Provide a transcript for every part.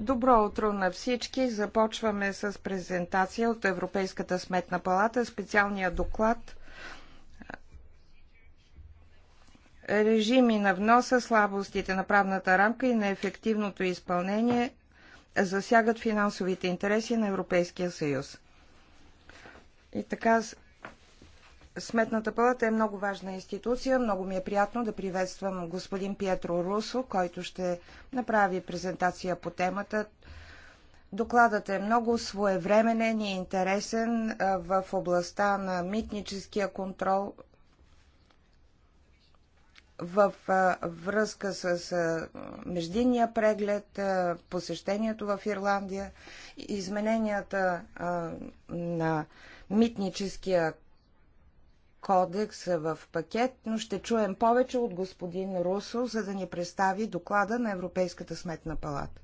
Добро утро на всички. Започваме с презентация от Европейската сметна палата, специалния доклад режими на вноса, слабостите на правната рамка и на ефективното изпълнение засягат финансовите интереси на Европейския съюз. И така Сметната палата е много важна институция. Много ми е приятно да приветствам господин Пиетро Русо, който ще направи презентация по темата. Докладът е много своевременен и интересен в областта на митническия контрол в връзка с междинния преглед, посещението в Ирландия, измененията на митническия Кодекс в пакет, но ще чуем повече от господин Русо, за да ни представи доклада на Европейската сметна палата.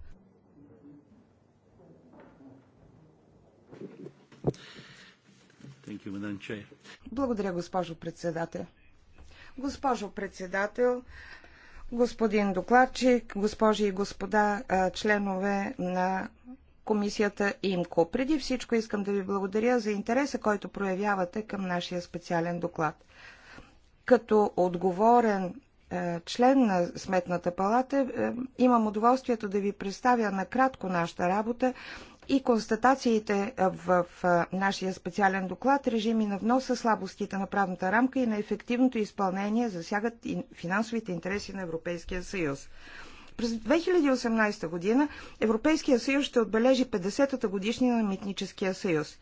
You, Благодаря, госпожо председател. Госпожо председател, господин докладчик, госпожи и господа членове на комисията ИМКО. Преди всичко искам да ви благодаря за интереса, който проявявате към нашия специален доклад. Като отговорен е, член на Сметната палата е, имам удоволствието да ви представя накратко нашата работа и констатациите в е, нашия специален доклад режими на вноса, слабостите на правната рамка и на ефективното изпълнение засягат финансовите интереси на Европейския съюз. През 2018 година Европейския съюз ще отбележи 50-та годишнина на Митническия съюз.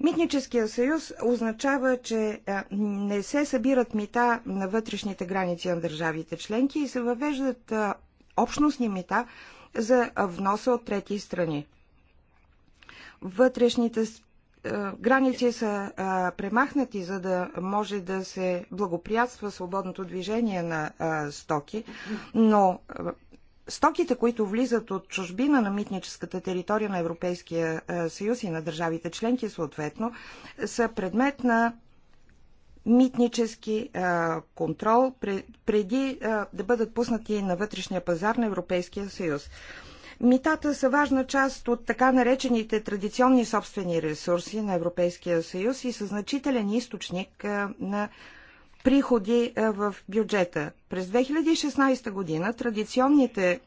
Митническия съюз означава, че е, не се събират мита на вътрешните граници на държавите членки и се въвеждат е, общностни мита за вноса от трети страни. Вътрешните е, граници са е, премахнати, за да може да се благоприятства свободното движение на е, стоки, но стоките, които влизат от чужбина на митническата територия на Европейския съюз и на държавите членки съответно, са предмет на митнически а, контрол преди а, да бъдат пуснати на вътрешния пазар на Европейския съюз. Митата са важна част от така наречените традиционни собствени ресурси на Европейския съюз и са значителен източник на приходи в бюджета. През 2016 година традиционните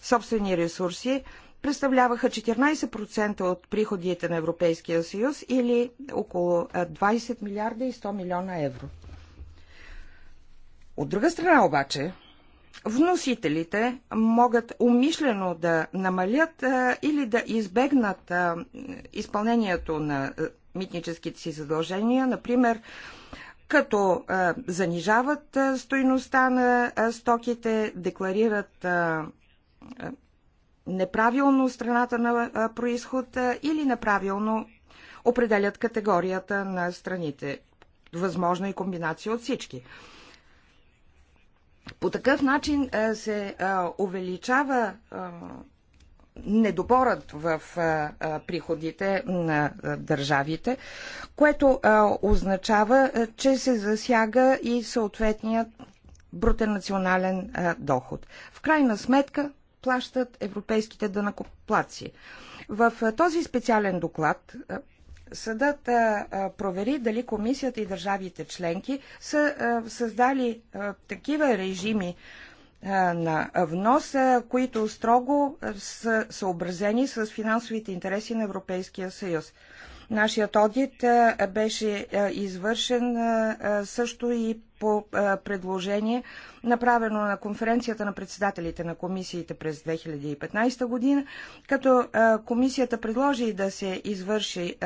собствени ресурси представляваха 14% от приходите на Европейския съюз или около 20 милиарда и 100 милиона евро. От друга страна обаче, вносителите могат умишлено да намалят а, или да избегнат а, изпълнението на а, митническите си задължения, например, като а, занижават а, стойността на а, стоките, декларират а, а, неправилно страната на а, происход а, или неправилно определят категорията на страните. Възможно и комбинация от всички. А, по такъв начин е, се е, увеличава е, недоборът в приходите на държавите, което означава, че се засяга и съответният брутен национален доход. В крайна сметка плащат европейските дънакоплаци. В този специален доклад съдът провери дали комисията и държавите членки са създали такива режими на внос, които строго са съобразени с финансовите интереси на Европейския съюз. Нашият одит беше извършен също и по предложение, направено на конференцията на председателите на комисиите през 2015 година, като комисията предложи да се извърши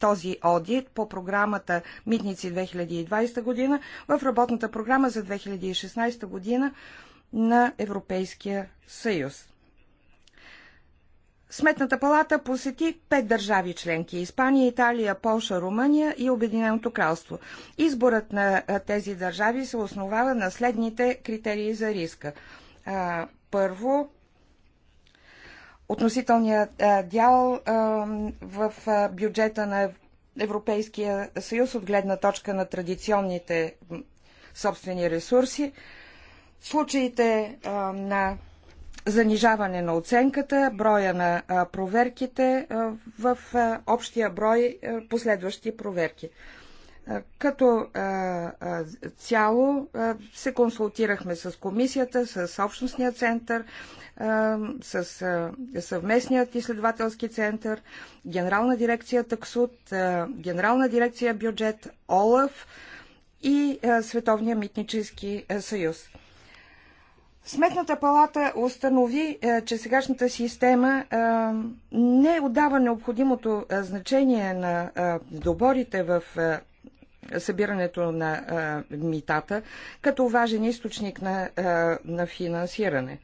този одит по програмата Митници 2020 година в работната програма за 2016 година на Европейския съюз. Сметната палата посети пет държави членки – Испания, Италия, Полша, Румъния и Обединеното кралство. Изборът на тези държави се основава на следните критерии за риска. Първо, относителния дял в бюджета на Европейския съюз от гледна точка на традиционните собствени ресурси, случаите на занижаване на оценката, броя на проверките в общия брой последващи проверки. Като цяло се консултирахме с комисията, с общностния център, с съвместният изследователски център, генерална дирекция таксуд, генерална дирекция бюджет, ОЛАФ и Световния митнически съюз. Сметната палата установи, че сегашната система не отдава необходимото значение на доборите в събирането на митата като важен източник на, на финансиране.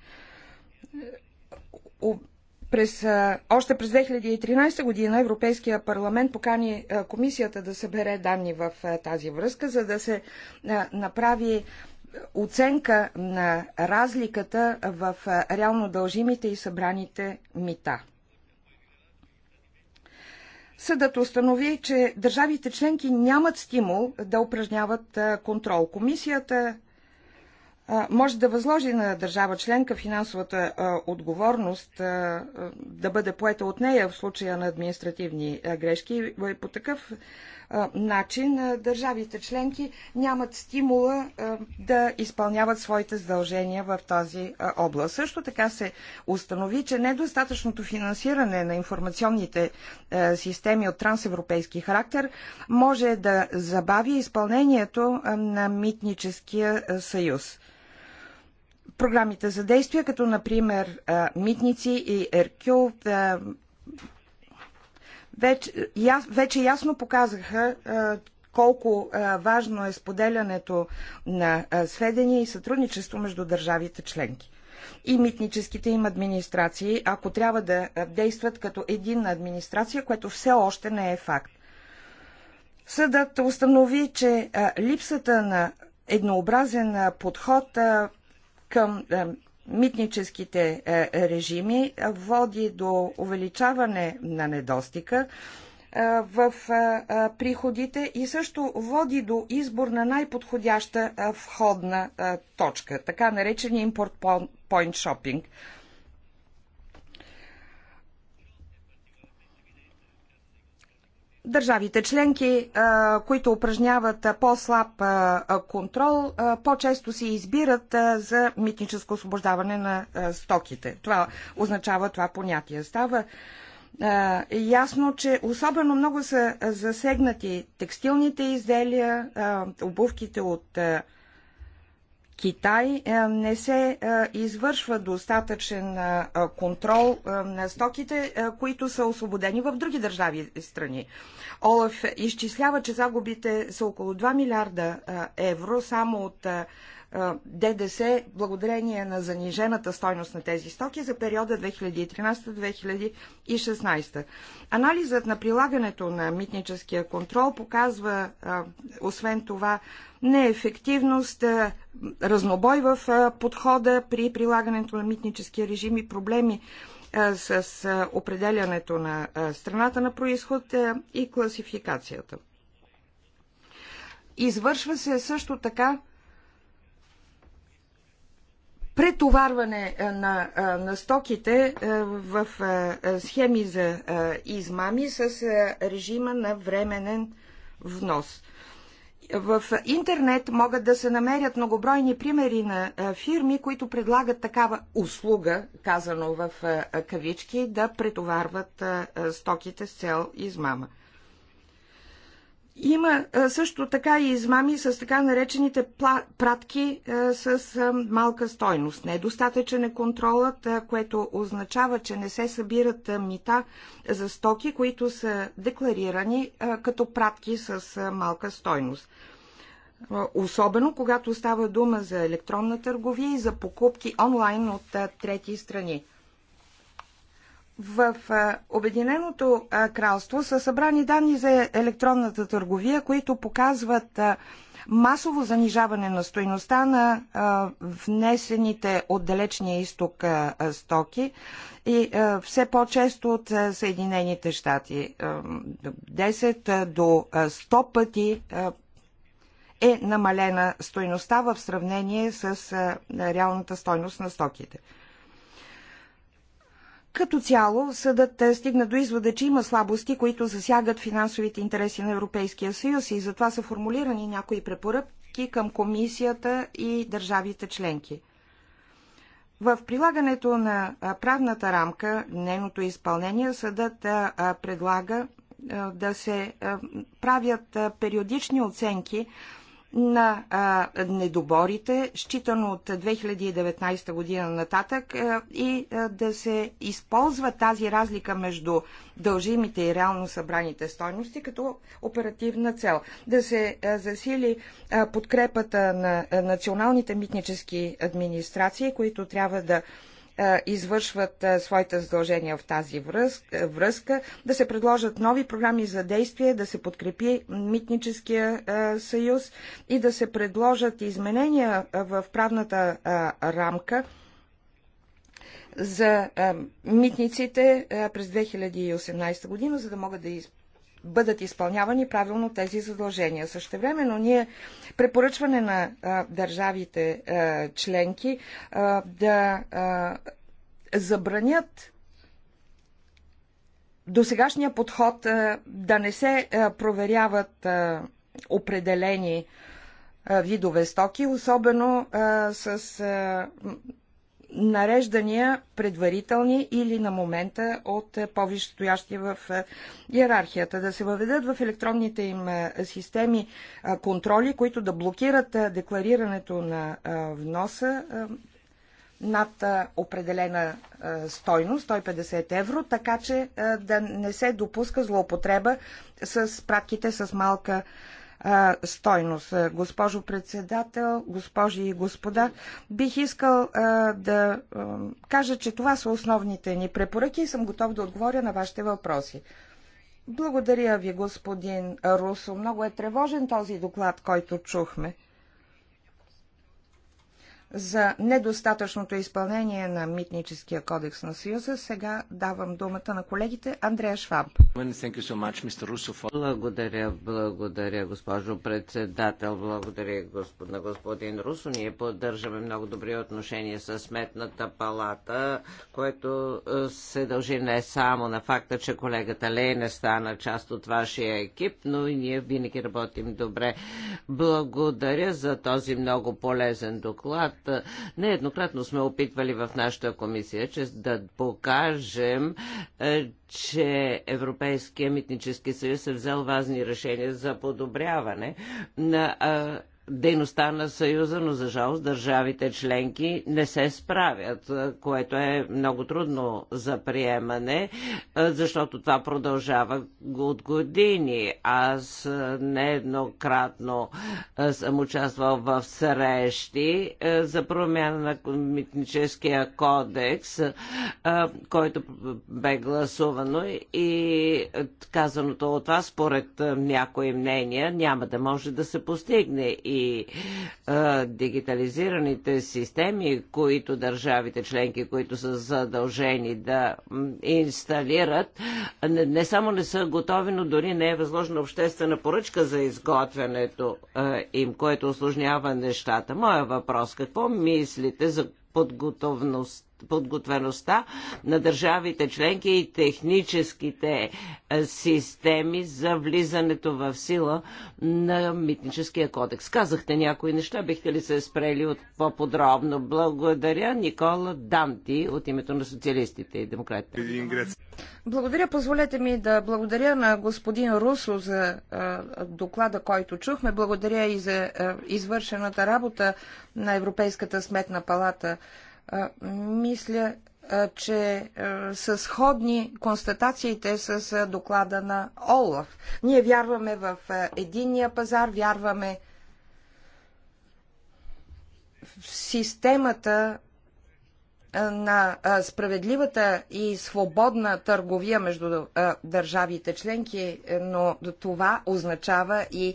През, още през 2013 година Европейския парламент покани комисията да събере данни в тази връзка, за да се направи оценка на разликата в реално дължимите и събраните мита. Съдът установи, че държавите членки нямат стимул да упражняват контрол. Комисията може да възложи на държава членка финансовата отговорност да бъде поета от нея в случая на административни грешки и е, по такъв начин държавите членки нямат стимула да изпълняват своите задължения в тази област. Също така се установи, че недостатъчното финансиране на информационните системи от трансевропейски характер може да забави изпълнението на митническия съюз програмите за действие, като например Митници и ЕРКЮ вече, я, вече ясно показаха колко важно е споделянето на сведения и сътрудничество между държавите членки. И митническите им администрации, ако трябва да действат като единна администрация, което все още не е факт. Съдът установи, че липсата на еднообразен подход към митническите е, режими води до увеличаване на недостига е, в е, приходите и също води до избор на най-подходяща входна точка, така наречения импорт point shopping. Държавите членки, които упражняват по-слаб контрол, по-често си избират за митническо освобождаване на стоките. Това означава това понятие. Става ясно, че особено много са засегнати текстилните изделия, обувките от Китай е, не се е, извършва достатъчен е, контрол на стоките, които са освободени в други държави страни. Олаф изчислява, че загубите са около 2 милиарда евро само от ДДС благодарение на занижената стойност на тези стоки за периода 2013-2016. Анализът на прилагането на митническия контрол показва, освен това, неефективност, разнобой в подхода при прилагането на митническия режим и проблеми с определянето на страната на происход и класификацията. Извършва се също така претоварване е, на, е, на стоките е, в схеми за измами с режима на временен внос. В интернет могат да се намерят многобройни примери на фирми, които предлагат такава услуга, казано в кавички, да претоварват стоките с цел измама. Има също така и измами с така наречените пратки с малка стойност. Недостатъчен е контролът, което означава, че не се събират мита за стоки, които са декларирани като пратки с малка стойност. Особено когато става дума за електронна търговия и за покупки онлайн от трети страни. В Обединеното кралство са събрани данни за електронната търговия, които показват масово занижаване на стоеността на внесените от далечния изток стоки и все по-често от Съединените щати. 10 до 100 пъти е намалена стоеността в сравнение с реалната стойност на стоките. Като цяло съдът е, стигна до извода, че има слабости, които засягат финансовите интереси на Европейския съюз и затова са формулирани някои препоръки към комисията и държавите членки. В прилагането на правната рамка, нейното изпълнение, съдът предлага да се правят периодични оценки на а, недоборите, считано от 2019 година нататък а, и а, да се използва тази разлика между дължимите и реално събраните стойности като оперативна цел. Да се а, засили а, подкрепата на а, националните митнически администрации, които трябва да а, извършват своите задължения в тази връзка, да се предложат нови програми за действие, да се подкрепи митническия съюз и да се предложат изменения в правната рамка за митниците през 2018 година, за да могат да изпълняват бъдат изпълнявани правилно тези задължения. времено ние препоръчване на а, държавите а, членки а, да а, забранят досегашния подход а, да не се а, проверяват а, определени а, видове стоки, особено а, с а, нареждания предварителни или на момента от повищоящи в е, иерархията. Да се въведат в електронните им е, системи е, контроли, които да блокират декларирането на вноса над определена стойност, 150 евро, така че да не се допуска злоупотреба с пратките с малка а, стойност. Госпожо председател, госпожи и господа, бих искал а, да а, кажа, че това са основните ни препоръки и съм готов да отговоря на вашите въпроси. Благодаря ви, господин Русо. Много е тревожен този доклад, който чухме за недостатъчното изпълнение на Митническия кодекс на Съюза. Сега давам думата на колегите Андрея Шваб. Благодаря, благодаря, госпожо председател, благодаря господ, на господин Русо. Ние поддържаме много добри отношения с Сметната палата, което е, се дължи не само на факта, че колегата Лей не стана част от вашия екип, но и ние винаги работим добре. Благодаря за този много полезен доклад факт. Нееднократно сме опитвали в нашата комисия, че да покажем, е, че Европейския митнически съюз е взел важни решения за подобряване на е, дейността на Съюза, но за жалост държавите членки не се справят, което е много трудно за приемане, защото това продължава от години. Аз нееднократно съм участвал в срещи за промяна на митническия кодекс, който бе гласувано и казаното от вас, според някои мнения, няма да може да се постигне и а, дигитализираните системи, които държавите членки, които са задължени да инсталират, не, не само не са готови, но дори не е възложена обществена поръчка за изготвянето а, им, което осложнява нещата. Моя въпрос, какво мислите за подготовност подготвеността на държавите членки и техническите е, системи за влизането в сила на митническия кодекс. Казахте някои неща, бихте ли се спрели от по-подробно? Благодаря Никола Данти от името на социалистите и демократите. Благодаря, позволете ми да благодаря на господин Русо за е, доклада, който чухме. Благодаря и за е, извършената работа на Европейската сметна палата мисля, че са сходни констатациите с доклада на Олаф. Ние вярваме в единния пазар, вярваме в системата на справедливата и свободна търговия между държавите членки, но това означава и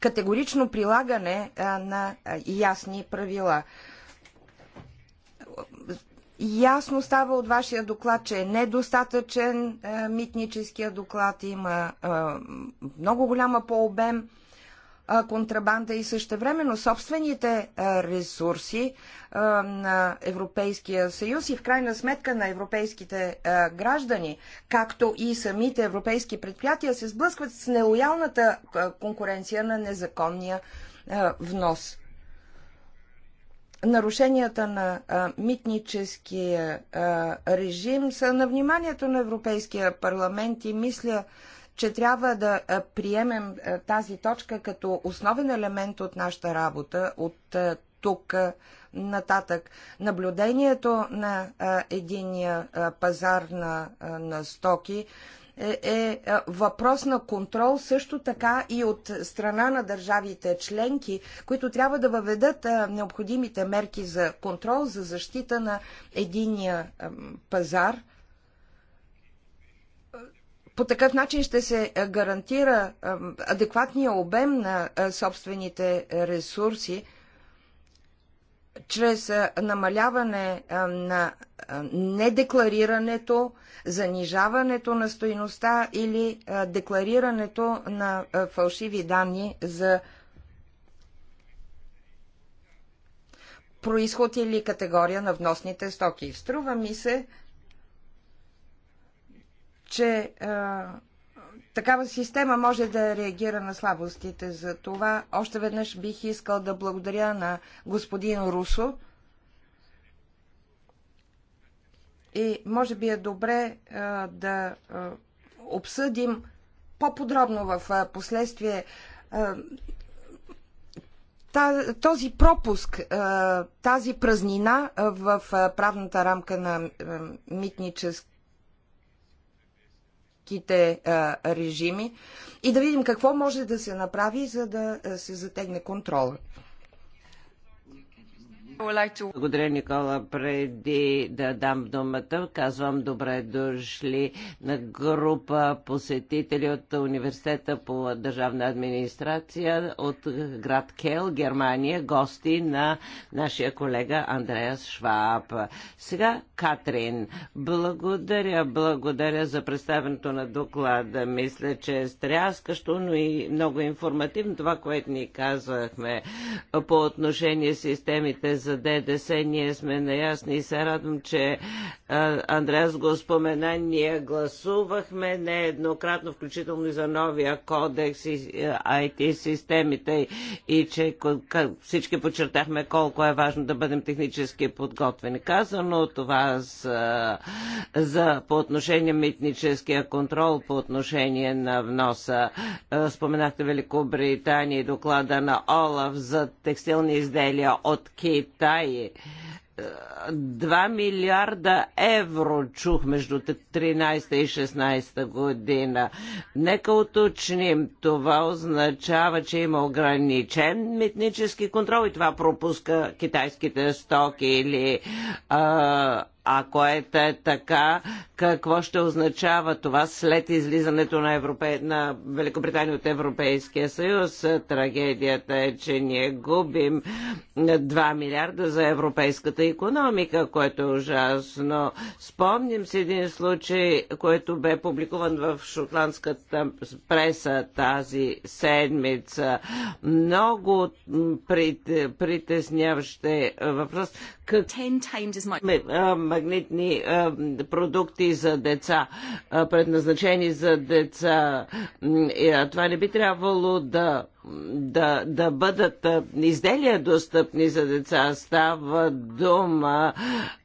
категорично прилагане на ясни правила. Ясно става от вашия доклад, че е недостатъчен е, митническия доклад, има е, много голяма по обем е, контрабанда и същевременно собствените ресурси на Европейския съюз и в крайна сметка на европейските граждани, както и самите европейски предприятия, се сблъскват с нелоялната конкуренция на незаконния внос нарушенията на а, митническия а, режим са на вниманието на Европейския парламент и мисля, че трябва да а, приемем а, тази точка като основен елемент от нашата работа от а, тук а, нататък. Наблюдението на а, единия а, пазар на, а, на стоки е, е, е въпрос на контрол също така и от страна на държавите членки, които трябва да въведат необходимите мерки за контрол, за защита на единия пазар. По такъв начин ще се гарантира адекватния обем на собствените ресурси – чрез намаляване на недекларирането, занижаването на стоиността или декларирането на фалшиви данни за происход или категория на вносните стоки. Струва ми се, че а, такава система може да реагира на слабостите. За това още веднъж бих искал да благодаря на господин Русо. И може би е добре а, да а, обсъдим по-подробно в а, последствие а, този пропуск, тази празнина в правната рамка на митническ, всичките а, режими и да видим какво може да се направи, за да се затегне контрола. Благодаря, Никола. Преди да дам думата, казвам добре дошли на група посетители от Университета по държавна администрация от град Кел, Германия, гости на нашия колега Андреас Шваб. Сега Катрин. Благодаря, благодаря за представенето на доклада. Мисля, че е стряскащо, но и много информативно това, което ни казвахме по отношение системите за за ДДС, ние сме наясни и се радвам, че Андреас го спомена, ние гласувахме нееднократно, включително и за новия кодекс и IT системите и че всички подчертахме колко е важно да бъдем технически подготвени. Казано това за, за по отношение митническия контрол, по отношение на вноса. Споменахте Великобритания и доклада на Олаф за текстилни изделия от Кит Китай. 2 е, милиарда евро чух между 13 и 16 година. Нека уточним, това означава, че има ограничен митнически контрол и това пропуска китайските стоки или а, ако е така, какво ще означава това след излизането на, Европе... на Великобритания от Европейския съюз? Трагедията е, че ние губим 2 милиарда за европейската економика, което е ужасно. Спомним си един случай, който бе публикуван в шотландската преса тази седмица. Много притесняващ въпрос. Как магнитни продукти за деца, предназначени за деца. Това не би трябвало да да, да бъдат изделия достъпни за деца. Става дума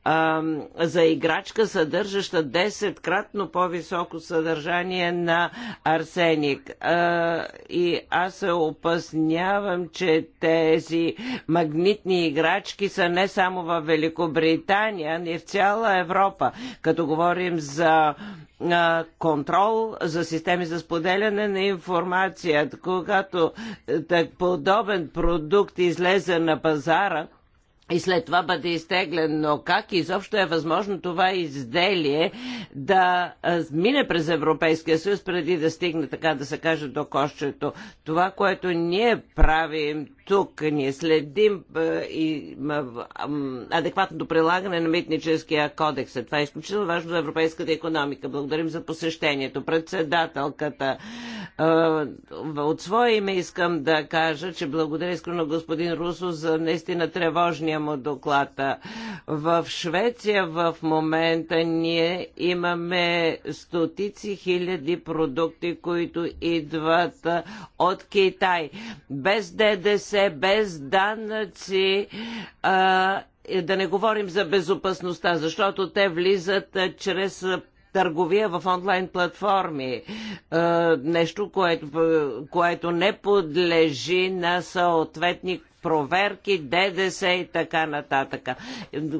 а, за играчка, съдържаща 10-кратно по-високо съдържание на арсеник. А, и аз се опаснявам, че тези магнитни играчки са не само в Великобритания, но и в цяла Европа. Като говорим за контрол за системи за споделяне на информация. Когато е, так, подобен продукт излезе на пазара, и след това бъде изтеглен, но как изобщо е възможно това изделие да мине през Европейския съюз преди да стигне, така да се каже, до кошчето? Това, което ние правим тук ние следим и адекватното прилагане на митническия кодекс. Това е изключително важно за европейската економика. Благодарим за посещението. Председателката от свое име искам да кажа, че благодаря искрено господин Русо за наистина тревожния му доклад. В Швеция в момента ние имаме стотици хиляди продукти, които идват от Китай. Без ДДС се без данъци, а, да не говорим за безопасността, защото те влизат а, чрез търговия в онлайн платформи. Нещо, което, което не подлежи на съответни проверки, ДДС и така нататък.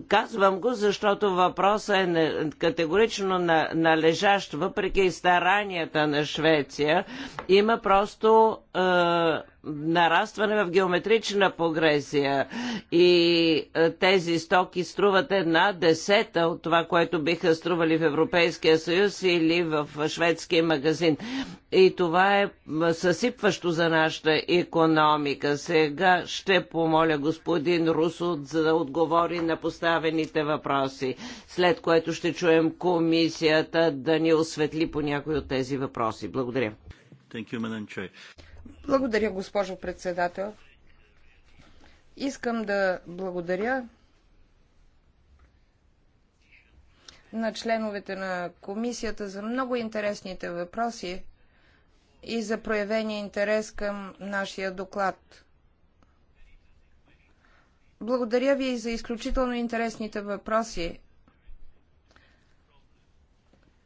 Казвам го, защото въпросът е категорично належащ, въпреки старанията на Швеция. Има просто нарастване в геометрична прогресия и е, тези стоки струват една десета от това, което биха стрували в Европейския съюз или в шведския магазин. И това е съсипващо за нашата економика. Сега ще помоля господин Русо за да отговори на поставените въпроси, след което ще чуем комисията да ни осветли по някои от тези въпроси. Благодаря. Thank you, благодаря, госпожо председател. Искам да благодаря на членовете на комисията за много интересните въпроси и за проявения интерес към нашия доклад. Благодаря ви и за изключително интересните въпроси.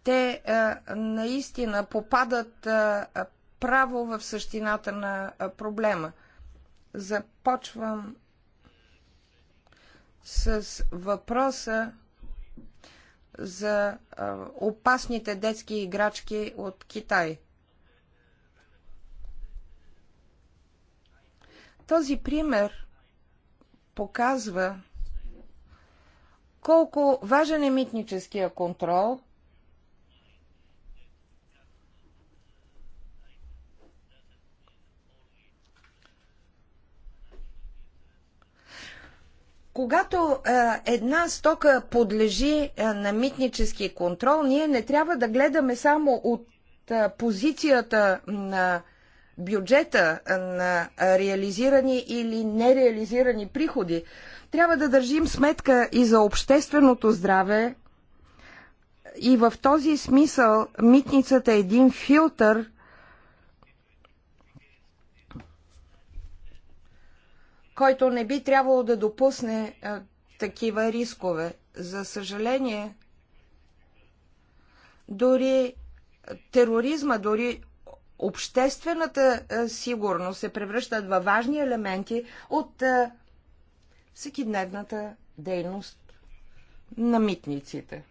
Те а, наистина попадат а, право в същината на проблема. Започвам с въпроса за опасните детски играчки от Китай. Този пример показва колко важен е митническия контрол Когато а, една стока подлежи а, на митнически контрол, ние не трябва да гледаме само от а, позицията на бюджета на реализирани или нереализирани приходи. Трябва да държим сметка и за общественото здраве. И в този смисъл митницата е един филтър който не би трябвало да допусне а, такива рискове. За съжаление, дори тероризма, дори обществената а, сигурност се превръщат във важни елементи от а, всекидневната дейност на митниците.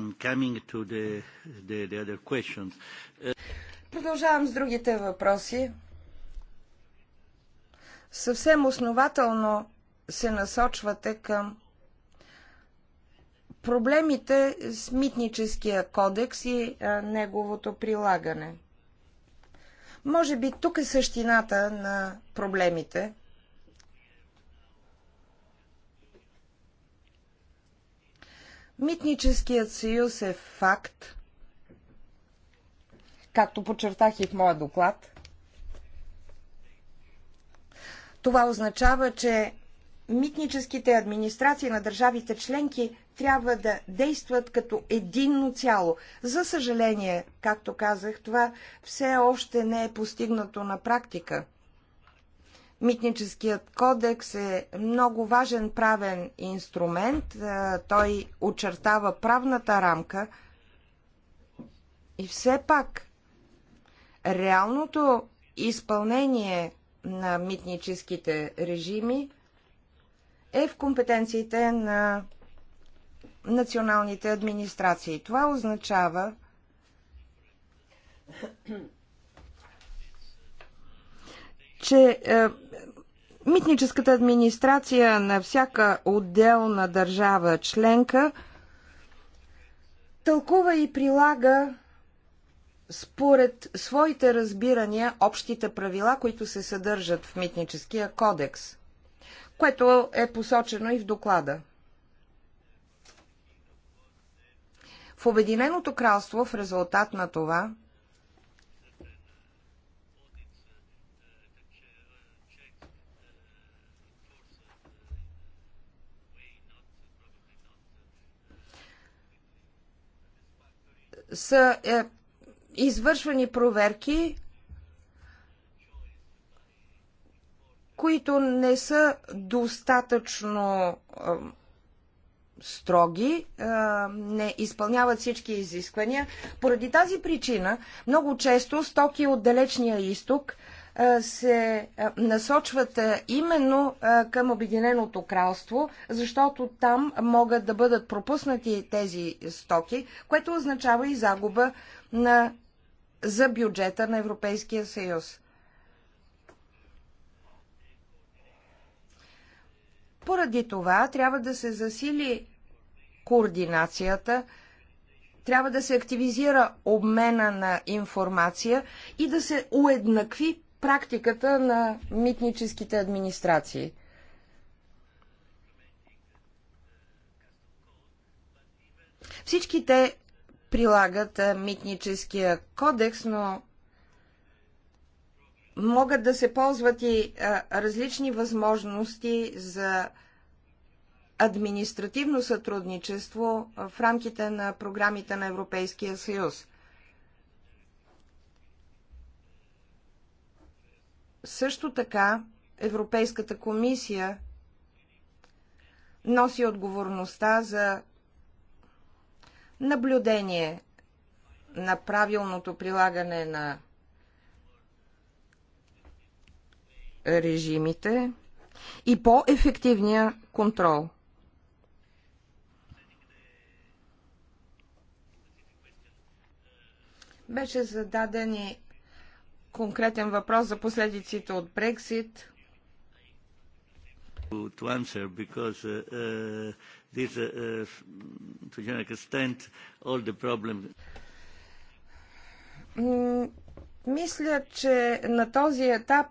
Coming to the, the, the other questions. Uh... Продължавам с другите въпроси. Съвсем основателно се насочвате към проблемите с митническия кодекс и а, неговото прилагане. Може би тук е същината на проблемите. Митническият съюз е факт както подчертах и в моя доклад. Това означава, че митническите администрации на държавите членки трябва да действат като единно цяло. За съжаление, както казах, това все още не е постигнато на практика. Митническият кодекс е много важен правен инструмент. Е, той очертава правната рамка и все пак реалното изпълнение на митническите режими е в компетенциите на националните администрации. Това означава че е, митническата администрация на всяка отделна държава членка тълкува и прилага според своите разбирания общите правила, които се съдържат в Митническия кодекс, което е посочено и в доклада. В Обединеното кралство в резултат на това са е, извършвани проверки, които не са достатъчно строги, не изпълняват всички изисквания. Поради тази причина много често стоки от далечния изток се насочват именно към Обединеното кралство, защото там могат да бъдат пропуснати тези стоки, което означава и загуба на, за бюджета на Европейския съюз. Поради това трябва да се засили координацията, трябва да се активизира обмена на информация и да се уеднакви практиката на митническите администрации. Всички те прилагат митническия кодекс, но могат да се ползват и различни възможности за административно сътрудничество в рамките на програмите на Европейския съюз. Също така Европейската комисия носи отговорността за наблюдение на правилното прилагане на режимите и по-ефективния контрол. Беше зададен и конкретен въпрос за последиците от Брексит. To answer because uh, uh, this, uh, uh to general extent, all the problems. Мисля, че на този етап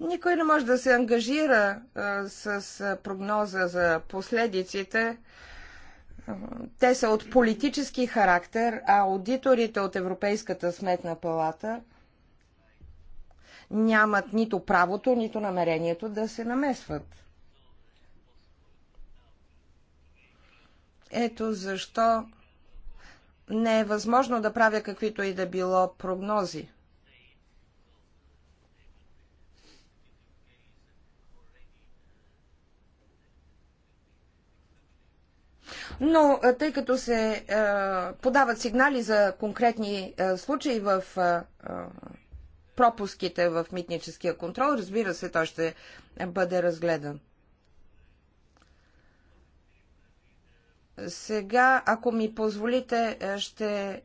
никой не може да се ангажира с прогноза за последиците. Те са от политически характер, а аудиторите от Европейската сметна палата нямат нито правото, нито намерението да се намесват. Ето защо не е възможно да правя каквито и да било прогнози. Но тъй като се е, подават сигнали за конкретни е, случаи в е, пропуските в митническия контрол, разбира се, той ще бъде разгледан. Сега, ако ми позволите, е, ще е,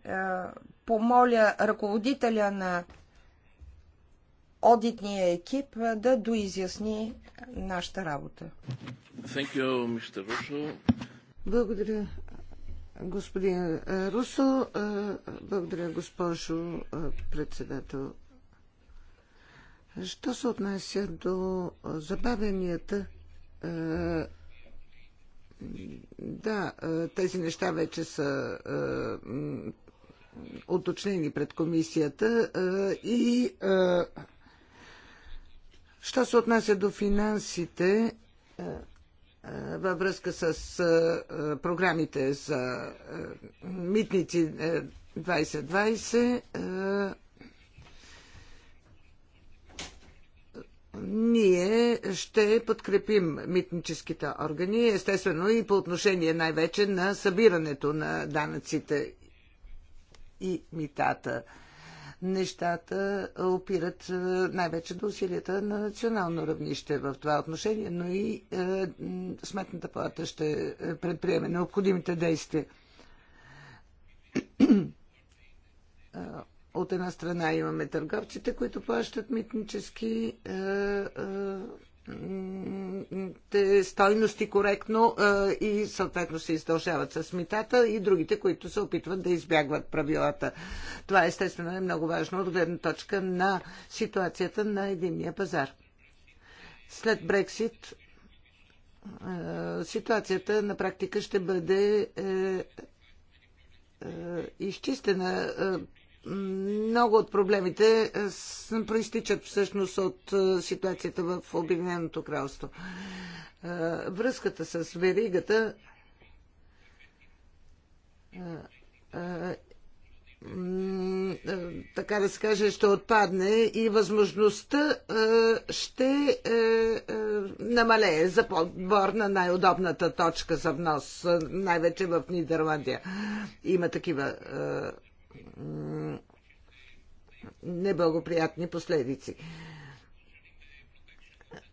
помоля ръководителя на одитния екип е, да доизясни нашата работа. You, Благодаря, господин Русо. Благодаря, госпожо председател. Що се отнася до забавенията да, е, тези неща вече са е, уточнени пред комисията е, и що се отнася до финансите във връзка с програмите за митници 2020 ние ще подкрепим митническите органи, естествено и по отношение най-вече на събирането на данъците и митата. Нещата опират е, най-вече до усилията на национално равнище в това отношение, но и е, Сметната палата ще е, предприеме необходимите действия е, от една страна имаме търговците, които плащат митнически е, е, стойности коректно е, и съответно се издължават с митата и другите, които се опитват да избягват правилата. Това естествено е много важно от гледна точка на ситуацията на единния пазар. След Брексит е, ситуацията на практика ще бъде е, е, изчистена много от проблемите е, проистичат всъщност от е, ситуацията в Обединеното кралство. Е, връзката с веригата така да се каже, ще отпадне и възможността ще намалее за подбор на най-удобната точка за внос, най-вече в Нидерландия. Има такива неблагоприятни последици.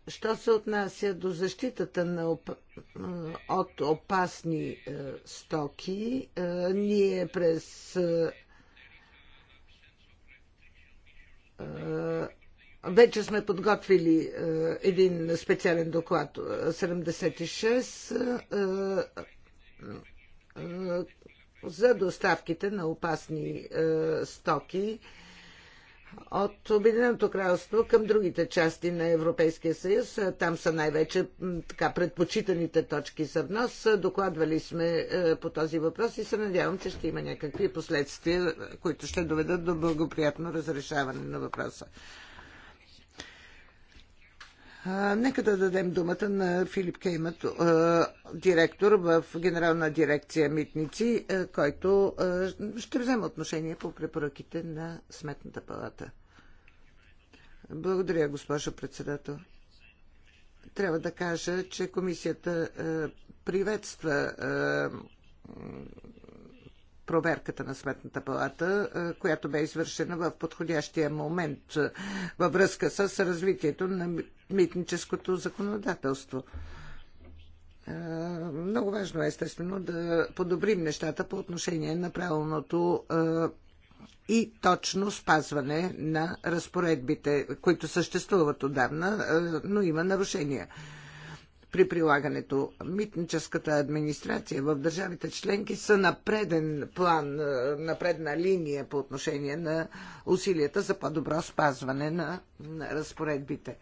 Що се отнася до защитата на оп... от опасни е, стоки, е, ние през е, е вече сме подготвили е, един специален доклад 76 за доставките на опасни е, стоки от Обединеното кралство към другите части на Европейския съюз. Е, там са най-вече така предпочитаните точки за внос. Е, докладвали сме по този въпрос и се надявам, че ще има някакви последствия, които ще доведат до благоприятно разрешаване на въпроса. Нека да дадем думата на Филип Кеймът, директор в Генерална дирекция Митници, който ще вземе отношение по препоръките на Сметната палата. Благодаря, госпожо председател. Трябва да кажа, че комисията приветства проверката на Сметната палата, която бе извършена в подходящия момент във връзка с развитието на митническото законодателство. Много важно е, естествено, да подобрим нещата по отношение на правилното и точно спазване на разпоредбите, които съществуват отдавна, но има нарушения при прилагането. Митническата администрация в държавите членки са на преден план, на предна линия по отношение на усилията за по-добро спазване на разпоредбите.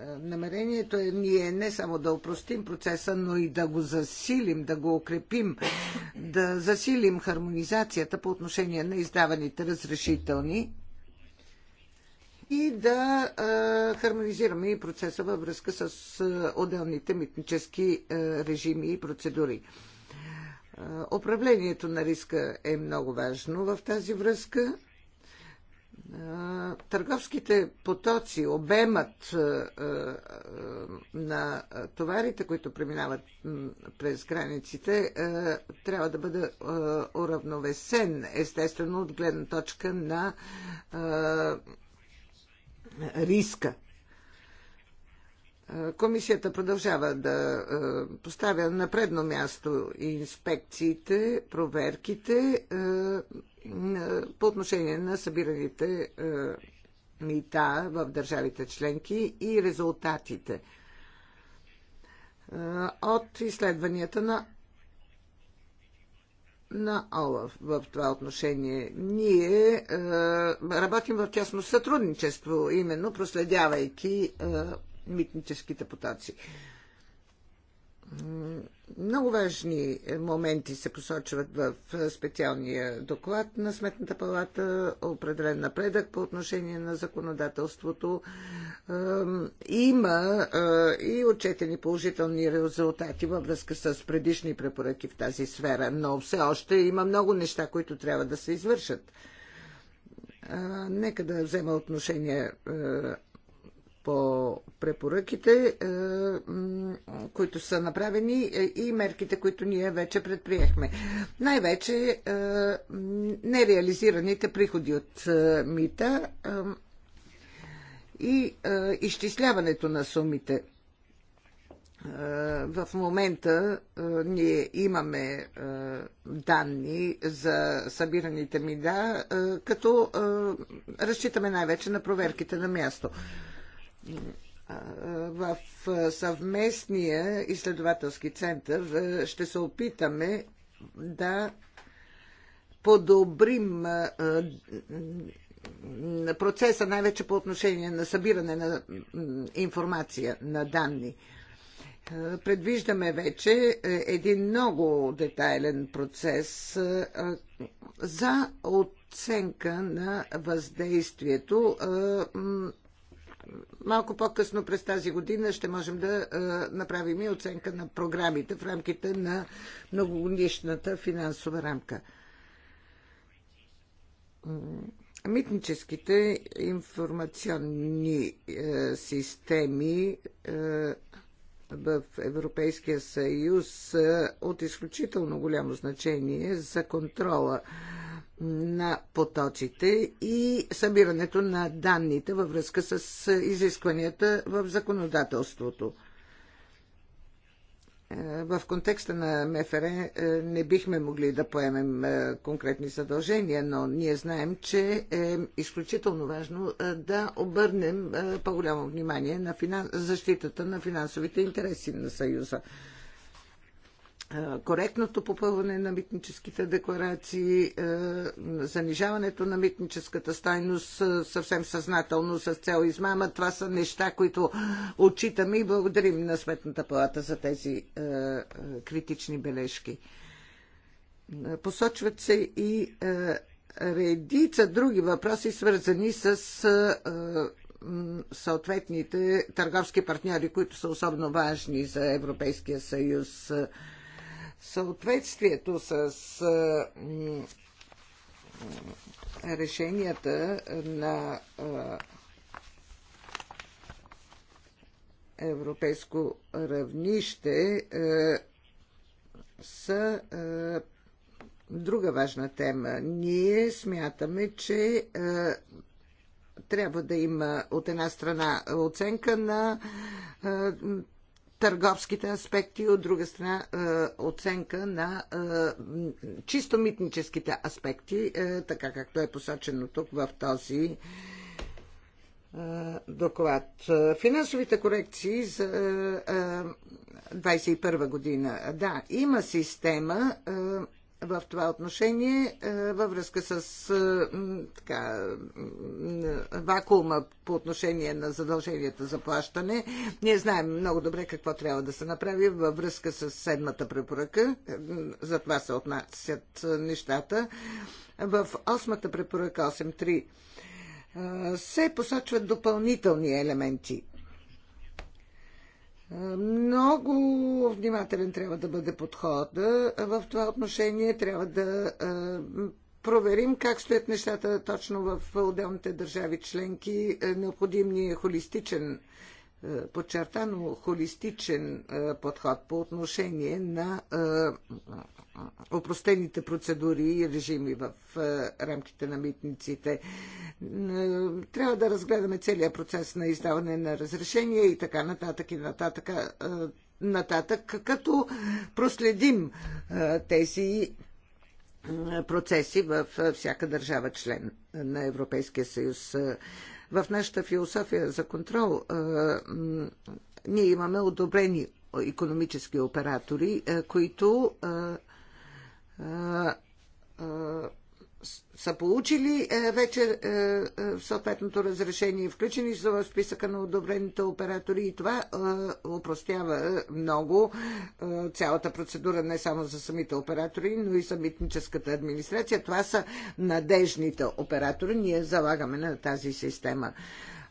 Е, намерението е ние не само да упростим процеса, но и да го засилим, да го укрепим, да засилим хармонизацията по отношение на издаваните разрешителни и да а, е, хармонизираме и процеса във връзка с а, е, отделните митнически а, режими и процедури. А, управлението на риска е много важно в тази връзка търговските потоци, обемът на товарите, които преминават през границите, трябва да бъде уравновесен, естествено, от гледна точка на риска Комисията продължава да е, поставя на предно място инспекциите, проверките е, по отношение на събираните е, мита в държавите членки и резултатите от изследванията на на Олаф в това отношение. Ние е, работим в тясно сътрудничество, именно проследявайки е, митническите потоци. Много важни моменти се посочват в специалния доклад на Сметната палата, определен напредък по отношение на законодателството. Има е, и отчетени положителни резултати във връзка с предишни препоръки в тази сфера, но все още има много неща, които трябва да се извършат. Е, нека да взема отношение е, по препоръките, е, които са направени е, и мерките, които ние вече предприехме. Най-вече е, нереализираните приходи от мита и изчисляването на сумите. В момента ние имаме данни за събираните мида, като разчитаме най-вече на проверките на място в съвместния изследователски център ще се опитаме да подобрим процеса, най-вече по отношение на събиране на информация, на данни. Предвиждаме вече е, един много детайлен процес за оценка на въздействието малко по-късно през тази година ще можем да е, направим и оценка на програмите в рамките на многогодишната финансова рамка. Митническите информационни е, системи е, в Европейския съюз са от изключително голямо значение за контрола на потоците и събирането на данните във връзка с изискванията в законодателството. Е, в контекста на МФР е, не бихме могли да поемем е, конкретни задължения, но ние знаем, че е изключително важно да обърнем по-голямо внимание на защитата на финансовите интереси на Съюза коректното попълване на митническите декларации, занижаването на митническата стайност съвсем съзнателно с цел измама. Това са неща, които отчитаме и благодарим на Сметната палата за тези критични бележки. Посочват се и редица други въпроси, свързани с съответните търговски партньори, които са особено важни за Европейския съюз съответствието с решенията на европейско равнище са друга важна тема. Ние смятаме, че трябва да има от една страна оценка на търговските аспекти, от друга страна е, оценка на е, чисто митническите аспекти, е, така както е посочено тук в този доклад. Финансовите корекции за 2021 година. Да, има система в това отношение е, във връзка с е, така, вакуума по отношение на задълженията за плащане. Ние знаем много добре какво трябва да се направи във връзка с седмата препоръка. Е, за това се отнасят нещата. В осмата препоръка 8.3 се посочват допълнителни елементи много внимателен трябва да бъде подхода в това отношение. Трябва да проверим как стоят нещата точно в отделните държави членки. Необходим ни е холистичен е, подчертано холистичен е, подход по отношение на е, опростените процедури и режими в рамките на митниците. Трябва да разгледаме целият процес на издаване на разрешения и така нататък и нататък нататък, като проследим тези процеси във всяка държава член на Европейския съюз в нашата философия за контрол ние имаме одобрени економически оператори, които са получили е, вече е, е, съответното разрешение включени са в списъка на одобрените оператори и това упростява много цялата процедура не само за самите оператори, но и за митническата администрация. Това са надежните оператори. Ние залагаме на тази система.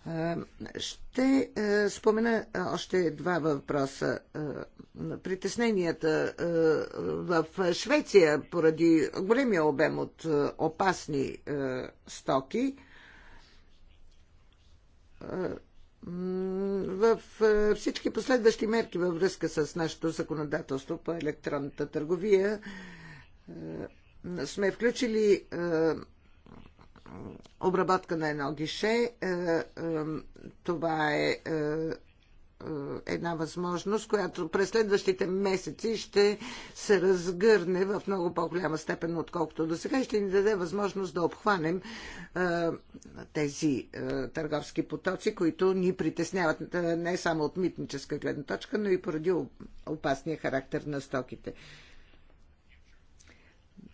Е, ще е, спомена е, още два въпроса. Притесненията в Швеция поради големия обем от опасни стоки. В всички последващи мерки във връзка с нашето законодателство по електронната търговия сме включили обработка на едно гише. Е, е, това е, е една възможност, която през следващите месеци ще се разгърне в много по-голяма степен, отколкото до сега и ще ни даде възможност да обхванем е, тези е, търговски потоци, които ни притесняват не само от митническа гледна точка, но и поради опасния характер на стоките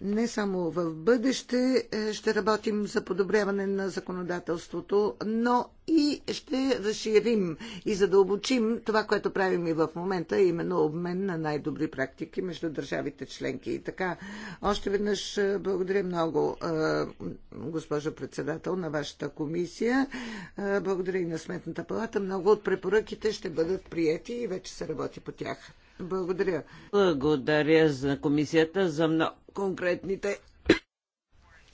не само в бъдеще е, ще работим за подобряване на законодателството, но и ще разширим и задълбочим това, което правим и в момента, е именно обмен на най-добри практики между държавите членки. И така, още веднъж е, благодаря много, госпожо председател, на вашата комисия. Благодаря и на Сметната палата. Много от препоръките ще бъдат прияти и вече се работи по тях. Благодаря. Благодаря за комисията за много конкретните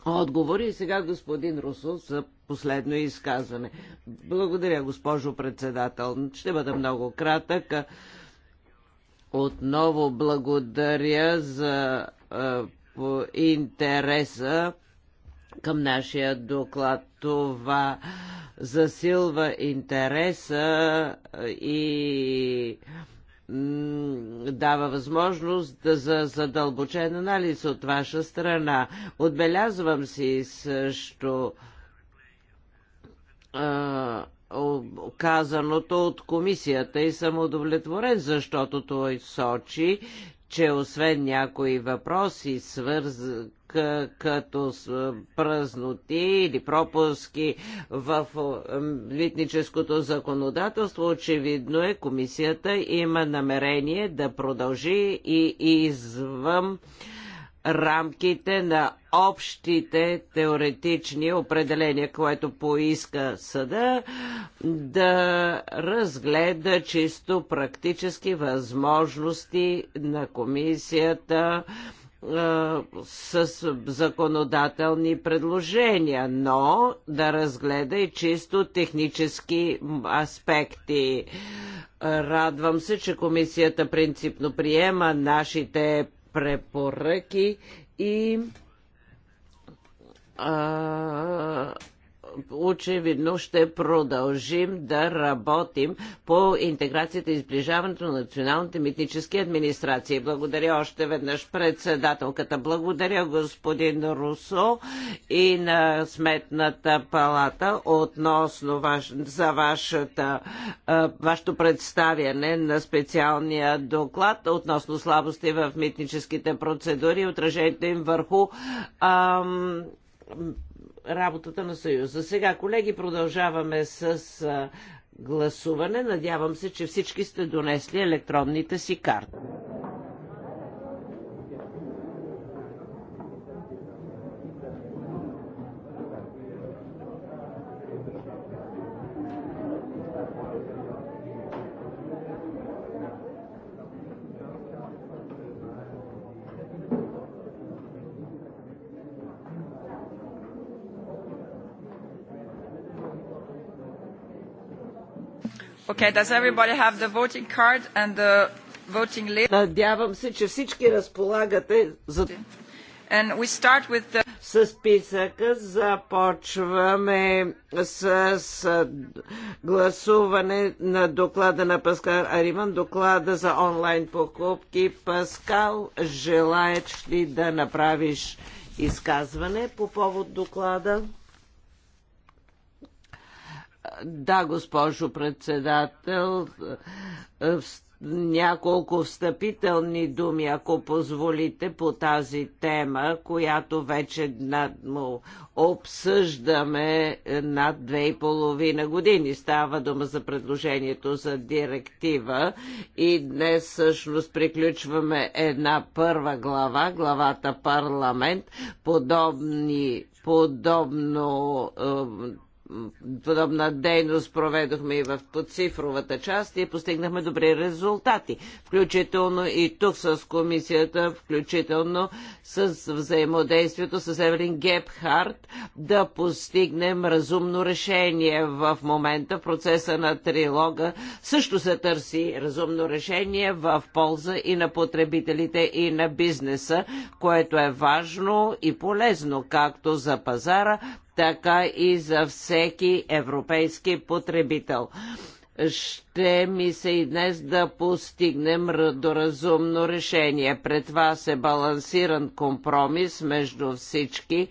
отговори. И сега господин Русов за последно изказване. Благодаря, госпожо председател. Ще бъда много кратък. Отново благодаря за е, интереса към нашия доклад. Това засилва интереса и дава възможност за задълбочен анализ от ваша страна. Отбелязвам си също казаното от комисията и съм удовлетворен, защото той сочи, че освен някои въпроси, свърз като празноти или пропуски в литническото законодателство, очевидно е комисията има намерение да продължи и извън рамките на общите теоретични определения, което поиска съда, да разгледа чисто практически възможности на комисията е, с законодателни предложения, но да разгледа и чисто технически аспекти. Радвам се, че комисията принципно приема нашите препоръки и а, е, очевидно ще продължим да работим по интеграцията и изближаването на националните митнически администрации. Благодаря още веднъж председателката. Благодаря господин Русо и на Сметната палата относно ваш, за вашата, вашето представяне на специалния доклад относно слабости в митническите процедури и отражението им върху ам, работата на Съюза. Сега, колеги, продължаваме с гласуване. Надявам се, че всички сте донесли електронните си карти. Надявам се, че всички разполагате за... С списъка започваме с, с гласуване на доклада на Паскал Ариман, доклада за онлайн покупки. Паскал, желаеш ли да направиш изказване по повод доклада? Да, госпожо председател, няколко встъпителни думи, ако позволите, по тази тема, която вече над, му, обсъждаме над две и половина години. Става дума за предложението за директива и днес всъщност приключваме една първа глава, главата парламент, подобни, подобно подобна дейност проведохме и в подцифровата част и постигнахме добри резултати, включително и тук с комисията, включително с взаимодействието с Евелин Гепхарт, да постигнем разумно решение в момента в процеса на трилога. Също се търси разумно решение в полза и на потребителите и на бизнеса, което е важно и полезно както за пазара, така и за всеки европейски потребител. Ще ми се и днес да постигнем доразумно решение. Пред вас е балансиран компромис между всички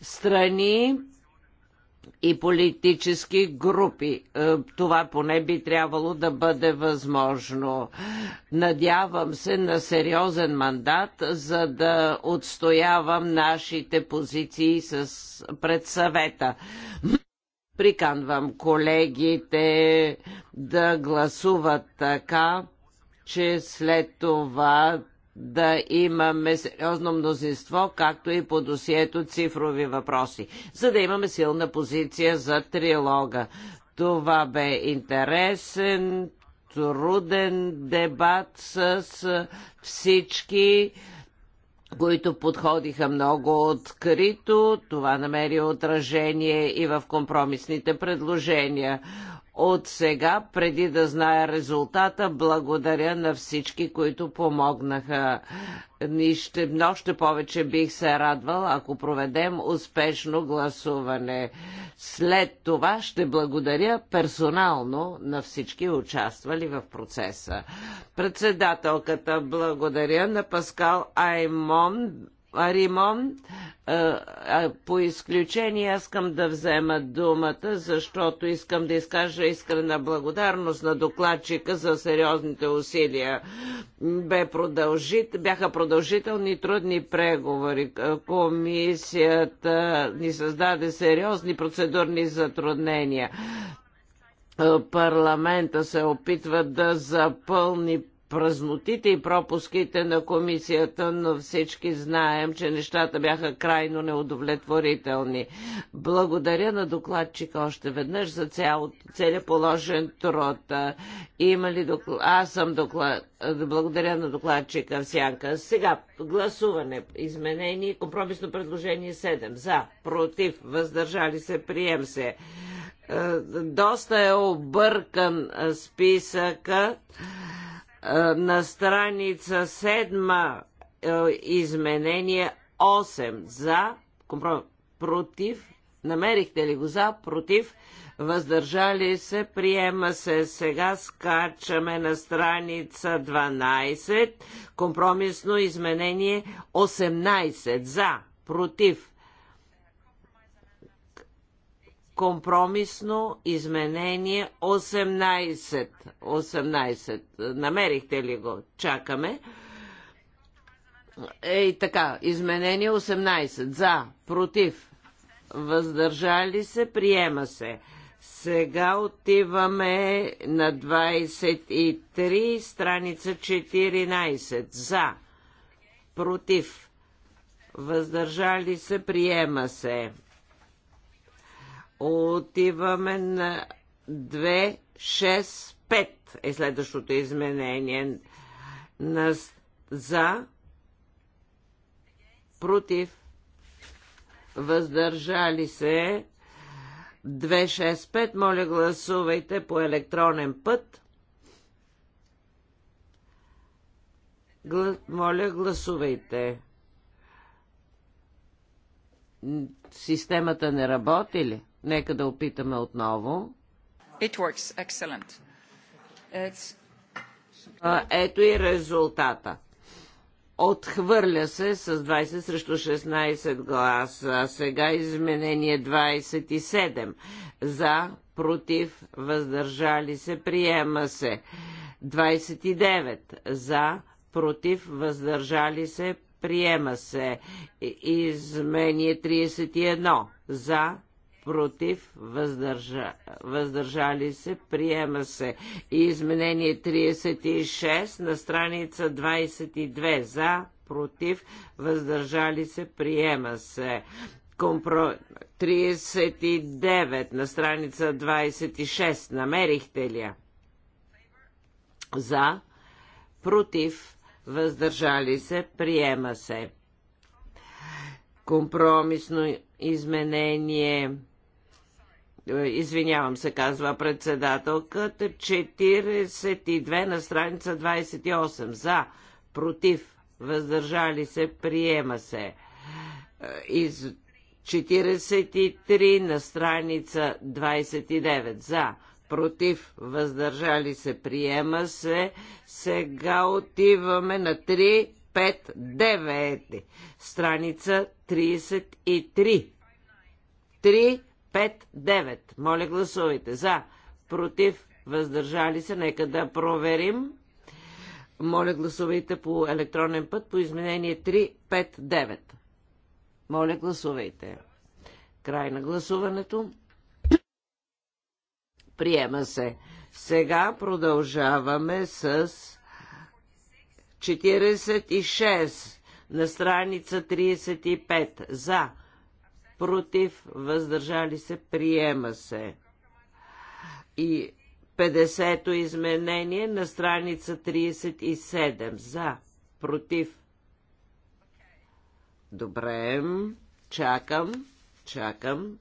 страни и политически групи. Е, това поне би трябвало да бъде възможно. Надявам се на сериозен мандат, за да отстоявам нашите позиции с пред съвета. Приканвам колегите да гласуват така, че след това да имаме сериозно мнозинство, както и по досието цифрови въпроси, за да имаме силна позиция за трилога. Това бе интересен, труден дебат с всички които подходиха много открито. Това намери отражение и в компромисните предложения от сега, преди да зная резултата, благодаря на всички, които помогнаха. И ще, повече бих се радвал, ако проведем успешно гласуване. След това ще благодаря персонално на всички участвали в процеса. Председателката благодаря на Паскал Аймон, Римон, по изключение искам да взема думата, защото искам да изкажа искрена благодарност на докладчика за сериозните усилия. Бе продължит, бяха продължителни трудни преговори. Комисията ни създаде сериозни процедурни затруднения е, парламента се опитва да запълни празнотите и пропуските на комисията, но всички знаем, че нещата бяха крайно неудовлетворителни. Благодаря на докладчика още веднъж за цял, целият положен труд. Има ли доклад? Аз съм доклад... Благодаря на докладчика сянка. Сега гласуване, изменение, компромисно предложение 7. За, против, въздържали се, прием се. Е, доста е объркан е, списъка. Е, на страница 7 е, изменение 8 за, против, намерихте ли го за, против, въздържали се, приема се. Сега скачаме на страница 12, компромисно изменение 18 за, против, компромисно изменение 18. 18. Намерихте ли го? Чакаме. Ей така, изменение 18. За, против, въздържали се, приема се. Сега отиваме на 23, страница 14. За, против, въздържали се, приема се. Отиваме на 265 е следващото изменение. На, за, против, въздържали се 265. Моля, гласувайте по електронен път. Гла... Моля, гласувайте. Системата не работи ли? Нека да опитаме отново. It works excellent. It's... Ето и резултата. Отхвърля се с 20 срещу 16 гласа. Сега изменение 27. За, против, въздържали се, приема се. 29. За, против, въздържали се, приема се. Измение 31. За, против, въздържа, въздържали се, приема се. И изменение 36 на страница 22 за, против, въздържали се, приема се. Компро... 39 на страница 26. Намерихте ли За, против, въздържали се, приема се. Компромисно изменение е, извинявам се, казва председателката, 42 на страница 28. За, против, въздържали се, приема се. Е, из 43 на страница 29. За, против, въздържали се, приема се. Сега отиваме на 3, 5, 9. Страница 33. 3, 5-9. Моля гласувайте. За, против, въздържали се. Нека да проверим. Моля гласувайте по електронен път по изменение 3, 5, 9. Моля гласувайте. Край на гласуването. Приема се. Сега продължаваме с 46 на страница 35. За против, въздържали се, приема се. И 50-то изменение на страница 37. За, против. Добре, чакам, чакам.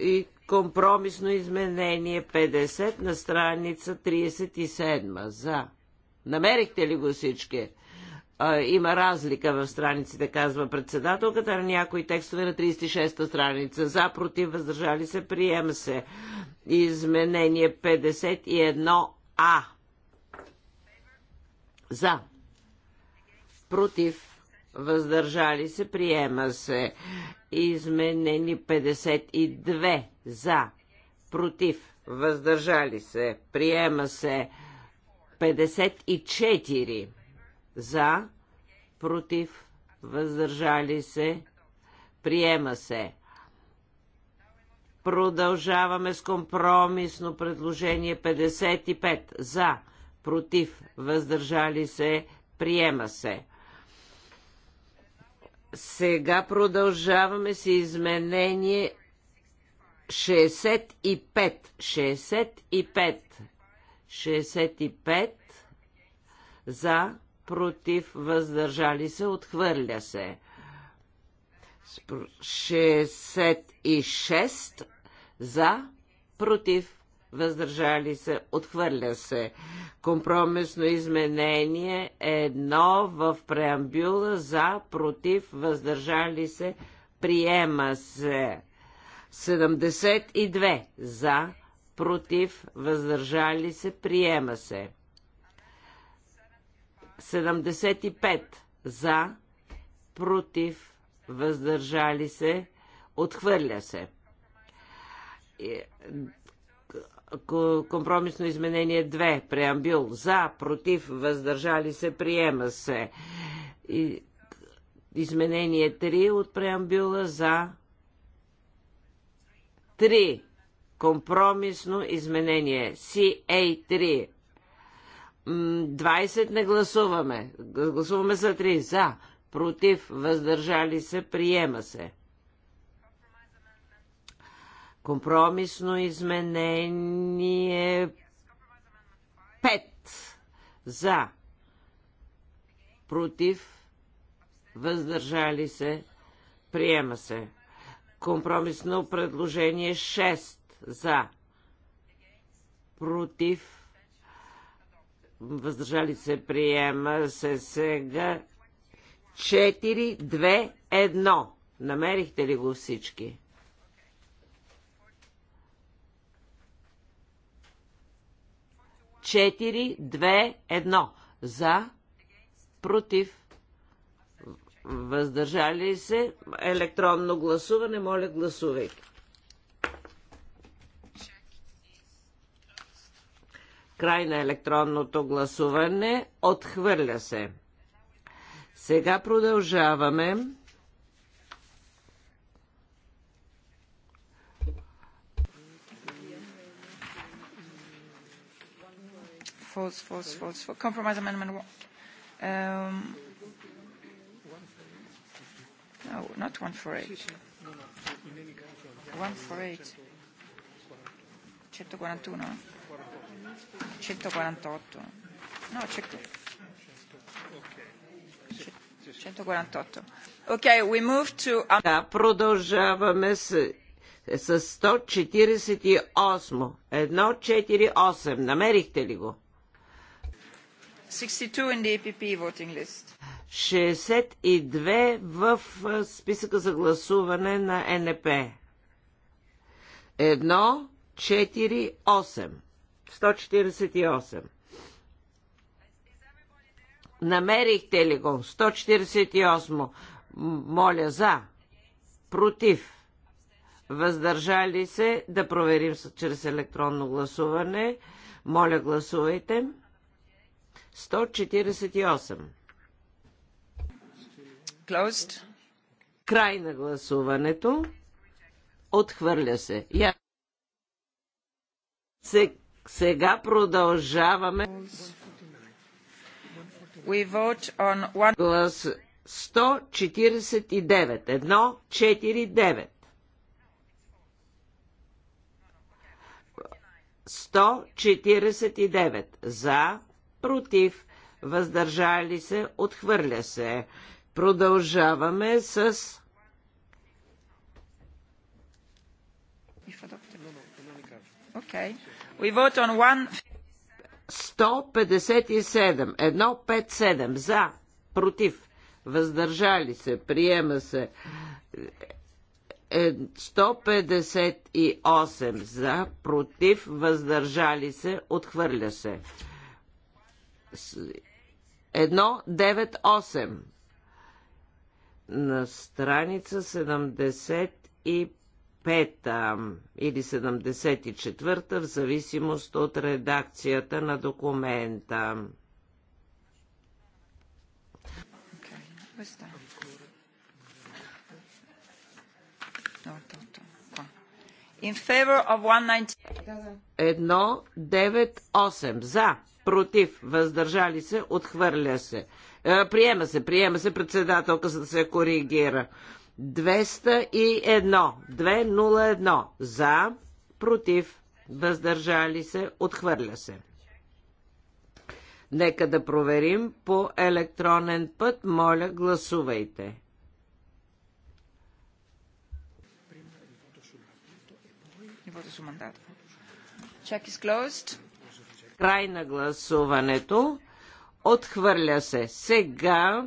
И компромисно изменение 50 на страница 37. За. Намерихте ли го всички? има разлика в страниците, казва председателката, на някои текстове на 36-та страница. За, против, въздържали се, приема се. Изменение 51А. За. Против. Въздържали се, приема се. Изменени 52. За. Против. Въздържали се. Приема се. 54. За, против, въздържали се, приема се. Продължаваме с компромисно предложение 55. За, против, въздържали се, приема се. Сега продължаваме с изменение 65. 65. 65. За, против, въздържали се, отхвърля се. 66 за, против, въздържали се, отхвърля се. Компромисно изменение едно в преамбюла за, против, въздържали се, приема се. 72 за, против, въздържали се, приема се. 75 за, против, въздържали се, отхвърля се. Компромисно изменение 2, преамбил за, против, въздържали се, приема се. Изменение 3 от преамбюла за 3. Компромисно изменение CA3 20 не гласуваме. Гласуваме за 3. За. Против. Въздържали се. Приема се. Компромисно изменение 5. За. Против. Въздържали се. Приема се. Компромисно предложение 6. За. Против въздържали се приема се сега 4-2-1. Намерихте ли го всички? Четири, две, едно. За, против, въздържали се. Електронно гласуване, моля гласувайте. Край на електронното гласуване. Отхвърля се. Сега продължаваме. false, false, false. For compromise amendment one. Um, no, not one for eight. One for eight. 141. 148. No, 148. Okay, we move to... Um, да, продължаваме с, с 148. 148. Намерихте ли го? 62 in the voting list. 62 в списъка за гласуване на НП. 148. 148. Намерихте ли го? 148. Моля за. Против. Въздържали се да проверим чрез електронно гласуване. Моля, гласувайте. 148. Closed. Край на гласуването. Отхвърля се. Я... Се сега продължаваме. We vote on one... Глас 149. 149. 149 за, против, въздържали се, отхвърля се. Продължаваме с Okay. 157. Едно on one... За. Против. Въздържали се. Приема се. 158 е, за, против, въздържали се, отхвърля се. Едно 198 на страница 75 пета или 74-та, в зависимост от редакцията на документа. Едно, девет, осем. За, против, въздържали се, отхвърля се. Е, приема се, приема се председателка, за да се коригира. 201. 201. За, против, въздържали се, отхвърля се. Нека да проверим по електронен път. Моля, гласувайте. Край на гласуването. Отхвърля се. Сега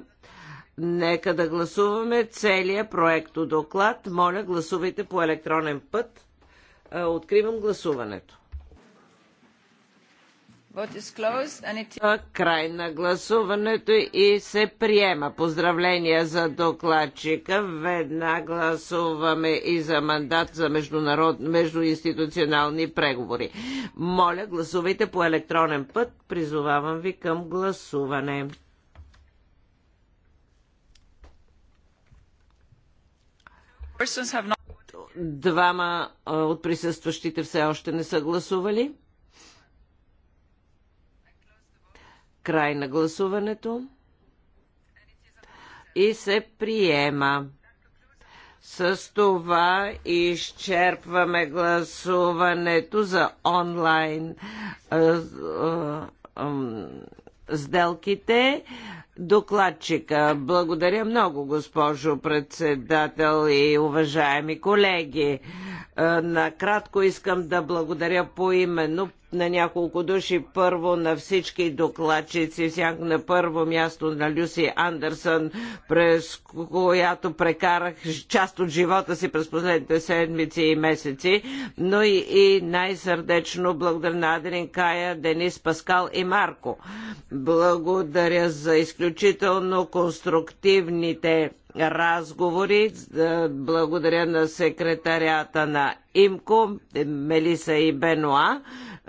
нека да гласуваме целия проекто доклад. Моля, гласувайте по електронен път. Е, откривам гласуването. Край на гласуването и се приема. Поздравления за докладчика. Веднага гласуваме и за мандат за международ... междуинституционални преговори. Моля, гласувайте по електронен път. Призовавам ви към гласуване. Двама от присъстващите все още не са гласували. Край на гласуването. И се приема. С това изчерпваме гласуването за онлайн а, а, а, сделките докладчика. Благодаря много, госпожо председател и уважаеми колеги. Е, накратко искам да благодаря поименно на няколко души. Първо на всички докладчици, сянк на първо място на Люси Андерсън, през която прекарах част от живота си през последните седмици и месеци, но и, и най-сърдечно благодаря на Адрин Кая, Денис Паскал и Марко. Благодаря за изключително изключително конструктивните разговори. Е, благодаря на секретарята на ИМКО, Мелиса и Бенуа,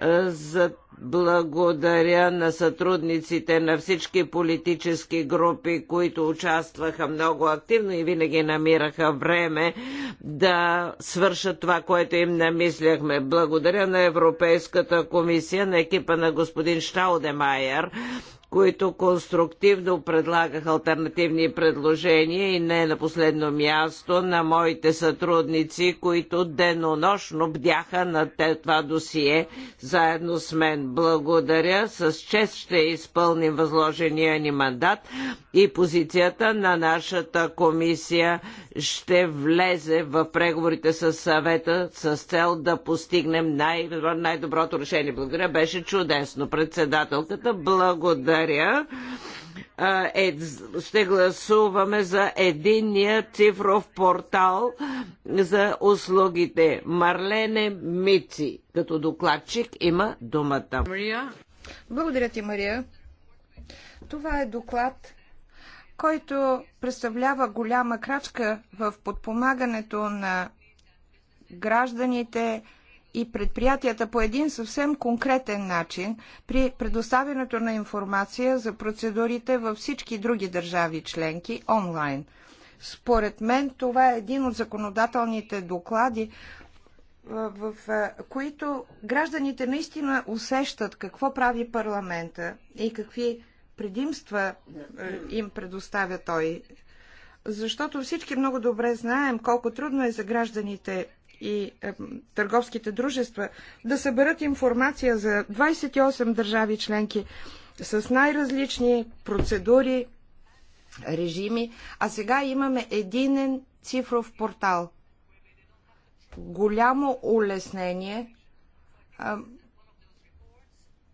е, за благодаря на сътрудниците на всички политически групи, които участваха много активно и винаги намираха време да свършат това, което им намисляхме. Благодаря на Европейската комисия, на екипа на господин Штаудемайер, които конструктивно предлагах альтернативни предложения и не на последно място на моите сътрудници, които денонощно бдяха на това досие заедно с мен. Благодаря. С чест ще изпълним възложения ни мандат и позицията на нашата комисия ще влезе в преговорите с съвета с цел да постигнем най- най-доброто решение. Благодаря. Беше чудесно. Председателката, благодаря благодаря. Е, ще гласуваме за единния цифров портал за услугите. Марлене Мици, като докладчик, има думата. Мария. Благодаря ти, Мария. Това е доклад, който представлява голяма крачка в подпомагането на гражданите, и предприятията по един съвсем конкретен начин при предоставянето на информация за процедурите във всички други държави членки онлайн. Според мен това е един от законодателните доклади, в които гражданите наистина усещат какво прави парламента и какви предимства им предоставя той. Защото всички много добре знаем колко трудно е за гражданите и е, търговските дружества да съберат информация за 28 държави членки с най-различни процедури, режими, а сега имаме единен цифров портал. Голямо улеснение,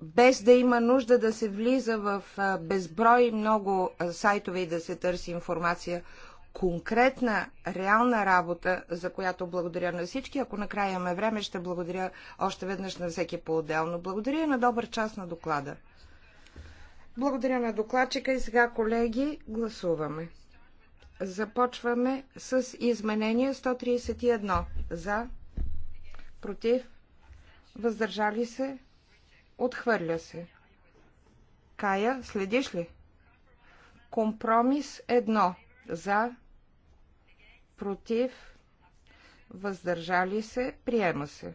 без да има нужда да се влиза в безброй много сайтове и да се търси информация конкретна, реална работа, за която благодаря на всички. Ако накрая имаме време, ще благодаря още веднъж на всеки по-отделно. Благодаря на добър част на доклада. Благодаря на докладчика и сега, колеги, гласуваме. Започваме с изменение 131. За, против, въздържали се, отхвърля се. Кая, следиш ли? Компромис 1. За, против, въздържали се, приема се.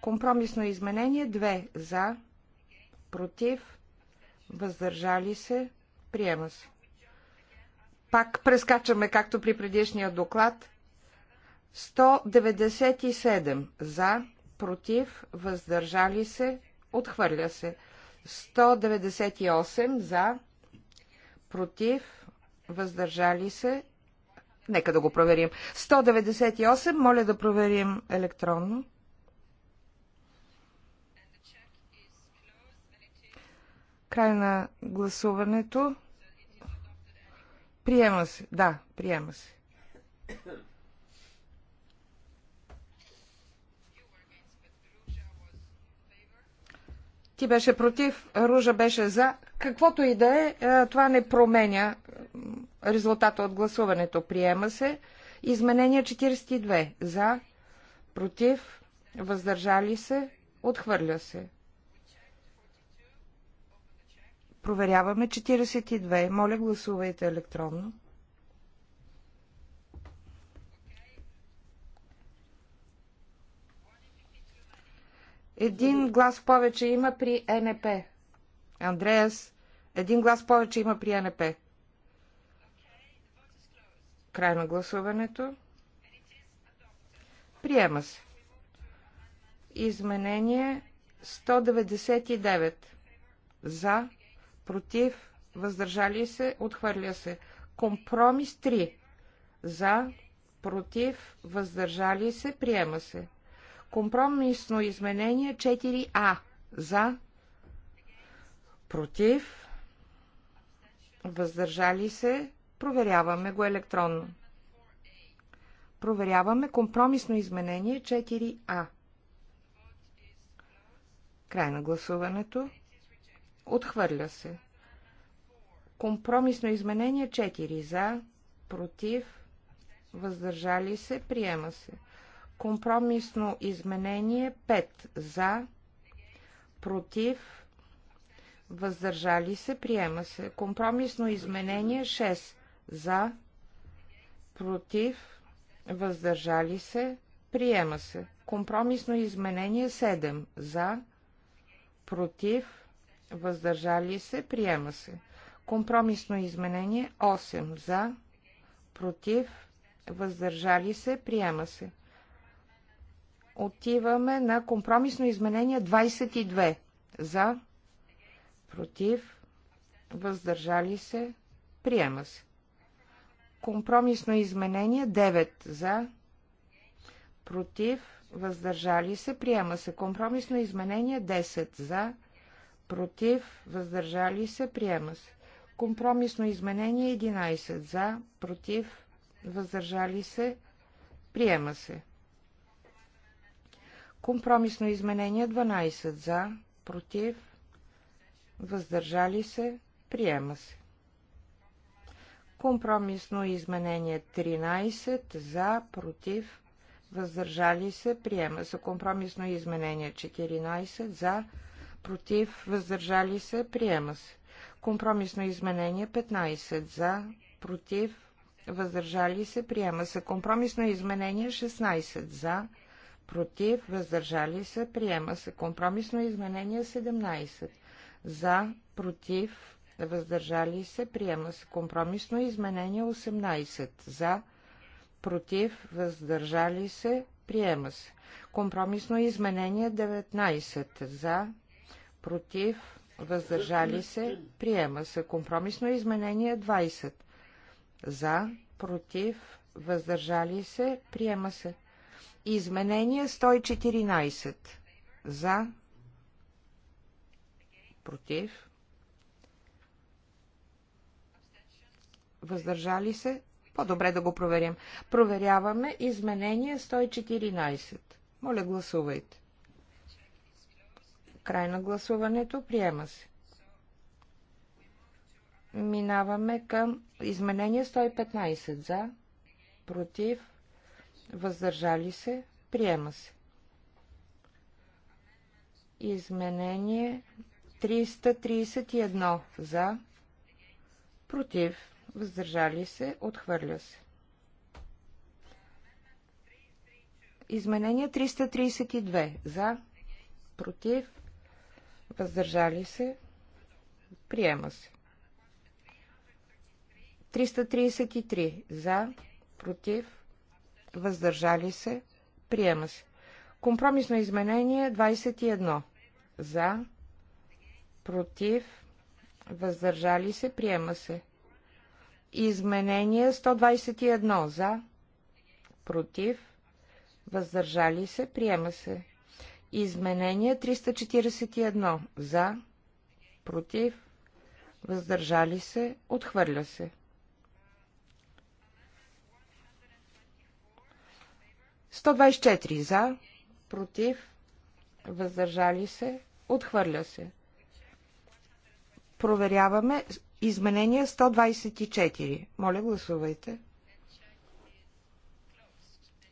Компромисно изменение 2 за, против, въздържали се, приема се. Пак прескачаме, както при предишния доклад. 197 за, против, въздържали се, отхвърля се. 198 за, против, въздържали се, Нека да го проверим. 198, моля да проверим електронно. Край на гласуването. Приема се. Да, приема се. Ти беше против, Ружа беше за. Каквото и да е, е това не променя Резултата от гласуването приема се. Изменение 42. За, против, въздържали се, отхвърля се. Проверяваме 42. Моля, гласувайте електронно. Един глас повече има при НП. Андреас, един глас повече има при НП. Край на гласуването. Приема се. Изменение 199. За, против, въздържали се, отхвърля се. Компромис 3. За, против, въздържали се, приема се. Компромисно изменение 4А. За, против, въздържали се, Проверяваме го електронно. Проверяваме компромисно изменение 4А. Край на гласуването. Отхвърля се. Компромисно изменение 4 за, против, въздържали се, приема се. Компромисно изменение 5 за, против, въздържали се, приема се. Компромисно изменение 6 за, против, въздържали се, приема се. Компромисно изменение 7 за, против, въздържали се, приема се. Компромисно изменение 8 за, против, въздържали се, приема се. Отиваме на компромисно изменение 22 за, против, въздържали се, приема се. Компромисно изменение 9 за, против, въздържали се, приема се. Компромисно изменение 10 за, против, въздържали се, приема се. Компромисно изменение 11 за, против, въздържали се, приема се. Компромисно изменение 12 за, против, въздържали се, приема се. Компромисно изменение 13 за, против, въздържали се, приема се. Компромисно изменение 14 за, против, въздържали се, приема се. Компромисно изменение 15 за, против, въздържали се, приема се. Компромисно изменение 16 за, против, въздържали се, приема се. Компромисно изменение 17 за, против, въздържали се, приема се. Компромисно изменение 18 за, против, въздържали се, приема се. Компромисно изменение 19 за, против, въздържали се, приема се. Компромисно изменение 20 за, против, въздържали се, приема се. Изменение 114 за, против, въздържали се, по-добре да го проверим. Проверяваме изменение 114. Моля, гласувайте. Край на гласуването. Приема се. Минаваме към изменение 115. За, против, въздържали се, приема се. Изменение 331. За, против, въздържали се, отхвърля се. Изменение 332. За, против, въздържали се, приема се. 333. За, против, въздържали се, приема се. Компромисно изменение 21. За, против, въздържали се, приема се. Изменение 121 за, против, въздържали се, приема се. Изменение 341 за, против, въздържали се, отхвърля се. 124 за, против, въздържали се, отхвърля се. Проверяваме Изменение 124. Моля, гласувайте.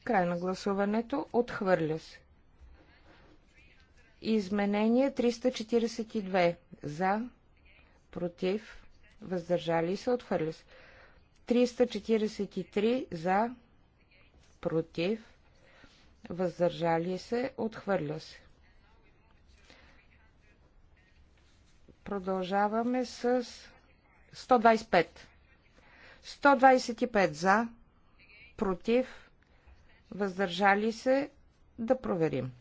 Край на гласуването. Отхвърля се. Изменение 342. За, против, въздържали се, отхвърля се. 343 за, против, въздържали се, отхвърля се. Продължаваме с 125. 125 за, против, въздържали се, да проверим.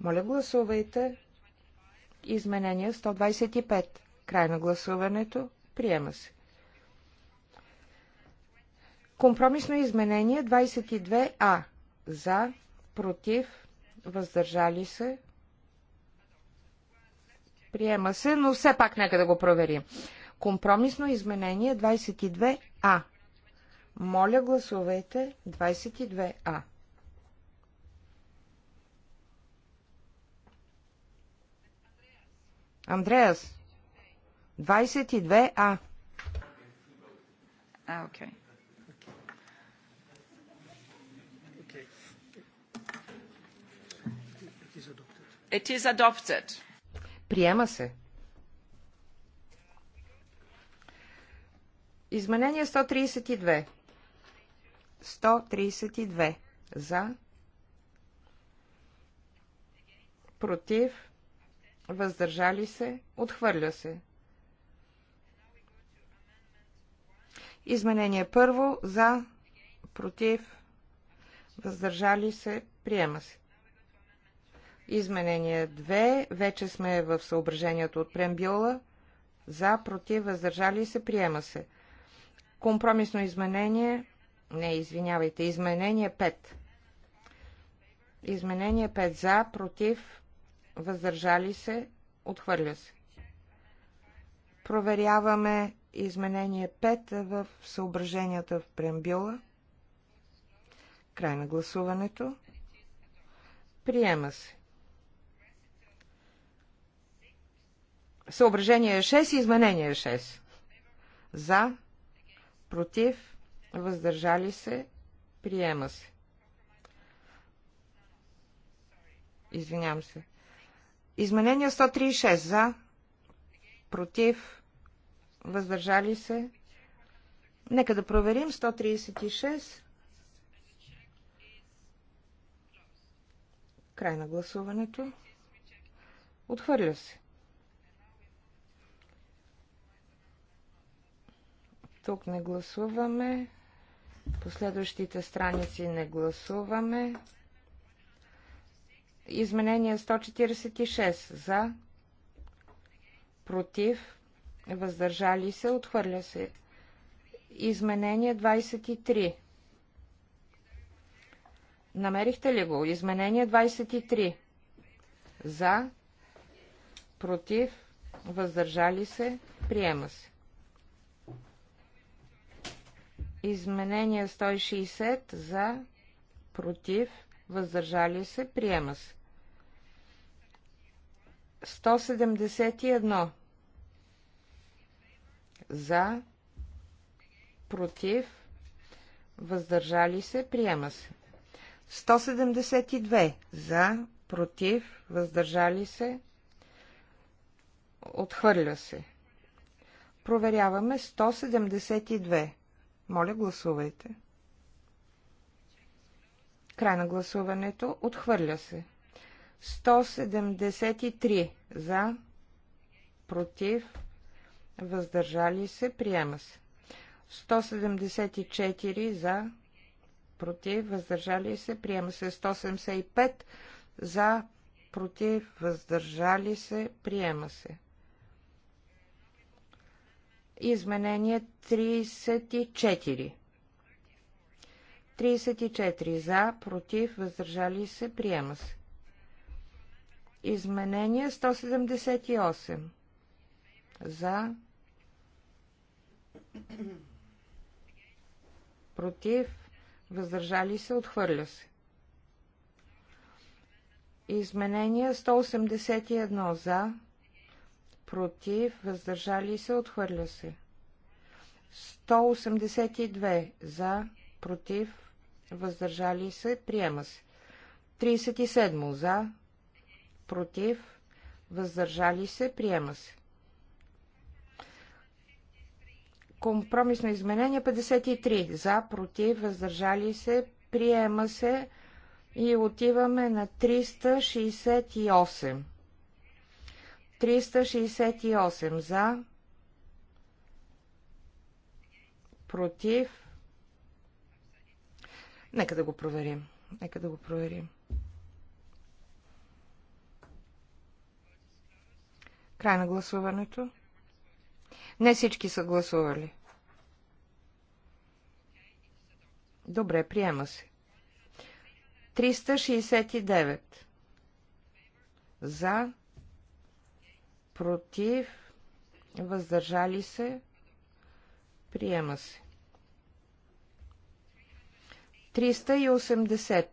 Моля, гласувайте. Изменение 125. Край на гласуването. Приема се. Компромисно изменение 22А. За, против, въздържали се, Приема се, но все пак нека да го проверим. Компромисно изменение 22А. Моля, гласувайте 22А. Андреас, 22А. А, окей. It is adopted. Приема се. Изменение 132. 132. За. Против. Въздържали се. Отхвърля се. Изменение първо. За. Против. Въздържали се. Приема се. Изменение 2. Вече сме в съображението от прембиола. За, против, въздържали се, приема се. Компромисно изменение. Не, извинявайте. Изменение 5. Изменение 5. За, против, въздържали се, отхвърля се. Проверяваме изменение 5 в съображенията в прембюла. Край на гласуването. Приема се. Съображение 6, изменение 6. За, против, въздържали се, приема се. Извинявам се. Изменение 136. За, против, въздържали се. Нека да проверим. 136. Край на гласуването. Отхвърля се. Тук не гласуваме. Последващите страници не гласуваме. Изменение 146 за, против, въздържали се, отхвърля се. Изменение 23. Намерихте ли го? Изменение 23. За, против, въздържали се, приема се. Изменение 160 за, против, въздържали се, приема се. 171 за, против, въздържали се, приема се. 172 за, против, въздържали се, отхвърля се. Проверяваме 172. Моля, гласувайте. Край на гласуването. Отхвърля се. 173 за, против, въздържали се, приема се. 174 за, против, въздържали се, приема се. 175 за, против, въздържали се, приема се. Изменение 34. 34 за, против, въздържали се, приема се. Изменение 178. За. Против. Въздържали се. Отхвърля се. Изменение 181. За против, въздържали се, отхвърля се. 182 за, против, въздържали се, приема се. 37 за, против, въздържали се, приема се. Компромисно изменение 53 за, против, въздържали се, приема се и отиваме на 368. 368 за, против. Нека да го проверим. Нека да го проверим. Край на гласуването. Не всички са гласували. Добре, приема се. 369. За против, въздържали се, приема се. 380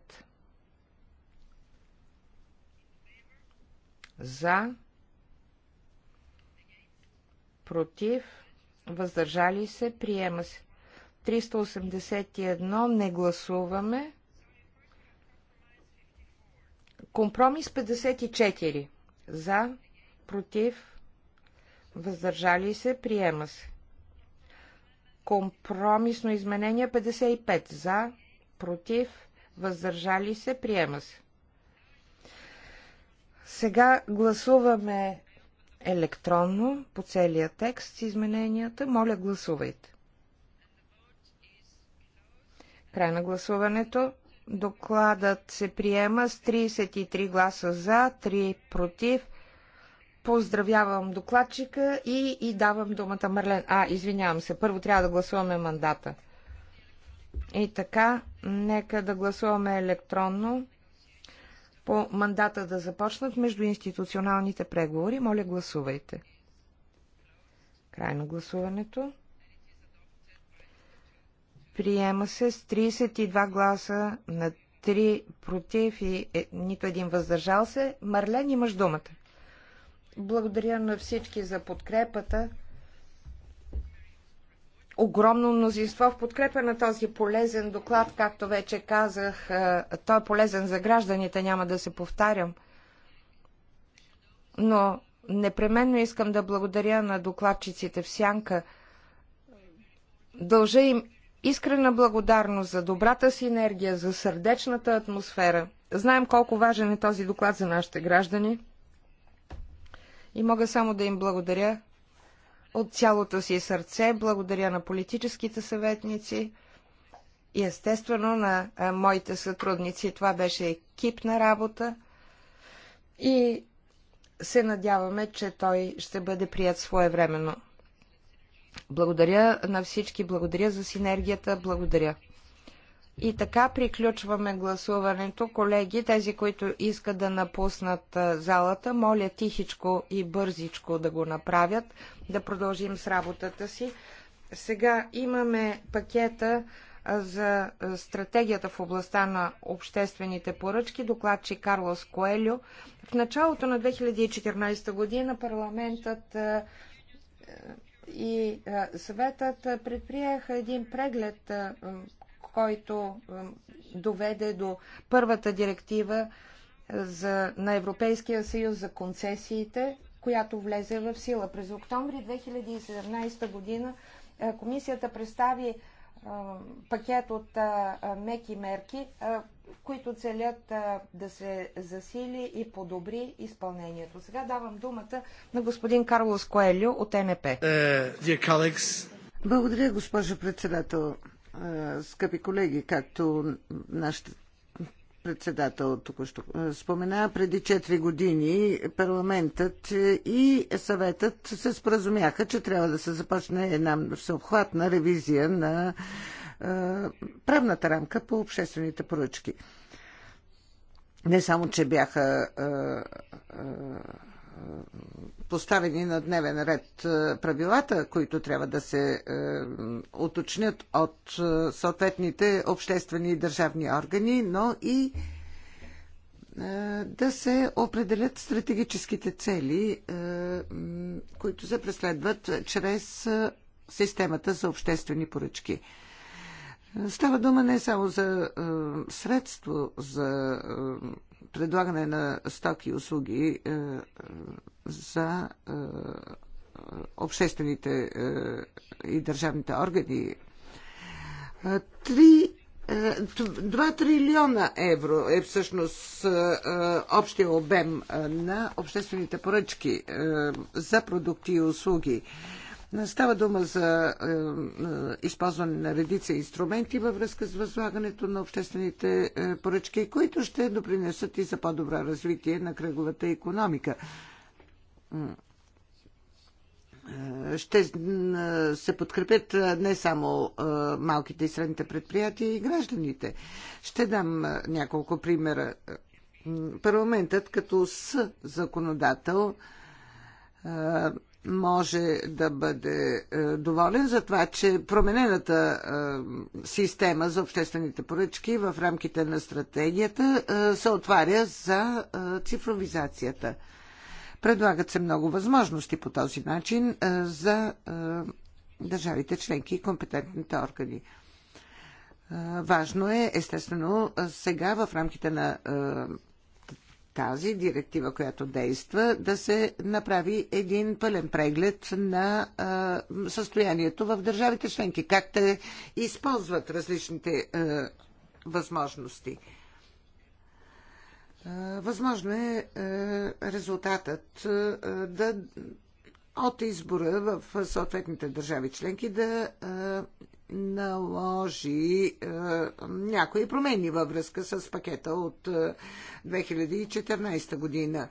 за, против, въздържали се, приема се. 381 не гласуваме. Компромис 54 за, против, въздържали се, приема се. Компромисно изменение 55 за, против, въздържали се, приема се. Сега гласуваме електронно по целия текст с измененията. Моля, гласувайте. Край на гласуването. Докладът се приема с 33 гласа за, 3 против, Поздравявам докладчика и, и давам думата Марлен. А, извинявам се, първо трябва да гласуваме мандата. И така, нека да гласуваме електронно по мандата да започнат между институционалните преговори. Моля, гласувайте. Край на гласуването. Приема се с 32 гласа на 3 против и е, нито един въздържал се. Марлен, имаш думата. Благодаря на всички за подкрепата. Огромно мнозинство в подкрепа на този полезен доклад, както вече казах. Е, той е полезен за гражданите, няма да се повтарям. Но непременно искам да благодаря на докладчиците в Сянка. Дължа им искрена благодарност за добрата синергия, за сърдечната атмосфера. Знаем колко важен е този доклад за нашите граждани. И мога само да им благодаря от цялото си сърце. Благодаря на политическите съветници и естествено на моите сътрудници. Това беше екипна работа и се надяваме, че той ще бъде прият своевременно. Благодаря на всички, благодаря за синергията, благодаря. И така приключваме гласуването. Колеги, тези, които искат да напуснат залата, моля тихичко и бързичко да го направят, да продължим с работата си. Сега имаме пакета за стратегията в областта на обществените поръчки, докладчи Карлос Коелю. В началото на 2014 година парламентът и съветът предприеха един преглед който доведе до първата директива е, за, на Европейския съюз за концесиите, която влезе в сила. През октомври 2017 година е, комисията представи е, пакет от меки мерки, които целят да се засили и подобри изпълнението. Сега давам думата на господин Карлос Коелю от НП. Благодаря, госпожо председател скъпи колеги, както нашата председател току-що спомена, преди 4 години парламентът и съветът се споразумяха, че трябва да се започне една всеобхватна ревизия на правната рамка по обществените поръчки. Не само, че бяха поставени на дневен ред е, правилата, които трябва да се е, уточнят от е, съответните обществени и държавни органи, но и да се определят стратегическите цели, които се преследват чрез системата за обществени поръчки. Става дума не само за средство за предлагане на стоки и услуги е, е, за е, обществените и държавните органи. Три 2 трилиона евро е всъщност общия обем на обществените поръчки за продукти и услуги. Става дума за е, е, използване на редица инструменти във връзка с възлагането на обществените е, поръчки, които ще допринесат и за по-добро развитие на кръговата економика ще се подкрепят не само малките и средните предприятия и гражданите. Ще дам няколко примера. Парламентът като с законодател може да бъде е, доволен за това, че променената е, система за обществените поръчки в рамките на стратегията е, се отваря за цифровизацията. Предлагат се много възможности по този начин за държавите членки и компетентните органи. Важно е, естествено, сега в рамките на тази директива, която действа, да се направи един пълен преглед на а, състоянието в държавите членки, как те използват различните а, възможности. А, възможно е а, резултатът а, да от избора в съответните държави членки да а, наложи е, някои промени във връзка с пакета от е, 2014 година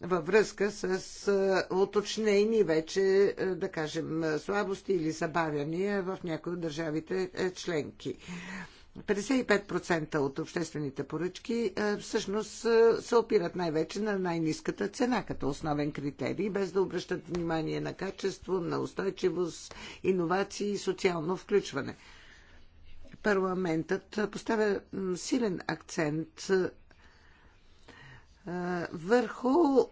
във връзка с е, уточнени вече, е, да кажем, слабости или забавяния в някои от държавите е, членки. 55% от обществените поръчки е, всъщност е, се опират най-вече на най-низката цена като основен критерий, без да обръщат внимание на качество, на устойчивост, иновации и социално включване. Парламентът поставя силен акцент е, върху а,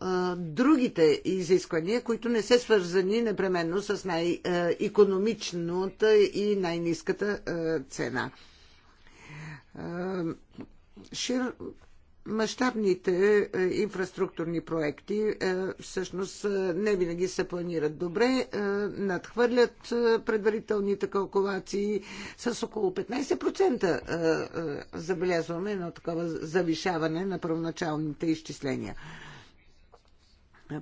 а, другите изисквания, които не се свързани непременно с най-економичната и най-низката цена. А, шир, мащабните е, инфраструктурни проекти е, всъщност е, не винаги се планират добре, надхвърлят предварителните калкулации с около 15% забелязваме едно такова завишаване на първоначалните изчисления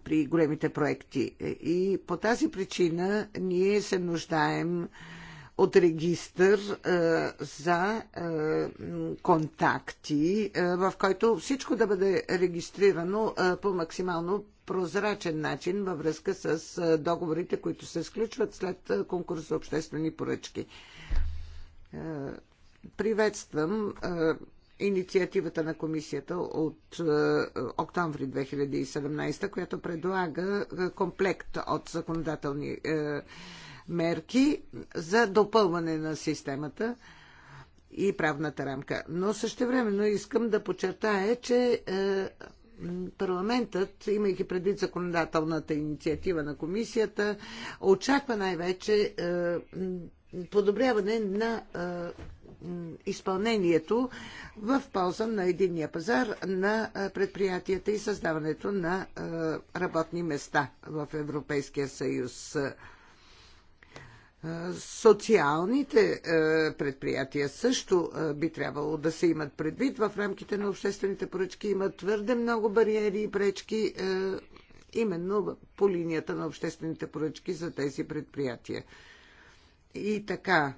при големите проекти. И по тази причина ние се нуждаем от регистър за контакти, в който всичко да бъде регистрирано по максимално прозрачен начин във връзка с договорите, които се сключват след конкурс за обществени поръчки. Приветствам инициативата на комисията от октомври 2017, която предлага комплект от законодателни мерки за допълване на системата и правната рамка. Но същевременно искам да подчертая, че е, парламентът, имайки предвид законодателната инициатива на комисията, очаква най-вече е, подобряване на е, изпълнението в полза на единния пазар на предприятията и създаването на работни места в Европейския съюз. Социалните е, предприятия също е, би трябвало да се имат предвид. В рамките на обществените поръчки има твърде много бариери и пречки е, именно по линията на обществените поръчки за тези предприятия. И така,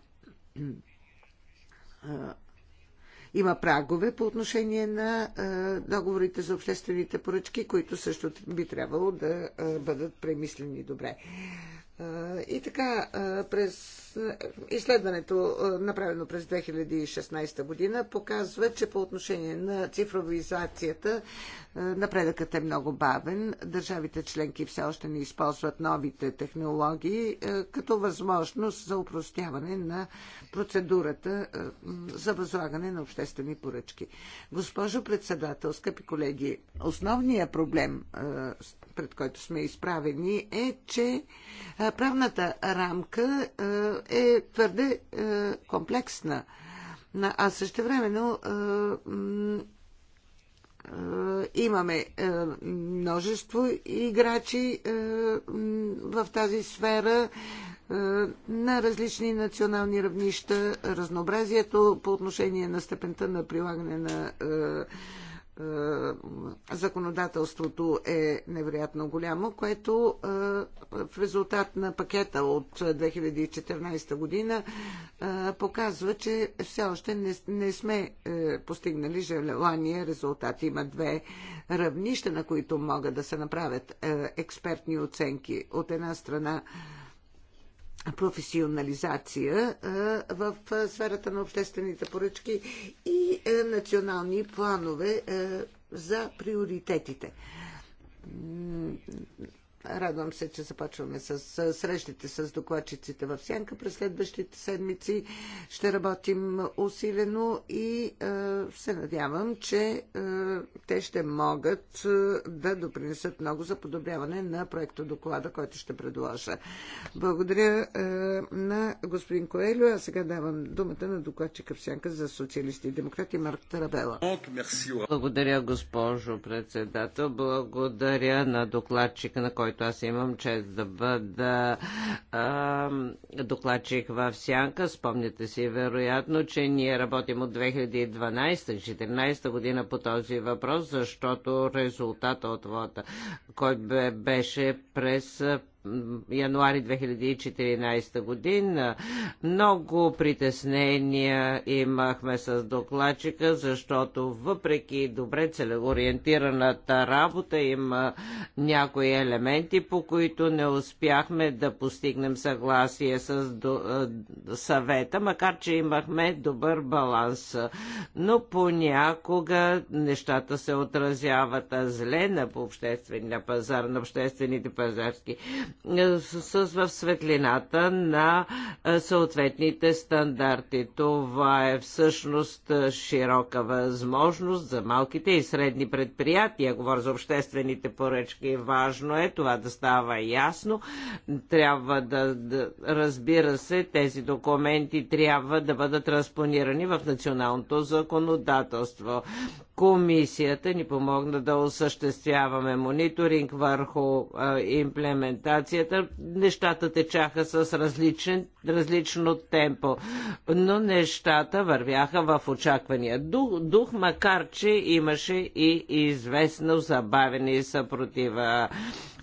има прагове по отношение на договорите за обществените поръчки, които също би трябвало да бъдат премислени добре. И така, през изследването, е, направено през 2016 година, показва, че по отношение на цифровизацията е, напредъкът е много бавен. Държавите членки все още не използват новите технологии е, като възможност за упростяване на процедурата за възлагане на обществени поръчки. Госпожо председател, скъпи колеги, основният проблем, пред който сме изправени, е, че правната рамка е твърде е, комплексна. А също времено е, е, имаме множество играчи в тази сфера на различни национални равнища, разнообразието по отношение на степента на прилагане на е, законодателството е невероятно голямо, което е, в резултат на пакета от 2014 година е, показва, че все още не, не сме постигнали желания резултати. Има две равнища, на които могат да се направят експертни оценки. От една страна професионализация в сферата на обществените поръчки и е, национални планове е, за приоритетите. Радвам се, че започваме с срещите с докладчиците в Сянка. През следващите седмици ще работим усилено и е, се надявам, че е, те ще могат е, да допринесат много за подобряване на проекта доклада, който ще предложа. Благодаря на господин Коелю, а сега давам думата на докладчика в Сянка за социалисти и демократи Марк Тарабела. Благодаря, госпожо председател. Благодаря на докладчика, на който който аз имам чест да бъда а, докладчик в Сянка. Спомняте си вероятно, че ние работим от 2012-2014 година по този въпрос, защото резултата от вода, който беше през януари 2014 година. Много притеснения имахме с докладчика, защото въпреки добре целеориентираната работа има някои елементи, по които не успяхме да постигнем съгласие с до, съвета, макар че имахме добър баланс. Но понякога нещата се отразяват зле на, обществения пазар, на обществените пазарски с, в светлината на съответните стандарти. Това е всъщност широка възможност за малките и средни предприятия. Говоря за обществените поръчки. Важно е това да става ясно. Трябва да, да разбира се, тези документи трябва да бъдат транспонирани в националното законодателство. Комисията ни помогна да осъществяваме мониторинг върху а, имплементация ситуацията. Нещата течаха с различен, различно темпо, но нещата вървяха в очаквания дух, дух, макар че имаше и известно забавене и съпротива.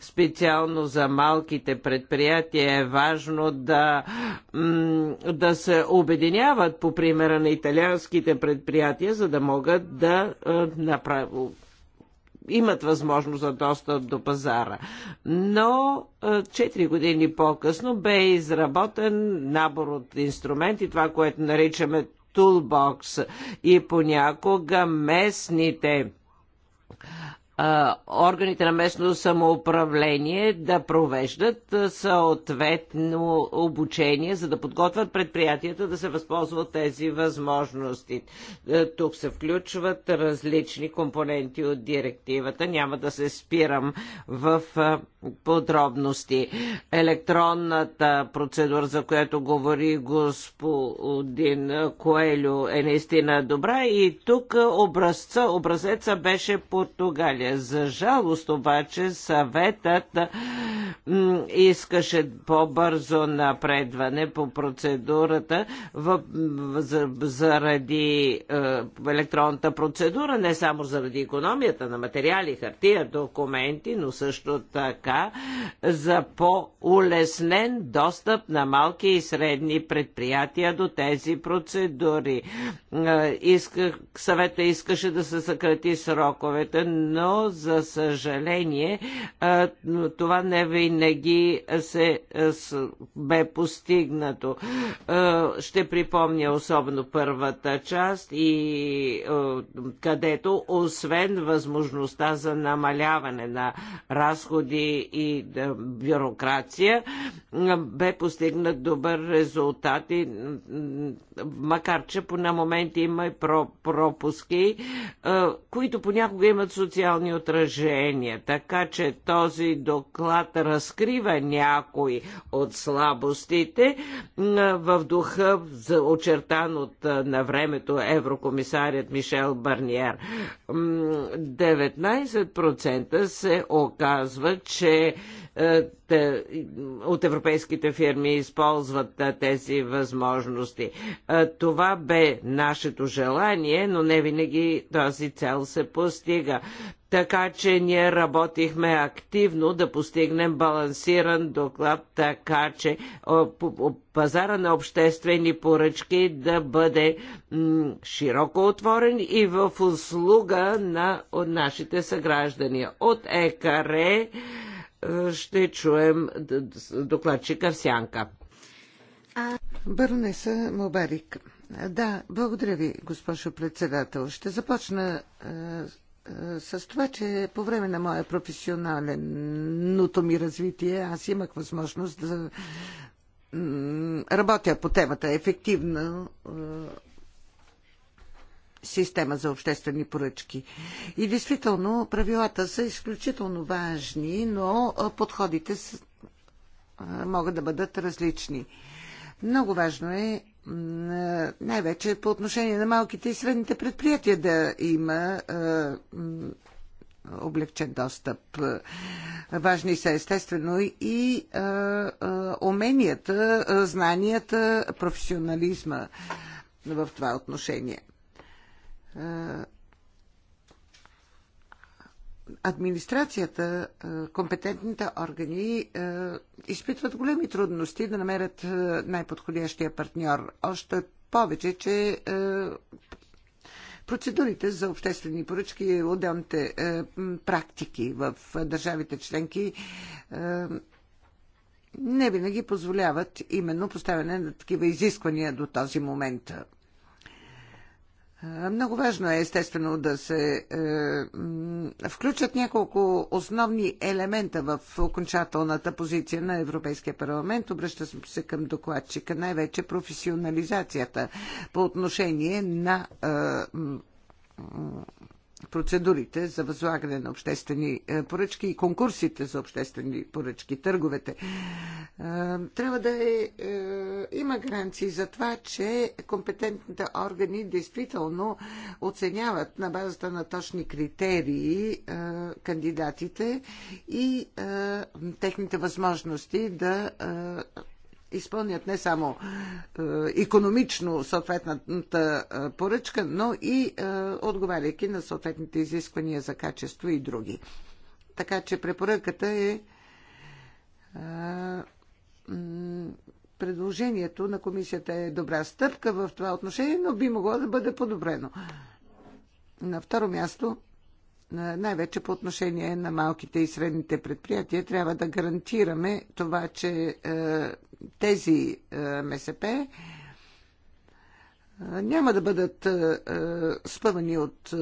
Специално за малките предприятия е важно да, да се обединяват по примера на италианските предприятия, за да могат да направят имат възможност за достъп до пазара. Но 4 е, години по-късно бе изработен набор от инструменти, това, което наричаме Toolbox и понякога местните органите на местно самоуправление да провеждат съответно обучение, за да подготвят предприятията да се възползват тези възможности. Тук се включват различни компоненти от директивата. Няма да се спирам в подробности. Електронната процедура, за която говори господин Коелю, е наистина добра и тук образца, образеца беше Португалия. За жалост обаче съветът искаше по-бързо напредване по процедурата в, за, заради е, електронната процедура, не само заради економията на материали, хартия, документи, но също така за по-улеснен достъп на малки и средни предприятия до тези процедури. Е, исках, съвета искаше да се съкрати сроковете, но за съжаление е, това не винаги се е, бе постигнато. Ще припомня особено първата част и където освен възможността за намаляване на разходи и бюрокрация, бе постигнат добър резултат и макар, че по на моменти има и пропуски, е, които понякога имат социални отражения. Така че този доклад разкрива някои от слабостите в духа, очертан от е, на времето еврокомисарят Мишел Барниер. 19% се оказва, че че е, от европейските фирми използват е, тези възможности. Е, това бе нашето желание, но не винаги този цел се постига. Така че ние работихме активно да постигнем балансиран доклад, така че пазара на обществени поръчки да бъде широко отворен и в услуга на нашите съграждани. От ЕКАРЕ ще чуем докладчика в А... Баронеса Мобарик. Да, благодаря ви, госпожо председател. Ще започна а, е, а, е, с това, че по време на моя професионалното ми развитие аз имах възможност да работя по темата ефективно е, система за обществени поръчки. И действително правилата са изключително важни, но подходите са, могат да бъдат различни. Много важно е най-вече по отношение на малките и средните предприятия да има облегчен достъп. Важни са естествено и а, а, уменията, знанията, професионализма в това отношение. Е, администрацията, е, компетентните органи е, изпитват големи трудности да намерят най-подходящия партньор. Още повече, че процедурите за обществени поръчки и отделните практики в държавите членки не винаги позволяват именно поставяне на такива изисквания до този момент. Много важно е, естествено, да се е, включат няколко основни елемента в окончателната позиция на Европейския парламент. Обръщам се към докладчика, най-вече професионализацията по отношение на е, процедурите за възлагане на обществени е, поръчки и конкурсите за обществени поръчки, търговете. Е, трябва да е, е, има гаранции за това, че компетентните органи действително оценяват на базата на точни критерии кандидатите и техните възможности да изпълнят не само економично съответната е, поръчка, но и е, отговаряйки на съответните изисквания за качество и други. Така че препоръката е, е предложението на комисията е добра стъпка в това отношение, но би могло да бъде подобрено. На второ място, най-вече по отношение на малките и средните предприятия, трябва да гарантираме това, че е, тези е, МСП е, няма да бъдат спъвани от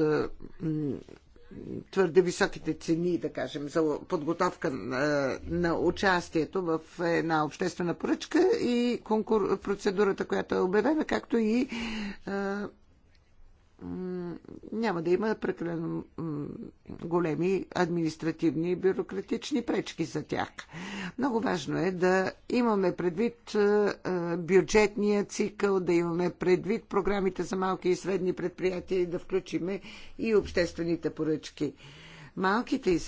твърде високите цени, да кажем, за подготовка на, на участието в една обществена поръчка и конкур... процедурата, която е обявена, както и няма да има прекалено големи административни и бюрократични пречки за тях. Много важно е да имаме предвид е, е, бюджетния цикъл, да имаме предвид програмите за малки и средни предприятия и да включиме и обществените поръчки. Малките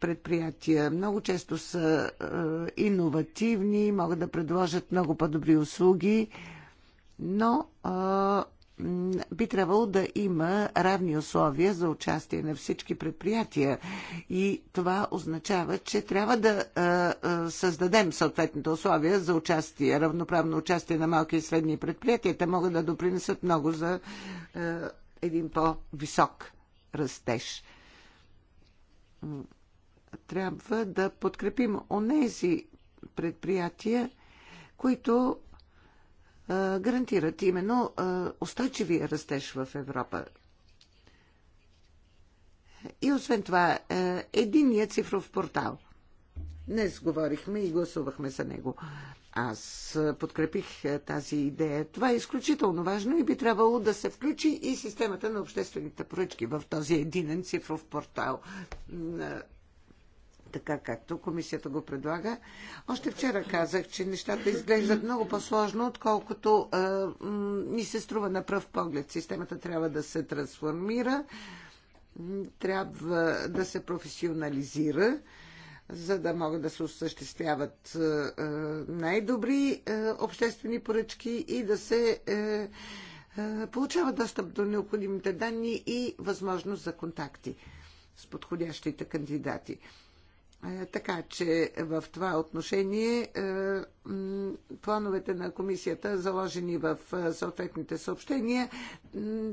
предприятия много често са е, иновативни, могат да предложат много по-добри услуги, но би трябвало да има равни условия за участие на всички предприятия. И това означава, че трябва да създадем съответните условия за участие, равноправно участие на малки и средни предприятия. Те могат да допринесат много за един по-висок растеж. Трябва да подкрепим онези предприятия, които гарантират именно устойчивия растеж в Европа. И освен това, единият цифров портал. Днес говорихме и гласувахме за него. Аз подкрепих тази идея. Това е изключително важно и би трябвало да се включи и системата на обществените поръчки в този единен цифров портал така както комисията го предлага. Още вчера казах, че нещата изглеждат много по-сложно, отколкото а, ми се струва на пръв поглед. Системата трябва да се трансформира, трябва да се професионализира за да могат да се осъществяват най-добри обществени поръчки и да се е, е, получава достъп до необходимите данни и възможност за контакти с подходящите кандидати. Така че в това отношение е, плановете на комисията, заложени в е, съответните съобщения,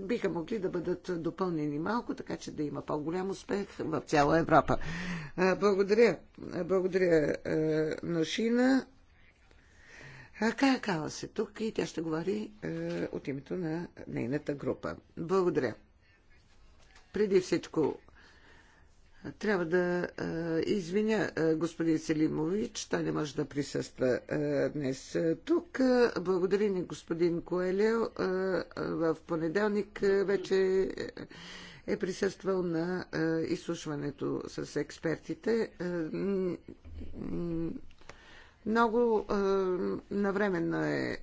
биха могли да бъдат допълнени малко, така че да има по-голям успех в цяла Европа. Е, благодаря. Благодаря, Ношина. Кая Кала се тук и тя ще говори от името на нейната група. Благодаря. Преди всичко, трябва да извиня господин Селимович, той не може да присъства днес тук. Благодаря ни господин Коелео. В понеделник вече е присъствал на изслушването с експертите. Много навременно е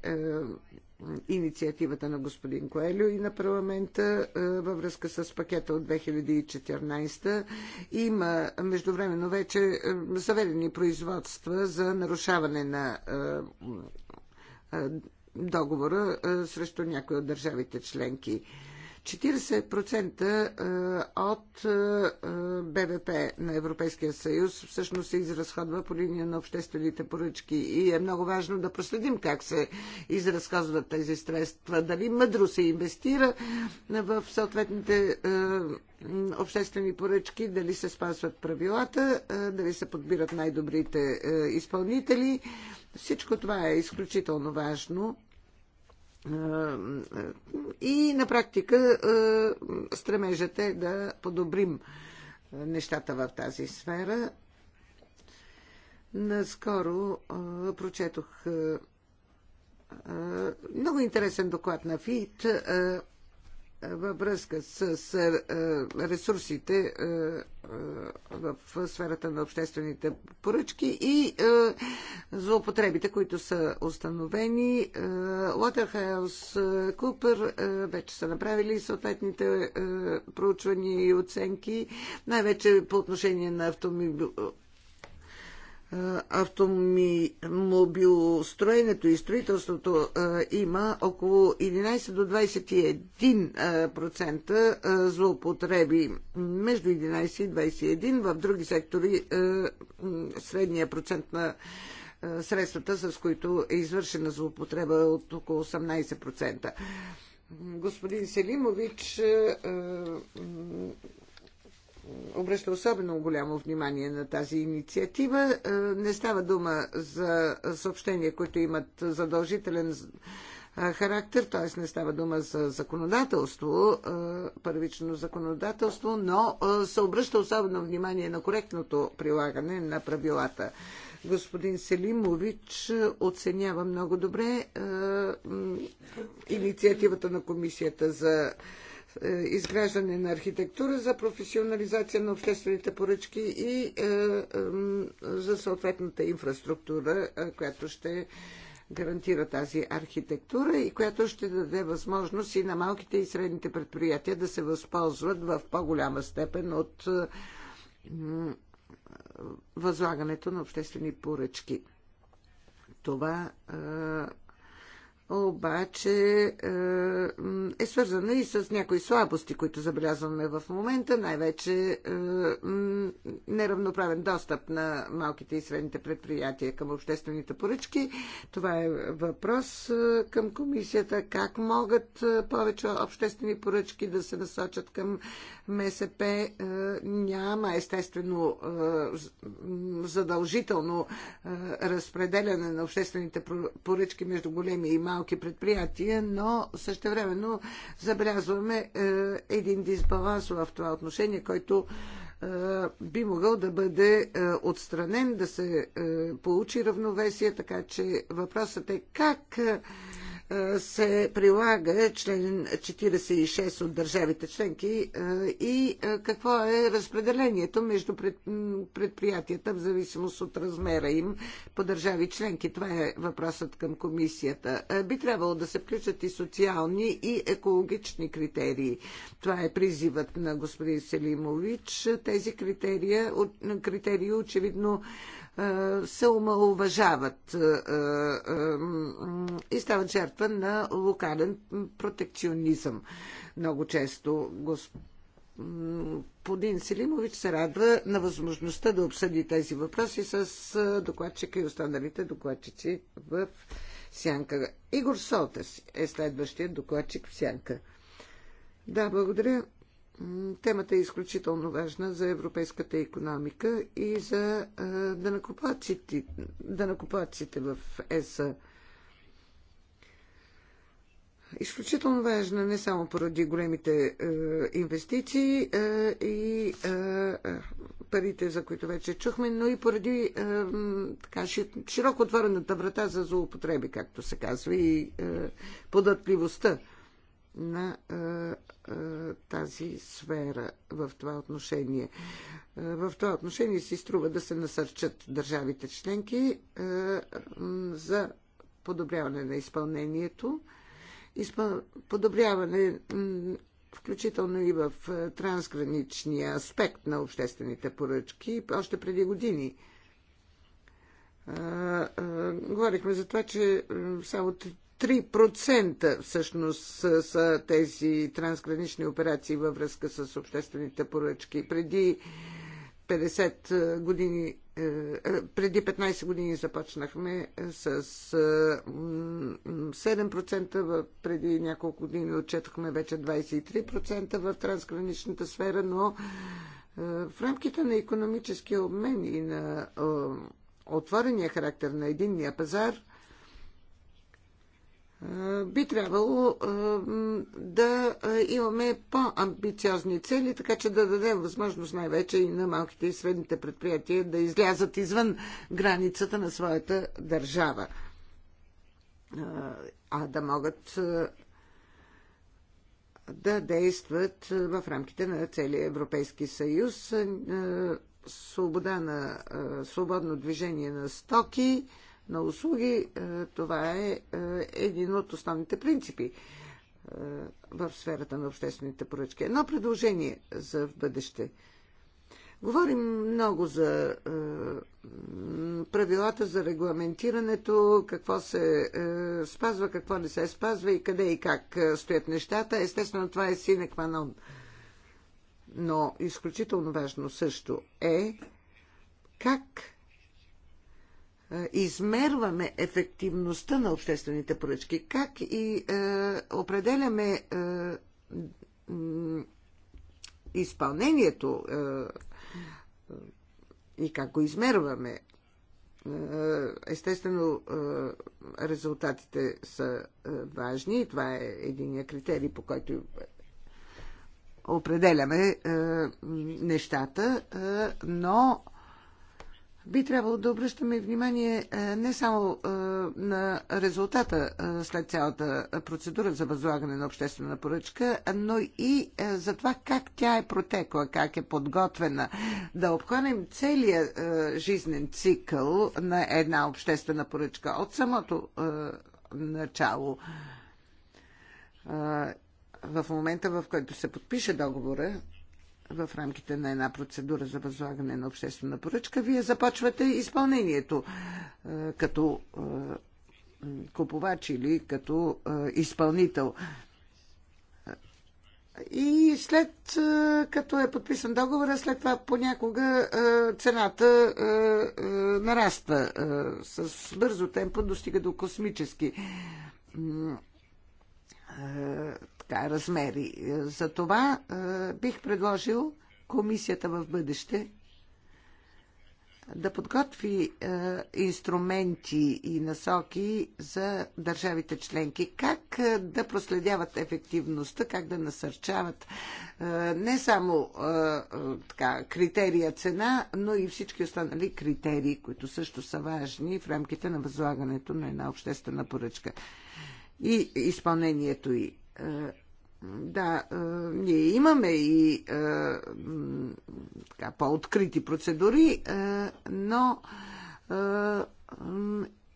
инициативата на господин Коелю и на парламента е, във връзка с пакета от 2014. Има междувременно вече заведени е, производства за нарушаване на е, договора срещу някои от държавите членки. 40% е, от е, е, БВП на Европейския съюз всъщност се изразходва по линия на обществените поръчки и е много важно да проследим как се изразходват тези средства, дали мъдро се инвестира в съответните обществени поръчки, дали се спазват правилата, дали се подбират най-добрите изпълнители. Всичко това е изключително важно и на практика е, стремежът е да подобрим е, нещата в тази сфера. Наскоро е, прочетох много интересен доклад на ФИТ във връзка с, с е, ресурсите е, е, в сферата на обществените поръчки и злоупотребите, които са установени. Waterhouse Купер вече са направили съответните проучвания и оценки, най-вече по отношение на автомобил автомобилостроенето и строителството има около 11 до 21% злоупотреби. Между 11 и 21 в други сектори средния процент на средствата, с които е извършена злоупотреба от около 18%. Господин Селимович обръща особено голямо внимание на тази инициатива. Е, не става дума за съобщения, които имат задължителен е, характер, т.е. не става дума за законодателство, е, първично законодателство, но се обръща особено внимание на коректното прилагане на правилата. Господин Селимович оценява много добре инициативата на комисията за е, изграждане на архитектура за професионализация на обществените поръчки и е, е, за съответната инфраструктура, която ще гарантира тази архитектура и която ще даде възможност и на малките и средните предприятия да се възползват в по-голяма степен от възлагането на обществени поръчки. Това обаче е, е свързана и с някои слабости, които забелязваме в момента, най-вече е, неравноправен достъп на малките и средните предприятия към обществените поръчки. Това е въпрос е, към комисията, как могат повече обществени поръчки да се насочат към МСП е, няма естествено е, задължително е, разпределяне на обществените поръчки между големи и малки предприятия, но същевременно забелязваме един дисбаланс в това отношение, който би могъл да бъде отстранен, да се получи равновесие, така че въпросът е как се прилага член 46 от държавите членки и какво е разпределението между предприятията в зависимост от размера им по държави членки. Това е въпросът към комисията. Би трябвало да се включат и социални и екологични критерии. Това е призивът на господин Селимович. Тези критерии, критерии очевидно се омалуважават и стават жертва на локален протекционизъм. Много често господин Селимович се радва на възможността да обсъди тези въпроси с докладчика и останалите докладчици в Сянка. Игор Солтес е следващия докладчик в Сянка. Да, благодаря. Темата е изключително важна за европейската економика и за данакоплаците, в ЕСА. Изключително важна не само поради големите е, инвестиции е, и е, е парите, за които вече чухме, но и поради е, така, широко отворената врата за злоупотреби, както се казва, и е, податливостта на а, е, а, е, тази сфера в това отношение. А, е, в това отношение си струва да се насърчат държавите членки а, за подобряване на изпълнението, изпъл... подобряване включително и в трансграничния аспект на обществените поръчки, още преди години. А, а, говорихме за това, че само 3% всъщност са тези трансгранични операции във връзка с обществените поръчки. Преди 50 е, години, е, е, преди 15 години започнахме с 7%, преди няколко години отчетохме вече 23% в трансграничната сфера, но в рамките на економическия обмен и на отворения характер на единния пазар – би трябвало да имаме по-амбициозни цели, така че да дадем възможност най-вече и на малките и средните предприятия да излязат извън границата на своята държава, а да могат да действат в рамките на целия Европейски съюз. Свобода на свободно движение на стоки – на услуги. Е, това е, е един от основните принципи е, в сферата на обществените поръчки. Едно предложение за в бъдеще. Говорим много за е, правилата за регламентирането, какво се е, спазва, какво не се спазва и къде и как стоят нещата. Естествено, това е сине кванон. Но изключително важно също е как е, измерваме ефективността на обществените поръчки, как и е, определяме е, изпълнението е, е, и как го измерваме. Е, естествено, резултатите са важни и това е единия критерий, по който определяме нещата, но би трябвало да обръщаме внимание е, не само е, на резултата е, след цялата процедура за възлагане на обществена поръчка, но и за това как тя е протекла, как е подготвена. Да обхванем целия жизнен цикъл на една обществена поръчка от самото начало. В момента, в който се подпише договора, в рамките на една процедура за възлагане на обществена поръчка, вие започвате изпълнението е, като е, купувач или като е, изпълнител. И след като е подписан договора, след това понякога цената нараства с бързо темпо, достига до космически така, размери. Е, за това е, бих предложил комисията в бъдеще да подготви е, инструменти и насоки за държавите членки, как е, да проследяват ефективността, как да насърчават е, не само е, е, така, критерия цена, но и всички останали критерии, които също са важни в рамките на възлагането на една обществена поръчка и изпълнението и е, да, е, ние имаме и е, така, по-открити процедури, но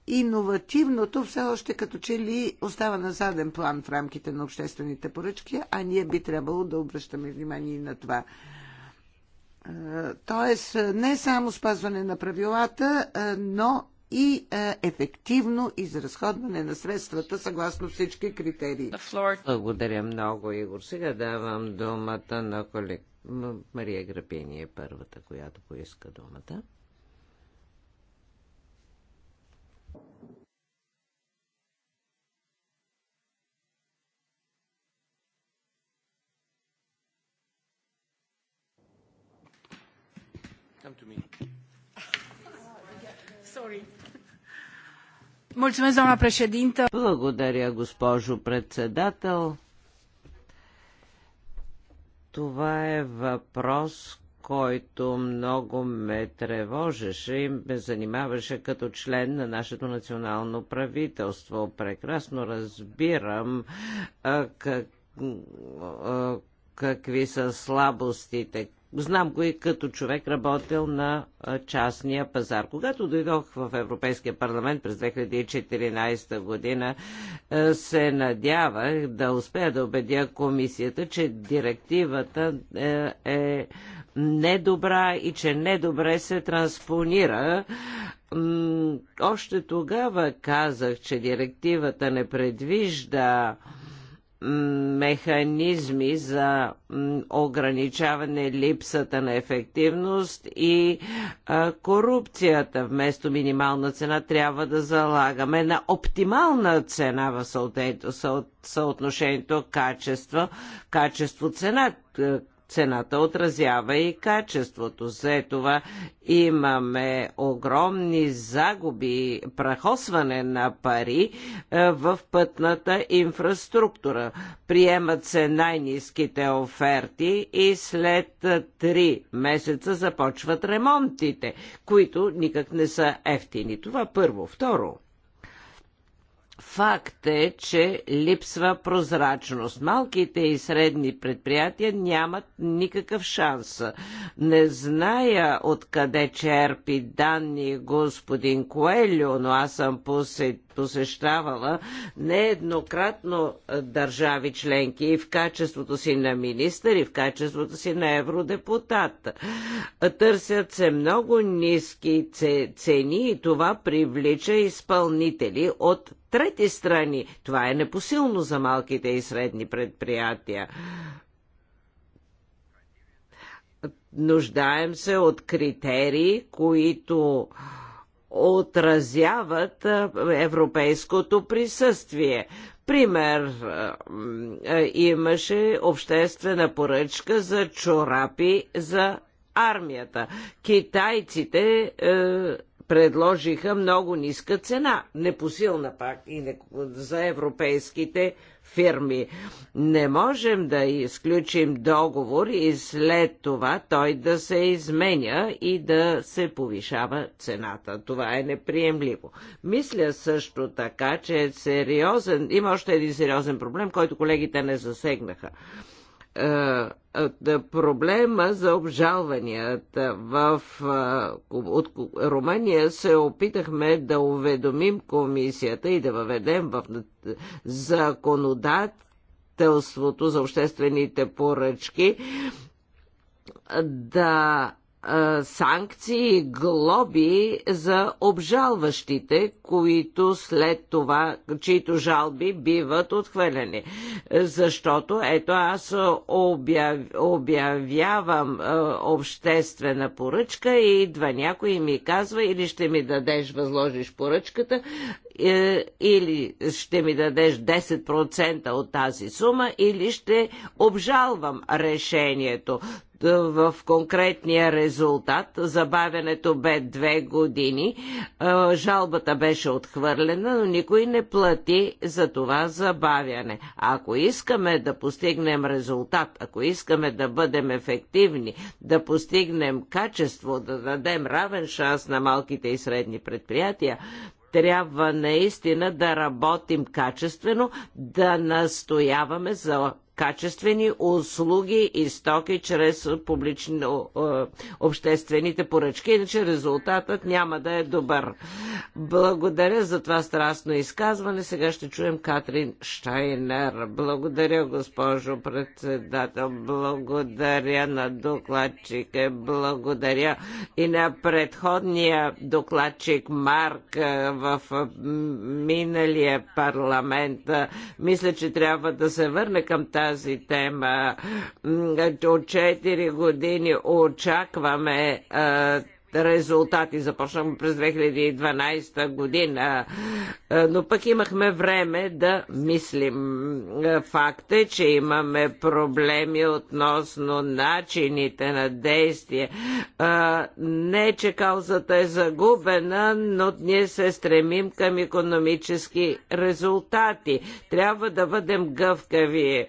иновативното все още като че ли остава на заден план в рамките на обществените поръчки, а ние би трябвало да обръщаме внимание и на това. Тоест, не само спазване на правилата, но и е, ефективно изразходване на средствата съгласно всички критерии. Благодаря много, Игор. Сега давам думата на колег... Мария Грапини е първата, която поиска думата. Come to me. Sorry. Mulțumesc, Благодаря, госпожо председател. Това е въпрос, който много ме тревожеше и ме занимаваше като член на нашето национално правителство. Прекрасно разбирам а, как, а, какви са слабостите, Знам го и като човек работил на частния пазар. Когато дойдох в Европейския парламент през 2014 година, се надявах да успея да убедя комисията, че директивата е недобра и че недобре се транспонира. Още тогава казах, че директивата не предвижда механизми за ограничаване липсата на ефективност и корупцията. Вместо минимална цена трябва да залагаме на оптимална цена в съотношението качество, качество-цена, Цената отразява и качеството. След това имаме огромни загуби, прахосване на пари е, в пътната инфраструктура. Приемат се най-низките оферти и след 3 е, месеца започват ремонтите, които никак не са ефтини. Това първо. Второ, Факт е, че липсва прозрачност. Малките и средни предприятия нямат никакъв шанс. Не зная откъде черпи данни господин Коелю, но аз съм посещавала нееднократно държави членки и в качеството си на министър и в качеството си на евродепутат. Търсят се много ниски цени и това привлича изпълнители от трети страни. Това е непосилно за малките и средни предприятия. Нуждаем се от критерии, които отразяват европейското присъствие. Пример, имаше обществена поръчка за чорапи за армията. Китайците е, предложиха много ниска цена, непосилна пак и не, за европейските фирми. Не можем да изключим договор и след това той да се изменя и да се повишава цената. Това е неприемливо. Мисля също така, че е сериозен, има още един сериозен проблем, който колегите не засегнаха. Е, е, проблема за обжалванията в е, от Румъния се опитахме да уведомим комисията и да въведем в законодателството за обществените поръчки да санкции и глоби за обжалващите, които след това, чието жалби биват отхвърлени. Защото, ето, аз обяв, обявявам а, обществена поръчка и идва някой и ми казва или ще ми дадеш, възложиш поръчката, е, или ще ми дадеш 10% от тази сума, или ще обжалвам решението в конкретния резултат. Забавянето бе две години. Е, жалбата беше отхвърлена, но никой не плати за това забавяне. Ако искаме да постигнем резултат, ако искаме да бъдем ефективни, да постигнем качество, да дадем равен шанс на малките и средни предприятия, трябва наистина да работим качествено, да настояваме за качествени услуги и стоки чрез публични, обществените поръчки, иначе резултатът няма да е добър. Благодаря за това страстно изказване. Сега ще чуем Катрин Штайнер. Благодаря, госпожо председател. Благодаря на докладчика. Благодаря и на предходния докладчик Марк в миналия парламент. Мисля, че трябва да се върне към тази тази тема. До 4 години очакваме резултати. Започнахме през 2012 година, е, но пък имахме време да мислим. Е, факт е, че имаме проблеми относно начините на действие. Е, не, че каузата е загубена, но ние се стремим към економически резултати. Трябва да бъдем гъвкави.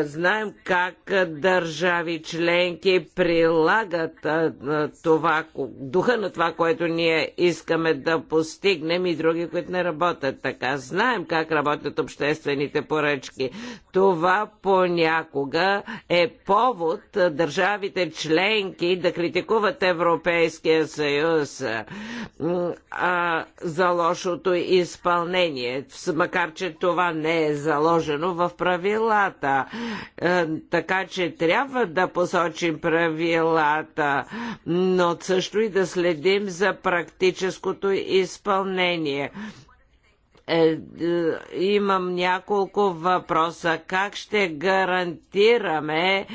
Знаем как държави членки прилагат това, духа на това, което ние искаме да постигнем и други, които не работят така. Знаем как работят обществените поръчки. Това понякога е повод държавите членки да критикуват Европейския съюз а, за лошото изпълнение, макар че това не е заложено в правилата. Е, така че трябва да посочим правилата, но също също и да следим за практическото изпълнение. Е, е, имам няколко въпроса. Как ще гарантираме е,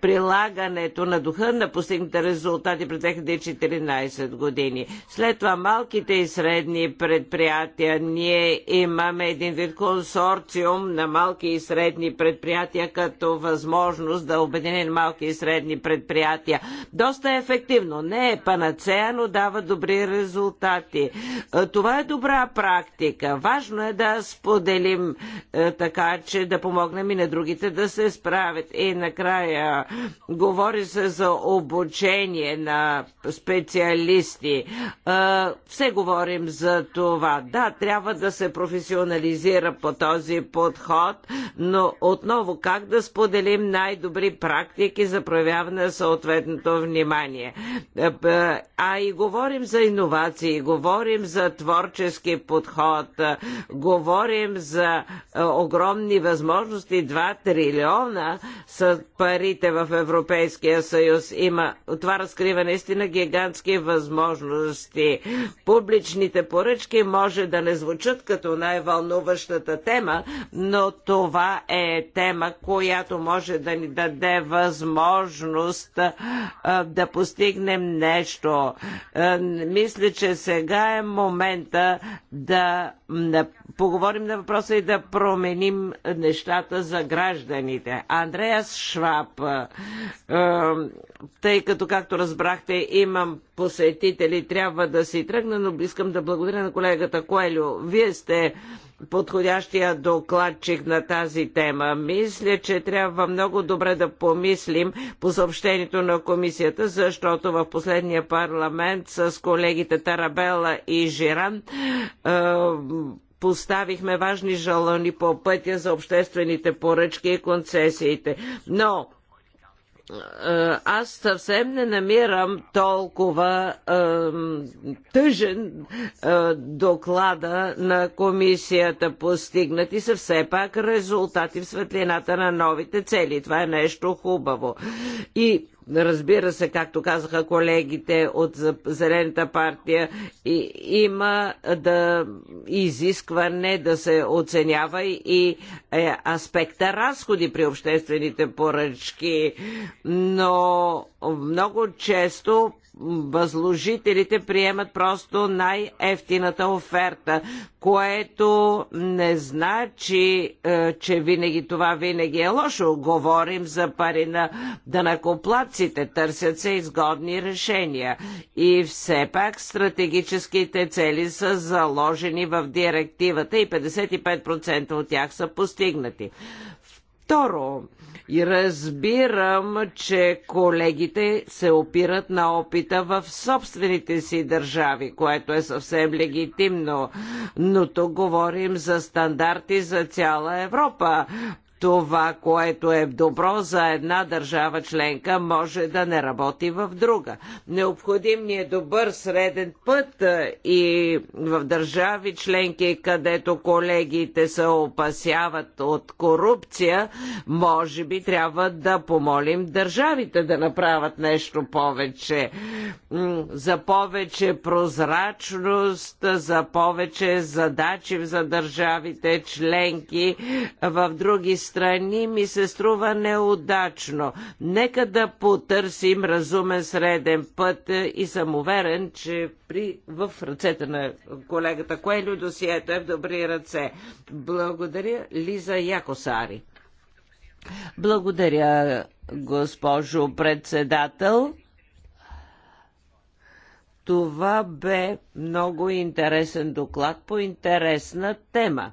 прилагането на духа на постигните резултати през 2014 години? След това малките и средни предприятия. Ние имаме един вид консорциум на малки и средни предприятия като възможност да обединим малки и средни предприятия. Доста е ефективно. Не е панацея, но дава добри резултати. Е, това е добра практика политика. Важно е да споделим е, така, че да помогнем и на другите да се справят. И накрая говори се за обучение на специалисти. Е, все говорим за това. Да, трябва да се професионализира по този подход, но отново как да споделим най-добри практики за проявяване на съответното внимание. Е, а и говорим за иновации, говорим за творчески подход, Говорим за е, огромни възможности. 2 трилиона са парите в Европейския съюз. Има, това разкрива наистина гигантски възможности. Публичните поръчки може да не звучат като най-вълнуващата тема, но това е тема, която може да ни даде възможност а, е, да постигнем нещо. А, е, мисля, че сега е момента да на поговорим на въпроса и да променим нещата за гражданите. Андреас Шваб, е, е, тъй като, както разбрахте, имам посетители, трябва да си тръгна, но искам да благодаря на колегата Коелю. Вие сте подходящия докладчик на тази тема. Мисля, че трябва много добре да помислим по съобщението на комисията, защото в последния парламент с колегите Тарабела и Жиран е, поставихме важни жалони по пътя за обществените поръчки и концесиите. Но аз съвсем не намирам толкова тъжен доклада на комисията. Постигнати са все пак резултати в светлината на новите цели. Това е нещо хубаво. И Разбира се, както казаха колегите от Зелената партия, и, има да изискване да се оценява и е, аспекта разходи при обществените поръчки, но много често възложителите приемат просто най-ефтината оферта, което не значи, е, че винаги това винаги е лошо. Говорим за пари на данакоплаците, търсят се изгодни решения. И все пак стратегическите цели са заложени в директивата и 55% от тях са постигнати. Второ, разбирам, че колегите се опират на опита в собствените си държави, което е съвсем легитимно, но тук говорим за стандарти за цяла Европа това, което е добро за една държава членка, може да не работи в друга. Необходим ни е добър среден път и в държави членки, където колегите се опасяват от корупция, може би трябва да помолим държавите да направят нещо повече. За повече прозрачност, за повече задачи за държавите членки в други страни страни ми се струва неудачно. Нека да потърсим разумен среден път е, и съм уверен, че при, в ръцете на колегата Коелю досието е в добри ръце. Благодаря Лиза Якосари. Благодаря, госпожо председател. Това бе много интересен доклад по интересна тема.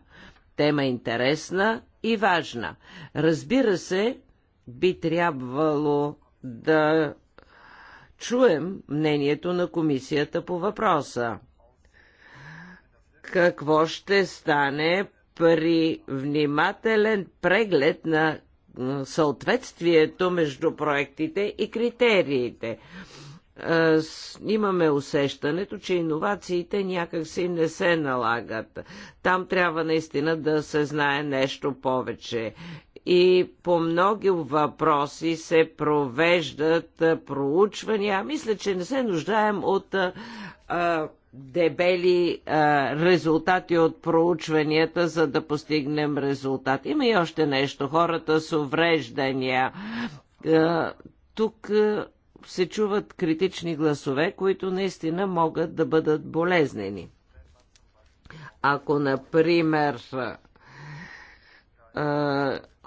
Тема интересна, и важна. Разбира се, би трябвало да чуем мнението на комисията по въпроса. Какво ще стане при внимателен преглед на съответствието между проектите и критериите? имаме усещането, че иновациите някакси не се налагат. Там трябва наистина да се знае нещо повече. И по много въпроси се провеждат проучвания. Мисля, че не се нуждаем от а, дебели а, резултати от проучванията, за да постигнем резултат. Има и още нещо. Хората с увреждания. А, тук се чуват критични гласове, които наистина могат да бъдат болезнени. Ако, например,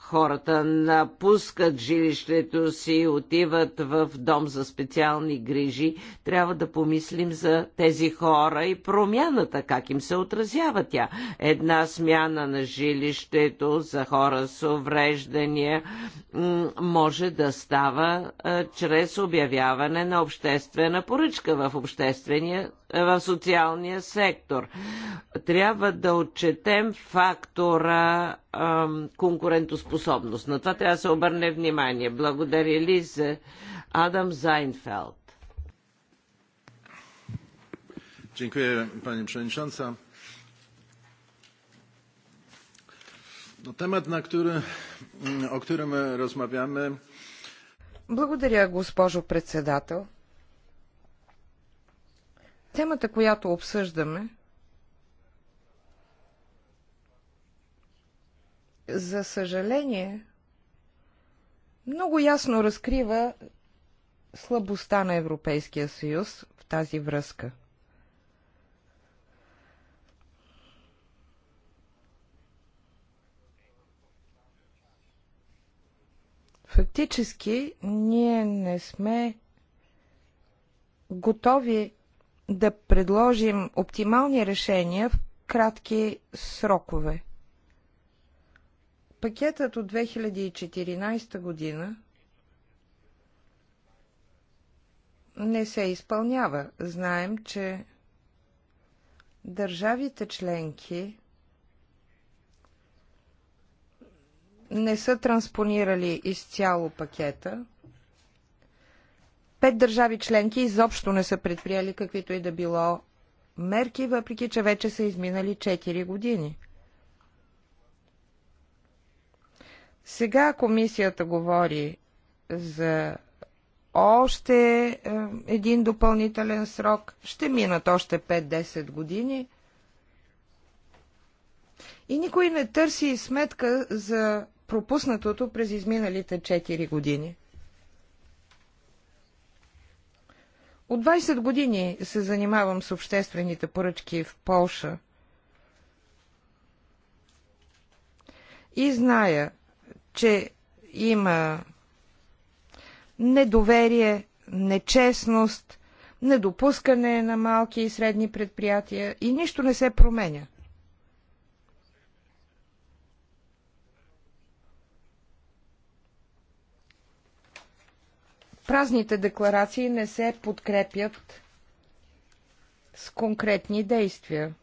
Хората напускат жилището си, отиват в дом за специални грижи. Трябва да помислим за тези хора и промяната, как им се отразява тя. Една смяна на жилището за хора с увреждания може да става чрез обявяване на обществена поръчка в обществения в социалния сектор. Трябва да отчетем фактора конкурентоспособност. На това трябва да се обърне внимание. Благодаря ли за Адам Зайнфелд? Dziękuję Pani Przewodnicząca. No, temat, na który, o którym rozmawiamy. Благодаря, госпожо председател. Темата, която обсъждаме, за съжаление, много ясно разкрива слабостта на Европейския съюз в тази връзка. Фактически, ние не сме готови да предложим оптимални решения в кратки срокове. Пакетът от 2014 година не се изпълнява. Знаем, че държавите членки не са транспонирали изцяло пакета. Пет държави членки изобщо не са предприели каквито и да било мерки, въпреки че вече са изминали 4 години. Сега комисията говори за още е, един допълнителен срок. Ще минат още 5-10 години. И никой не търси сметка за пропуснатото през изминалите 4 години. От 20 години се занимавам с обществените поръчки в Полша. И зная, че има недоверие, нечестност, недопускане на малки и средни предприятия и нищо не се променя. Празните декларации не се подкрепят с конкретни действия.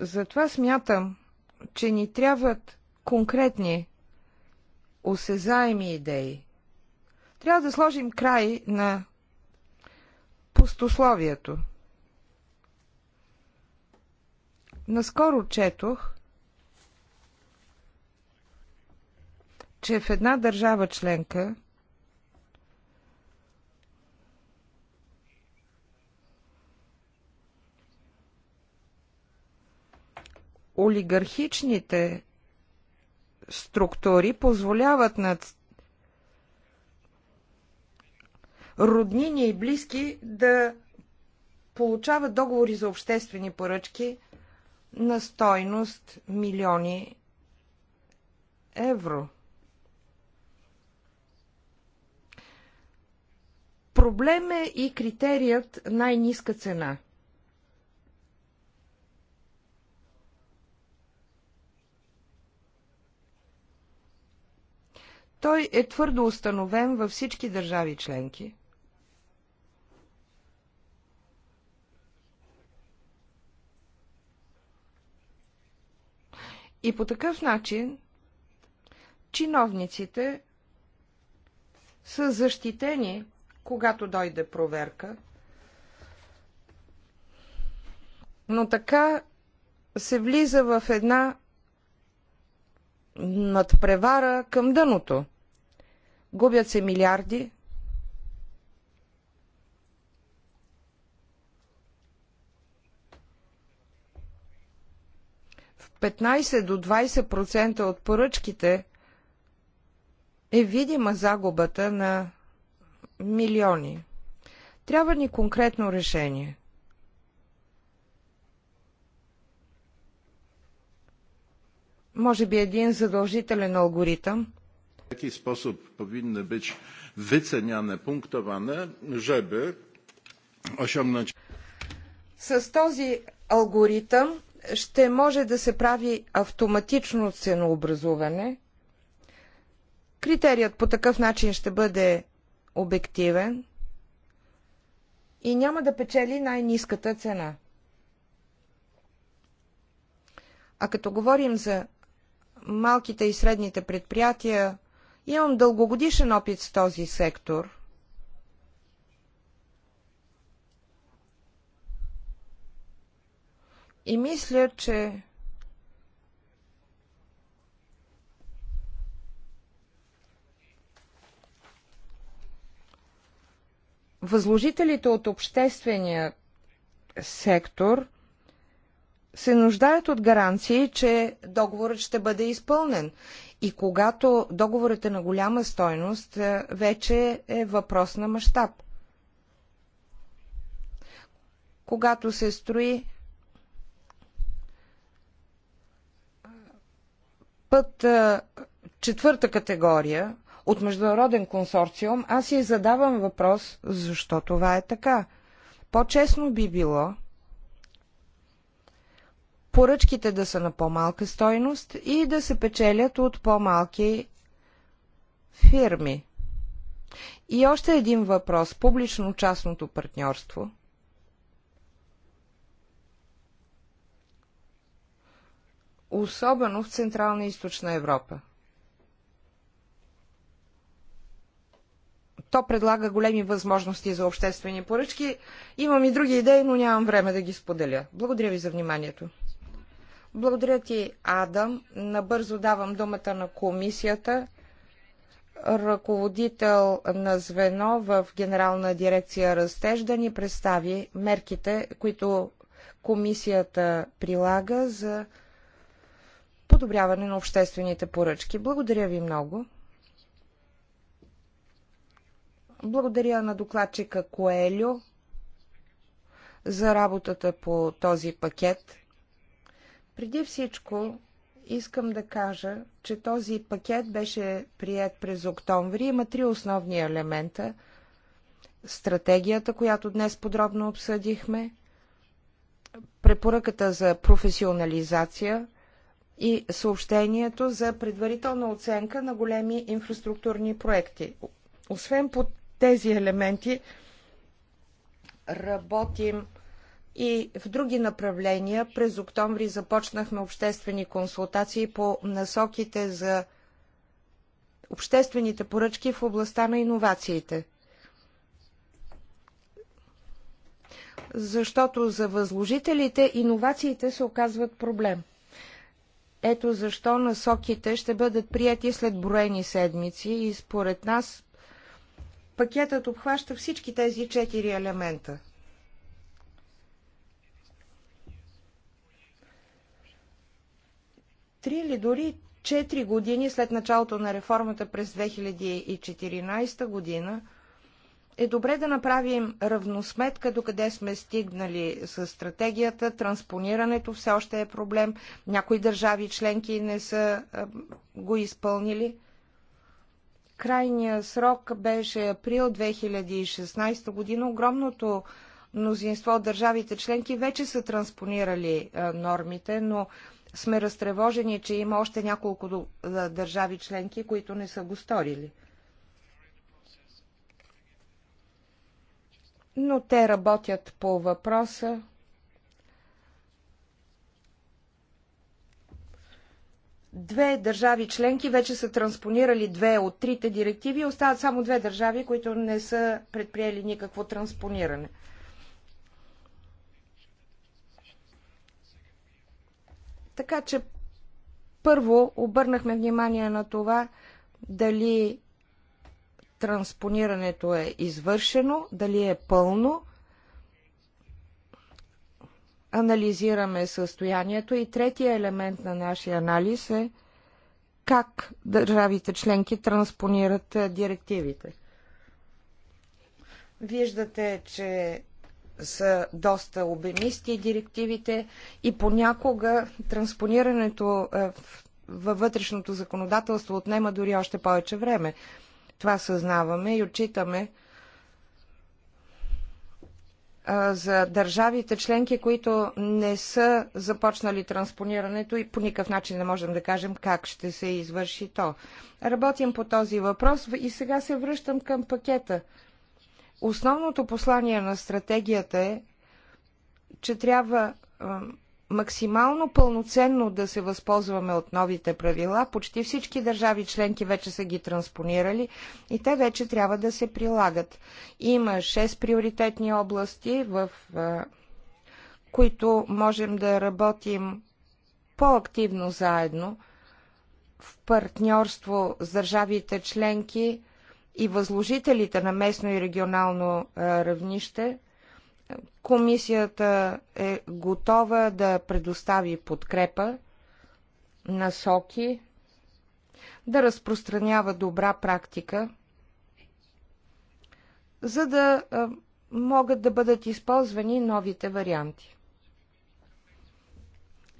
Затова смятам, че ни трябват конкретни, осезаеми идеи. Трябва да сложим край на пустословието. Наскоро четох, че в една държава членка олигархичните структури позволяват на роднини и близки да получават договори за обществени поръчки на стойност милиони евро. Проблем е и критерият най-ниска цена – Той е твърдо установен във всички държави членки. И по такъв начин чиновниците са защитени, когато дойде проверка, но така се влиза в една надпревара към дъното. Губят се милиарди. В 15 до 20% от поръчките е видима загубата на милиони. Трябва ни конкретно решение – може би един задължителен алгоритъм. В jaki sposób powinny być wyceniane, punktowane, żeby osiągnąć. С този алгоритъм ще може да се прави автоматично ценообразуване. Критерият по такъв начин ще бъде обективен и няма да печели най низката цена. А като говорим за малките и средните предприятия. Имам дългогодишен опит в този сектор. И мисля, че възложителите от обществения сектор – се нуждаят от гаранции, че договорът ще бъде изпълнен. И когато договорът е на голяма стойност, е, вече е въпрос на мащаб. Когато се строи път е, четвърта категория от международен консорциум, аз си задавам въпрос, защо това е така. По-честно би било поръчките да са на по-малка стойност и да се печелят от по-малки фирми. И още един въпрос – публично-частното партньорство. Особено в Централна и Източна Европа. То предлага големи възможности за обществени поръчки. Имам и други идеи, но нямам време да ги споделя. Благодаря ви за вниманието. Благодаря ти, Адам. Набързо давам думата на комисията. Ръководител на звено в Генерална дирекция Растеж да ни представи мерките, които комисията прилага за подобряване на обществените поръчки. Благодаря ви много. Благодаря на докладчика Коелю за работата по този пакет. Преди всичко искам да кажа, че този пакет беше прият през октомври. Има три основни елемента. Стратегията, която днес подробно обсъдихме, препоръката за професионализация и съобщението за предварителна оценка на големи инфраструктурни проекти. Освен по тези елементи, работим и в други направления. През октомври започнахме обществени консултации по насоките за обществените поръчки в областта на иновациите. Защото за възложителите иновациите се оказват проблем. Ето защо насоките ще бъдат прияти след броени седмици и според нас пакетът обхваща всички тези четири елемента – 3 или дори 4 години след началото на реформата през 2014 година, е добре да направим равносметка до къде сме стигнали с стратегията. Транспонирането все още е проблем. Някои държави членки не са го изпълнили. Крайният срок беше април 2016 година. Огромното мнозинство от държавите членки вече са транспонирали нормите, но сме разтревожени, че има още няколко държави членки, които не са го сторили. Но те работят по въпроса. Две държави членки вече са транспонирали две от трите директиви, остават само две държави, които не са предприели никакво транспониране. Така че първо обърнахме внимание на това дали транспонирането е извършено, дали е пълно. Анализираме състоянието и третия елемент на нашия анализ е как държавите членки транспонират е, директивите. Виждате, че са доста обемисти директивите и понякога транспонирането е, във вътрешното законодателство отнема дори още повече време. Това съзнаваме и отчитаме е, за държавите членки, които не са започнали транспонирането и по никакъв начин не можем да кажем как ще се извърши то. Работим по този въпрос и сега се връщам към пакета – Основното послание на стратегията е, че трябва максимално пълноценно да се възползваме от новите правила. Почти всички държави членки вече са ги транспонирали и те вече трябва да се прилагат. Има 6 приоритетни области, в които можем да работим по-активно заедно в партньорство с държавите членки и възложителите на местно и регионално равнище, комисията е готова да предостави подкрепа, насоки, да разпространява добра практика, за да могат да бъдат използвани новите варианти.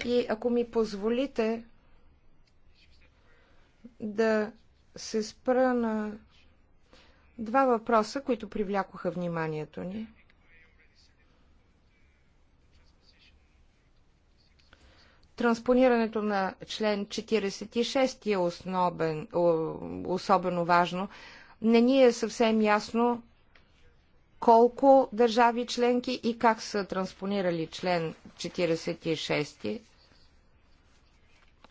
И ако ми позволите да се спра на Два въпроса, които привлякоха вниманието ни. Транспонирането на член 46 е основен, особено важно. Не ни е съвсем ясно колко държави членки и как са транспонирали член 46.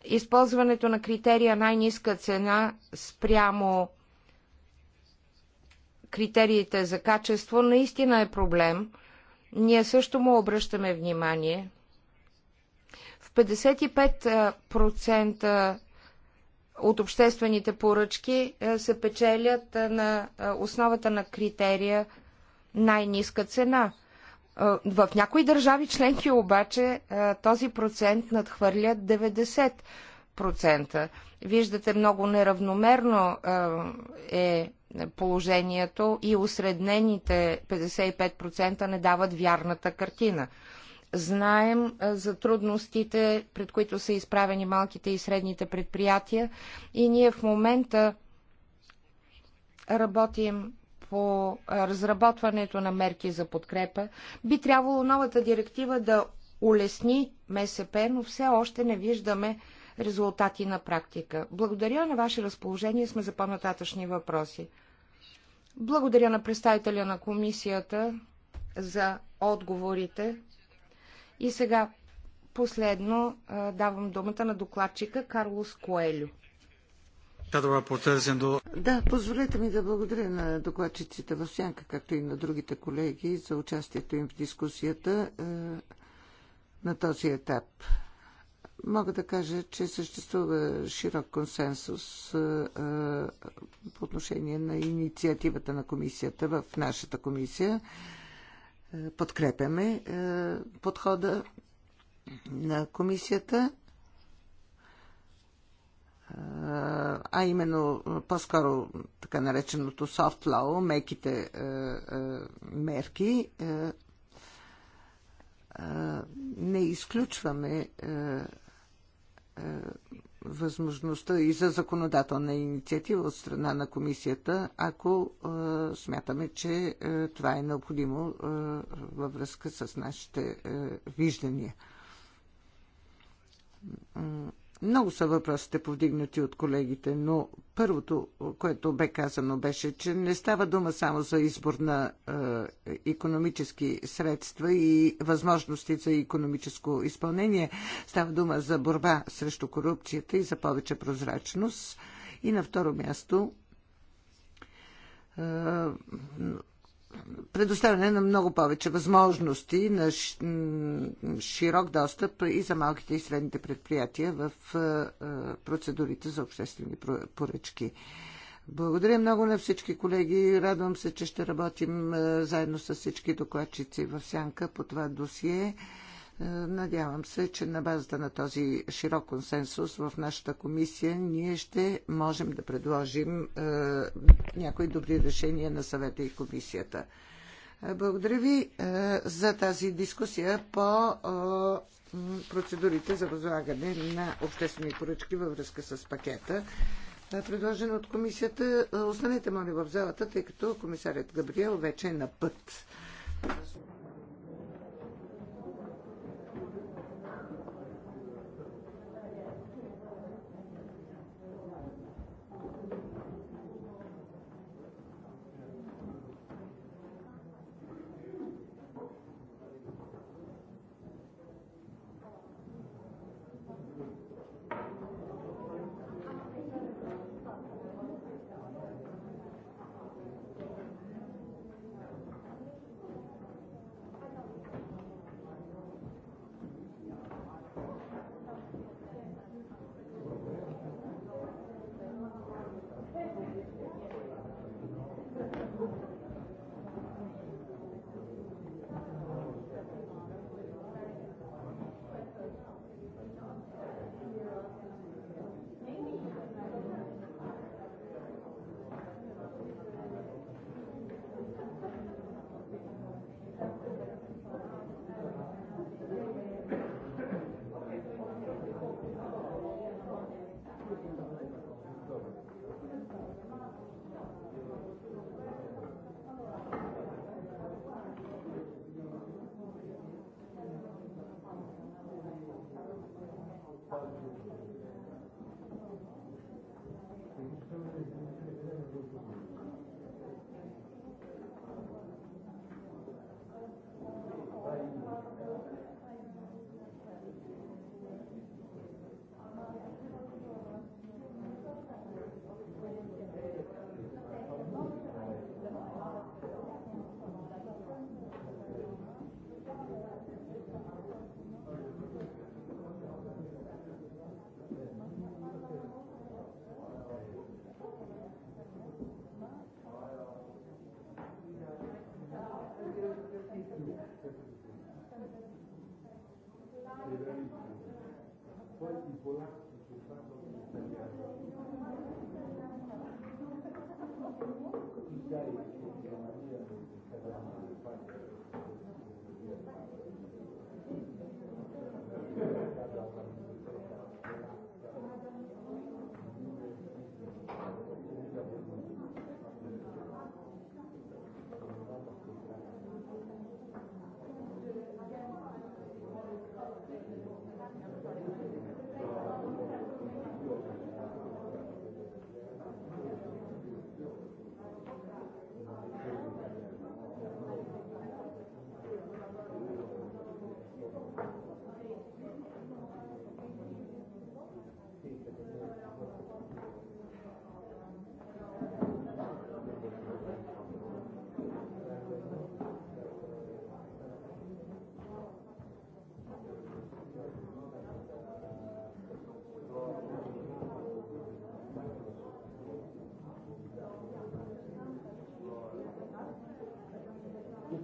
Използването на критерия най-ниска цена спрямо критериите за качество наистина е проблем. Ние също му обръщаме внимание. В 55% от обществените поръчки е, се печелят е, на е, основата на критерия най-ниска цена. В някои държави членки обаче този процент надхвърля 90%. Виждате, много неравномерно е положението и осреднените 55% не дават вярната картина. Знаем за трудностите, пред които са изправени малките и средните предприятия и ние в момента работим по разработването на мерки за подкрепа. Би трябвало новата директива да улесни МСП, но все още не виждаме резултати на практика. Благодаря на ваше разположение сме за по-нататъчни въпроси. Благодаря на представителя на комисията за отговорите. И сега последно давам думата на докладчика Карлос Коелю. Да, позволете ми да благодаря на докладчиците в Сянка, както и на другите колеги за участието им в дискусията на този етап мога да кажа, че съществува широк консенсус по отношение на инициативата на комисията в нашата комисия. Подкрепяме подхода на комисията, а именно по-скоро така нареченото soft law, меките мерки, не изключваме е, възможността и за законодателна инициатива от страна на комисията, ако е, смятаме, че е, това е необходимо във връзка с нашите виждания. Много са въпросите повдигнати от колегите, но първото, което бе казано, беше, че не става дума само за избор на е, економически средства и възможности за економическо изпълнение. Става дума за борба срещу корупцията и за повече прозрачност. И на второ място. Е, предоставяне на много повече възможности на широк достъп и за малките и средните предприятия в е, е, процедурите за обществени поръчки. Благодаря много на всички колеги. Радвам се, че ще работим е, заедно с всички докладчици в Сянка по това досие. Е, надявам се, че на базата на този широк консенсус в нашата комисия ние ще можем да предложим е, някои добри решения на съвета и комисията. Е, благодаря ви за тази дискусия по процедурите за възлагане на обществени поръчки във връзка с пакета, предложен от комисията. Останете, моля, в залата, тъй като комисарят Габриел вече е на път. say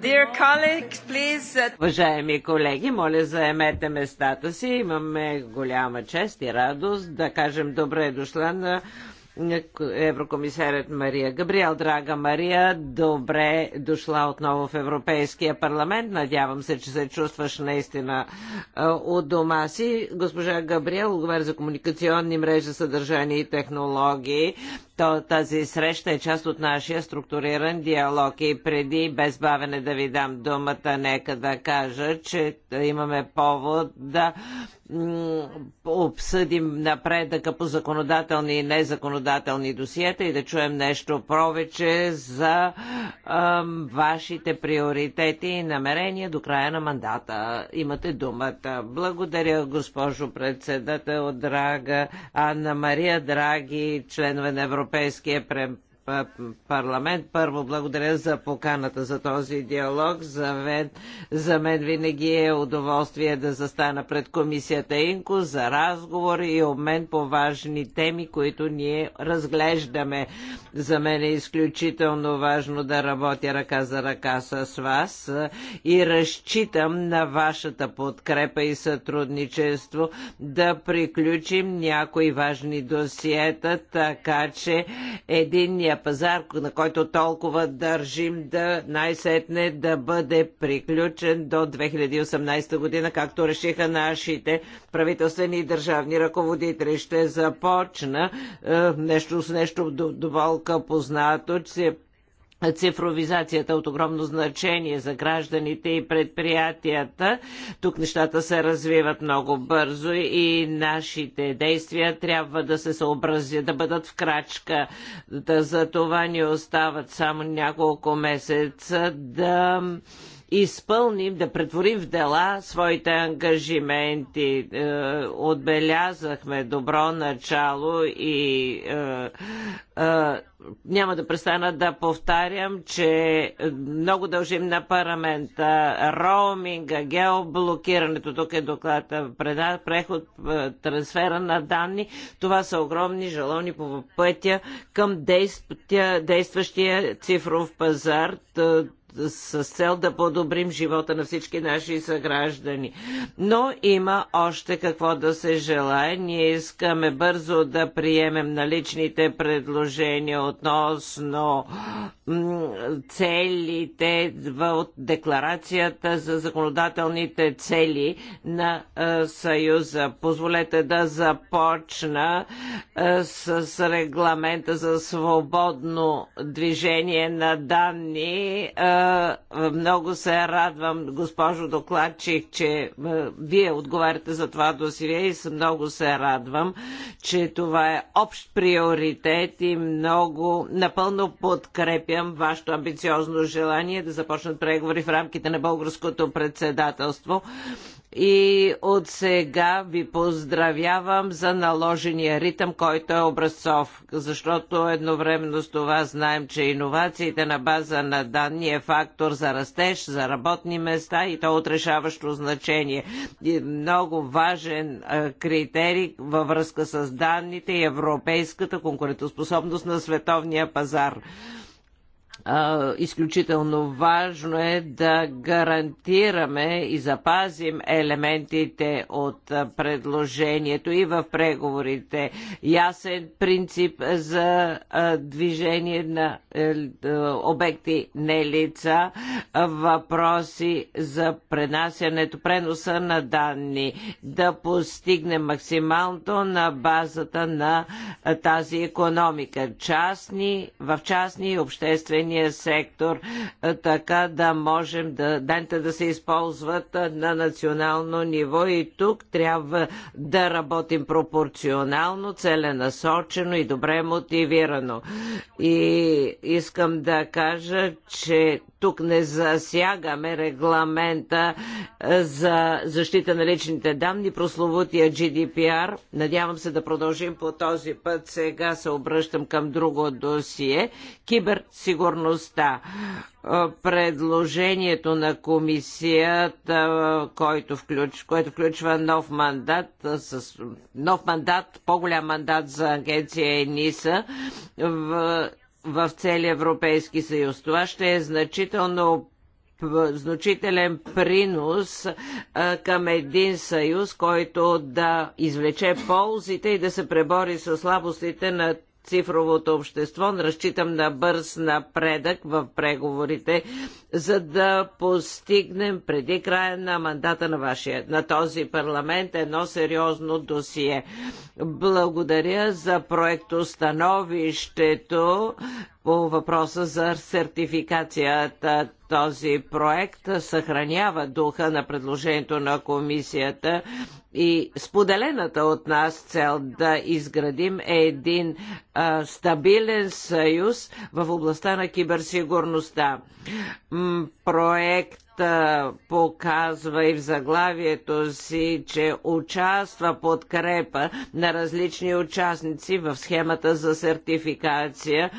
Please... Uh, Уважаеми колеги, моля заемете местата си. Имаме голяма чест и радост да кажем добре дошла на еврокомисарят Мария Габриел. Драга Мария, добре дошла отново в Европейския парламент. Надявам се, че се чувстваш наистина от дома си. Госпожа Габриел отговаря за комуникационни мрежи, съдържание и технологии. То, тази среща е част от нашия структуриран диалог и преди без бавене да ви дам думата, нека да кажа, че имаме повод да обсъдим напредъка по законодателни и незаконодателни досиета и да чуем нещо повече за ам, вашите приоритети и намерения до края на мандата. Имате думата точка. Благодаря, госпожо председател, драга Анна Мария Драги, членове на Европейския парламент. Първо благодаря за поканата за този диалог. За мен, за мен винаги е удоволствие да застана пред комисията Инко за разговор и обмен по важни теми, които ние разглеждаме. За мен е изключително важно да работя ръка за ръка с вас и разчитам на вашата подкрепа и сътрудничество да приключим някои важни досиета, така че единния пазар, на който толкова държим да най-сетне да бъде приключен до 2018 година, както решиха нашите правителствени и държавни ръководители. Ще започна е, нещо с нещо доволка познато, че цифровизацията е от огромно значение за гражданите и предприятията. Тук нещата се развиват много бързо и нашите действия трябва да се съобразят, да бъдат в крачка. Да, за това ни остават само няколко месеца да изпълним, да претворим в дела своите ангажименти. Е, отбелязахме добро начало и е, е, няма да престана да повтарям, че много дължим на парламента. Роуминга, геоблокирането, тук е доклада, преход, трансфера на данни, това са огромни желони по пътя към действащия цифров пазар с цел да подобрим живота на всички наши съграждани. Но има още какво да се желае. Ние искаме бързо да приемем наличните предложения относно целите от декларацията за законодателните цели на е, Съюза. Позволете да започна е, с регламента за свободно движение на данни е, много се радвам, госпожо докладчик, че е, вие отговаряте за това досие и много се радвам, че това е общ приоритет и много напълно подкрепям вашето амбициозно желание да започнат преговори в рамките на българското председателство и от сега ви поздравявам за наложения ритъм, който е образцов, защото едновременно с това знаем, че иновациите на база на данни е фактор за растеж, за работни места и то от решаващо значение. И много важен критерий във връзка с данните и европейската конкурентоспособност на световния пазар изключително важно е да гарантираме и запазим елементите от предложението и в преговорите. Ясен принцип за движение на е, е, обекти не лица, въпроси за пренасянето, преноса на данни, да постигнем максималното на базата на тази економика. Частни, в частни и обществени енергийния сектор, така да можем да, данните да се използват на национално ниво и тук трябва да работим пропорционално, целенасочено и добре мотивирано. И искам да кажа, че тук не засягаме регламента е, за защита на личните данни, прословутия GDPR. Надявам се да продължим по този път. Сега се обръщам към друго досие – киберсигурността. Е, предложението на комисията, е, който включ, което включва нов мандат, с нов мандат, по-голям мандат за агенция ЕНИСА, в в целия Европейски съюз. Това ще е значително значителен принос а, към един съюз, който да извлече ползите и да се пребори с слабостите на цифровото общество. Разчитам на бърз напредък в преговорите, за да постигнем преди края на мандата на, вашия, на този парламент едно сериозно досие. Благодаря за проектостановището по въпроса за сертификацията. Този проект съхранява духа на предложението на комисията и споделената от нас цел да изградим е един а, стабилен съюз в областта на киберсигурността. М- проект показва и в заглавието си, че участва подкрепа на различни участници в схемата за сертификация,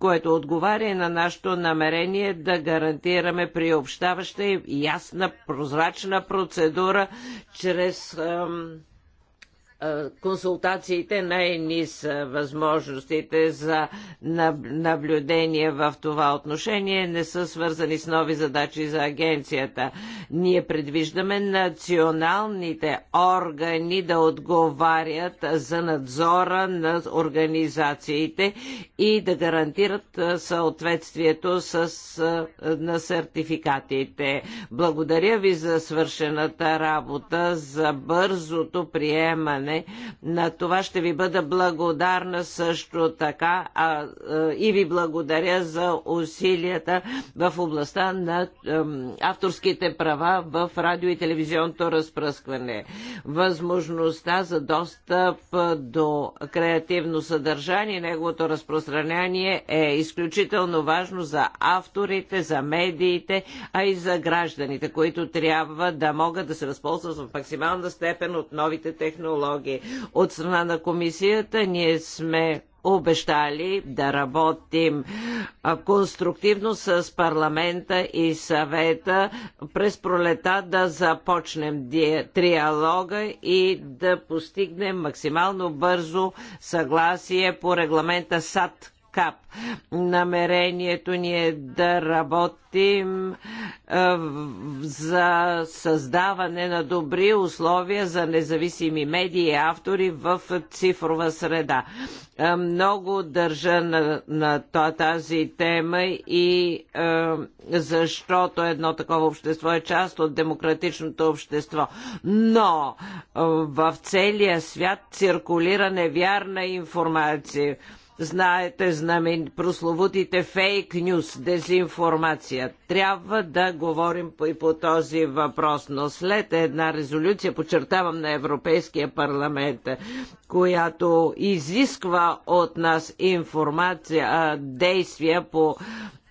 което отговаря и на нашето намерение да гарантираме приобщаваща и ясна, прозрачна процедура чрез консултациите най-ни са възможностите за наблюдение в това отношение не са свързани с нови задачи за агенцията. Ние предвиждаме националните органи да отговарят за надзора на организациите и да гарантират съответствието с на сертификатите. Благодаря ви за свършената работа, за бързото приемане прилагане. На това ще ви бъда благодарна също така а, и ви благодаря за усилията в областта на авторските права в радио и телевизионното разпръскване. Възможността за достъп до креативно съдържание, неговото разпространение е изключително важно за авторите, за медиите, а и за гражданите, които трябва да могат да се възползват в максимална степен от новите технологии диалоги. От страна на комисията ние сме обещали да работим конструктивно с парламента и съвета през пролета да започнем триалога и да постигнем максимално бързо съгласие по регламента САД КАП. Намерението ни е да работим е, за създаване на добри условия за независими медии и автори в цифрова среда. Е, много държа на, на тази тема и е, защото едно такова общество е част от демократичното общество. Но в целия свят циркулира невярна информация. Знаете знамен, прословутите фейк нюс, дезинформация. Трябва да говорим по и по този въпрос, но след една резолюция, подчертавам на Европейския парламент, която изисква от нас информация, а, действия по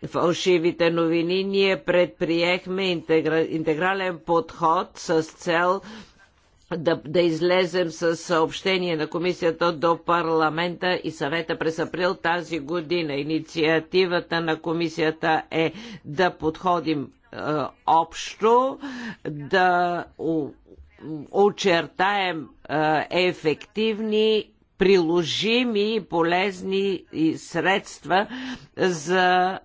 фалшивите новини, ние предприехме интегра... интегрален подход с цел да, да излезем с съобщение на комисията до парламента и съвета през април тази година. Инициативата на комисията е да подходим е, общо, да очертаем е, ефективни приложими и полезни средства за е,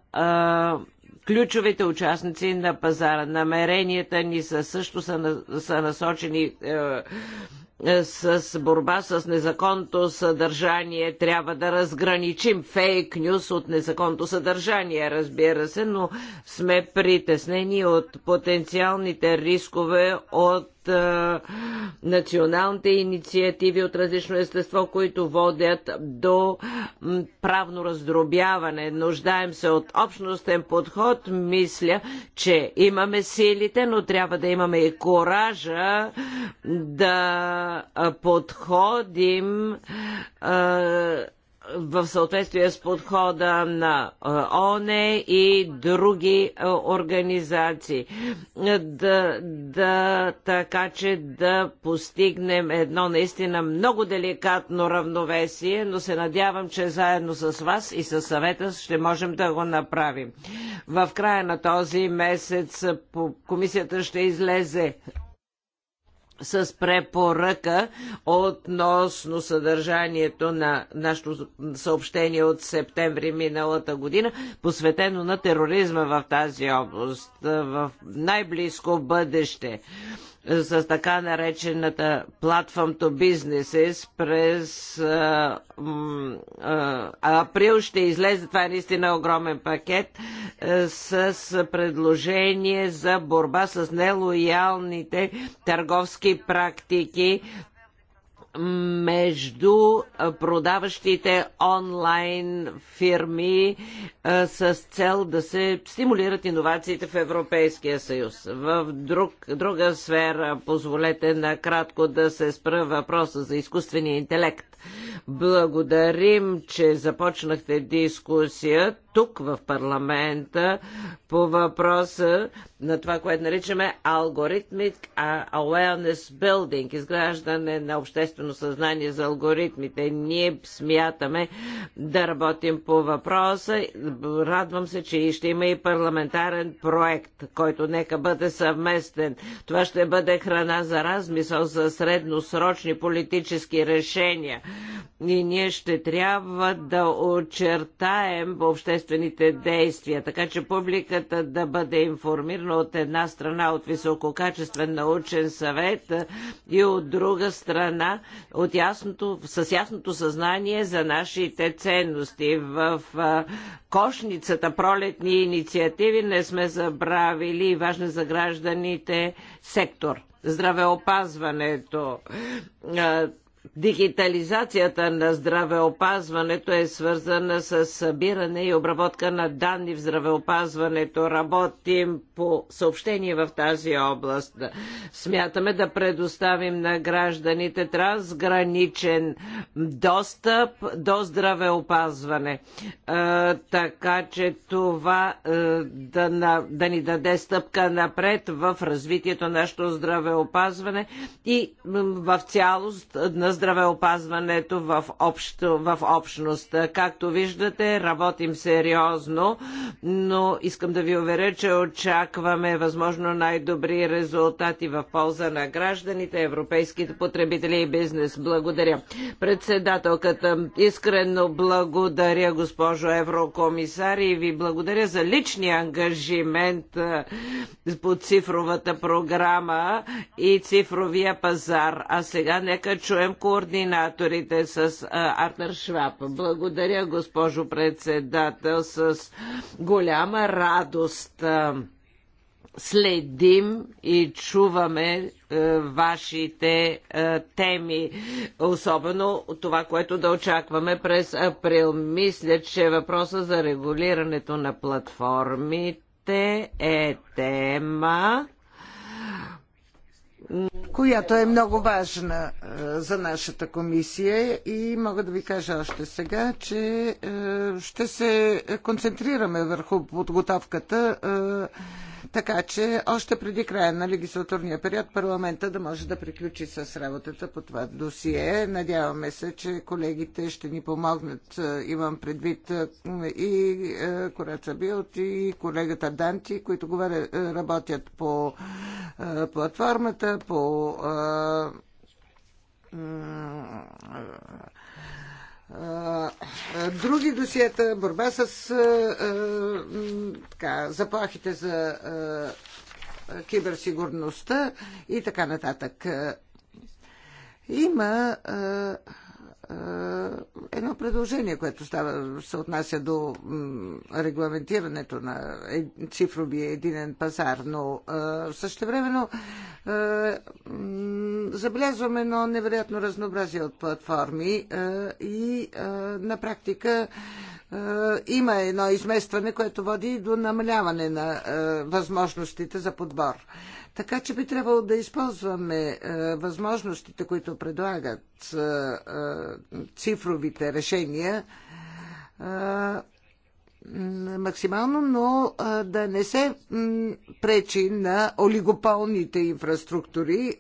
ключовите участници на пазара. Намеренията ни са също са, са насочени е, е, с борба с незаконното съдържание. Трябва да разграничим фейк нюс от незаконното съдържание, разбира се, но сме притеснени от потенциалните рискове от националните инициативи от различно естество, които водят до правно раздробяване. Нуждаем се от общностен подход. Мисля, че имаме силите, но трябва да имаме и коража да подходим в съответствие с подхода на ОНЕ и други организации. Да, да, така че да постигнем едно наистина много деликатно равновесие, но се надявам, че заедно с вас и с съвета ще можем да го направим. В края на този месец комисията ще излезе с препоръка относно съдържанието на нашето съобщение от септември миналата година, посветено на тероризма в тази област в най-близко бъдеще с така наречената Platform to Businesses през а, а, април ще излезе, това е наистина огромен пакет, а, с предложение за борба с нелоялните търговски практики между продаващите онлайн фирми с цел да се стимулират иновациите в Европейския съюз. В друг, друга сфера позволете накратко да се спра въпроса за изкуствения интелект. Благодарим, че започнахте дискусията тук в парламента по въпроса на това, което наричаме алгоритмик awareness building, изграждане на обществено съзнание за алгоритмите. Ние смятаме да работим по въпроса. Радвам се, че ще има и парламентарен проект, който нека бъде съвместен. Това ще бъде храна за размисъл за средносрочни политически решения. И ние ще трябва да очертаем обществено обществените действия, така че публиката да бъде информирана от една страна от висококачествен научен съвет и от друга страна от ясното, с ясното съзнание за нашите ценности. В кошницата пролетни инициативи не сме забравили и за гражданите сектор здравеопазването. Дигитализацията на здравеопазването е свързана с събиране и обработка на данни в здравеопазването. Работим по съобщение в тази област. Смятаме да предоставим на гражданите трансграничен достъп до здравеопазване. Е, така че това е, да, да ни даде стъпка напред в развитието на нашето здравеопазване и в цялост на здравеопазването в, общо, в общност. Както виждате, работим сериозно, но искам да ви уверя, че очакваме възможно най-добри резултати в полза на гражданите, европейските потребители и бизнес. Благодаря. Председателката, искрено благодаря, госпожо еврокомисар, и ви благодаря за личния ангажимент по цифровата програма и цифровия пазар. А сега нека чуем координаторите с Артер Шваб. Благодаря, госпожо председател, с голяма радост следим и чуваме е, вашите е, теми, особено това, което да очакваме през април. Мисля, че въпроса за регулирането на платформите е тема, която е много важна е, за нашата комисия и мога да ви кажа още сега, че е, ще се концентрираме върху подготовката е, така че още преди края на легислатурния период парламента да може да приключи с работата по това досие. Надяваме се, че колегите ще ни помогнат. Е, имам предвид е, и е, Кораца Билт и колегата Данти, които говоря, работят по платформата, по други досиета, борба с така, заплахите за киберсигурността и така нататък. Има е, едно предложение, което става, се отнася до регламентирането на цифровия единен пазар, но същевременно забелязваме едно невероятно разнообразие от платформи и на практика е, има едно изместване, което води до намаляване на е, възможностите за подбор. Така че би трябвало да използваме е, възможностите, които предлагат цифровите решения максимално, но да не се пречи на олигополните инфраструктури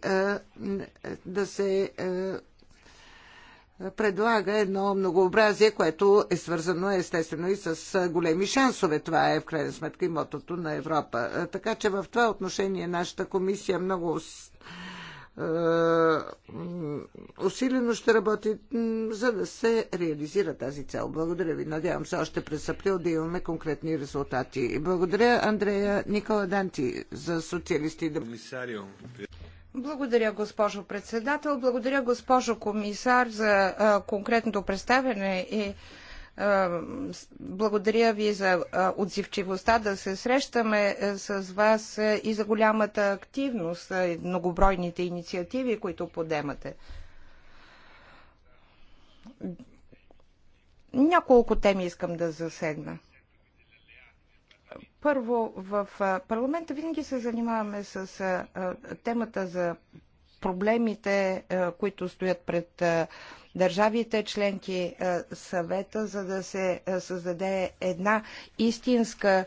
да се предлага едно многообразие, което е свързано естествено и с големи шансове. Това е в крайна сметка и мотото на Европа. Така че в това отношение нашата комисия много усилено ще работи, за да се реализира тази цел. Благодаря ви. Надявам се още през април да имаме конкретни резултати. Благодаря, Андрея Никола Данти, за социалисти. Благодаря, госпожо председател. Благодаря, госпожо комисар, за а, конкретното представяне и а, благодаря ви за а, отзивчивостта да се срещаме е, с вас е, и за голямата активност е, и многобройните инициативи, които подемате. Няколко теми искам да засегна. Първо, в парламента винаги се занимаваме с темата за проблемите, които стоят пред държавите членки съвета, за да се създаде една истинска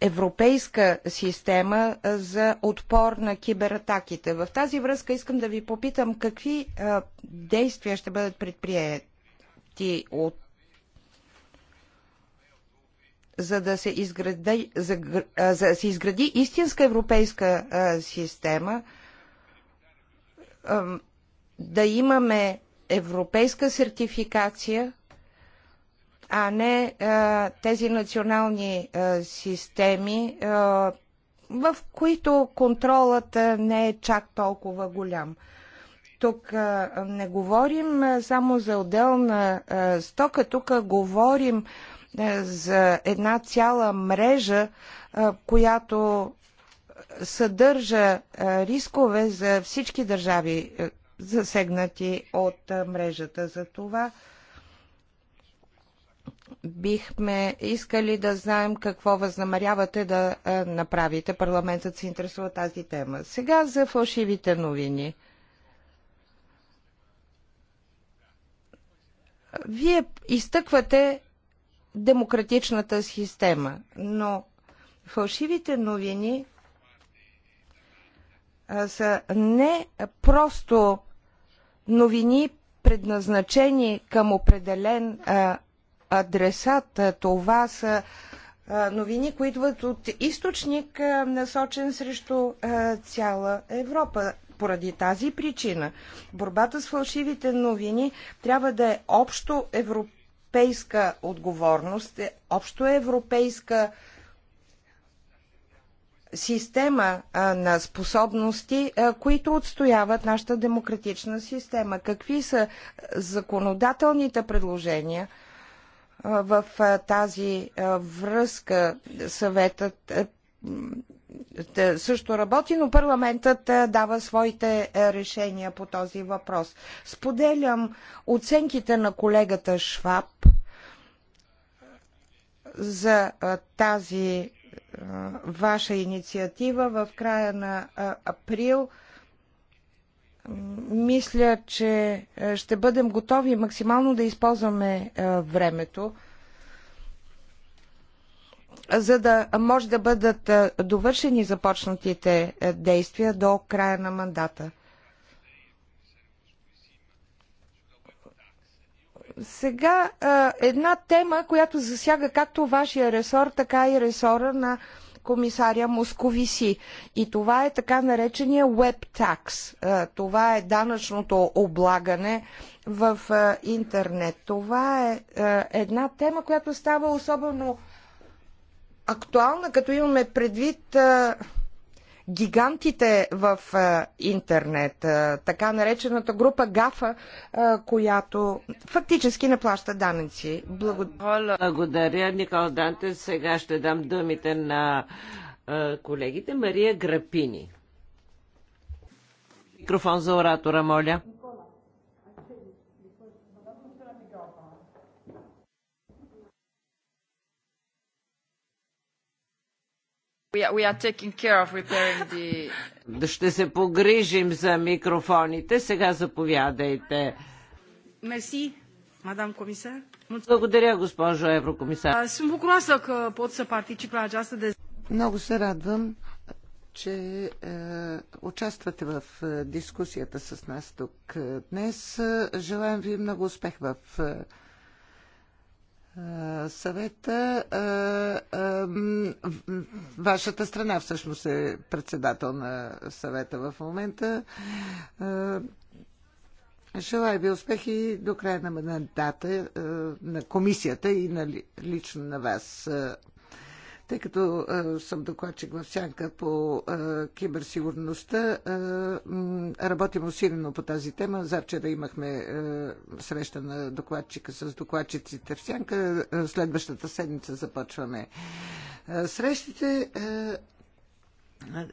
европейска система за отпор на кибератаките. В тази връзка искам да ви попитам какви действия ще бъдат предприяти от за да се изгради, за, за да се изгради истинска европейска а, система, а, да имаме европейска сертификация, а не а, тези национални а, системи, а, в които контролът а, не е чак толкова голям. Тук а, не говорим а, само за отделна а, стока, тук говорим а, е, за една цяла мрежа, е, която съдържа е, рискове за всички държави, засегнати от мрежата. За това бихме искали да знаем какво възнамерявате да направите. Парламентът се интересува тази тема. Сега за фалшивите новини. Вие изтъквате демократичната система. Но фалшивите новини са не просто новини, предназначени към определен а, адресат. Това са а, новини, които идват от източник, а, насочен срещу а, цяла Европа. Поради тази причина борбата с фалшивите новини трябва да е общо европейска европейска отговорност, общо европейска система а, на способности, а, които отстояват нашата демократична система. Какви са законодателните предложения а, в тази връзка? Съветът също работи, но парламентът е, дава своите е, решения по този въпрос. Споделям оценките на колегата Шваб е, за тази ваша инициатива в края на април. Мисля, че ще бъдем готови максимално да използваме времето за да може да бъдат довършени започнатите действия до края на мандата. Сега една тема, която засяга както вашия ресор, така и ресора на комисаря Московиси. И това е така наречения web tax. Това е данъчното облагане в интернет. Това е една тема, която става особено актуална, като имаме предвид а, гигантите в а, интернет, а, така наречената група ГАФА, а, която фактически не плаща данъци. Благодаря. Благодаря, Никол Данте. Сега ще дам думите на а, колегите Мария Грапини. Микрофон за оратора, моля. Ще се погрижим за микрофоните. Сега заповядайте. Мерси, мадам комисар. Благодаря, госпожо еврокомисар. Съм Много се радвам, че е, участвате в е, дискусията с нас тук е, днес. Е, желаем ви много успех в е, съвета. Вашата страна всъщност е председател на съвета в момента. Желая ви успехи до края на мандата на комисията и на лично на вас. Тъй като а, съм докладчик в сянка по а, киберсигурността, м, работим усилено по тази тема. Завчера имахме а, среща на докладчика с докладчиците в сянка. Следващата седмица започваме а, срещите. А,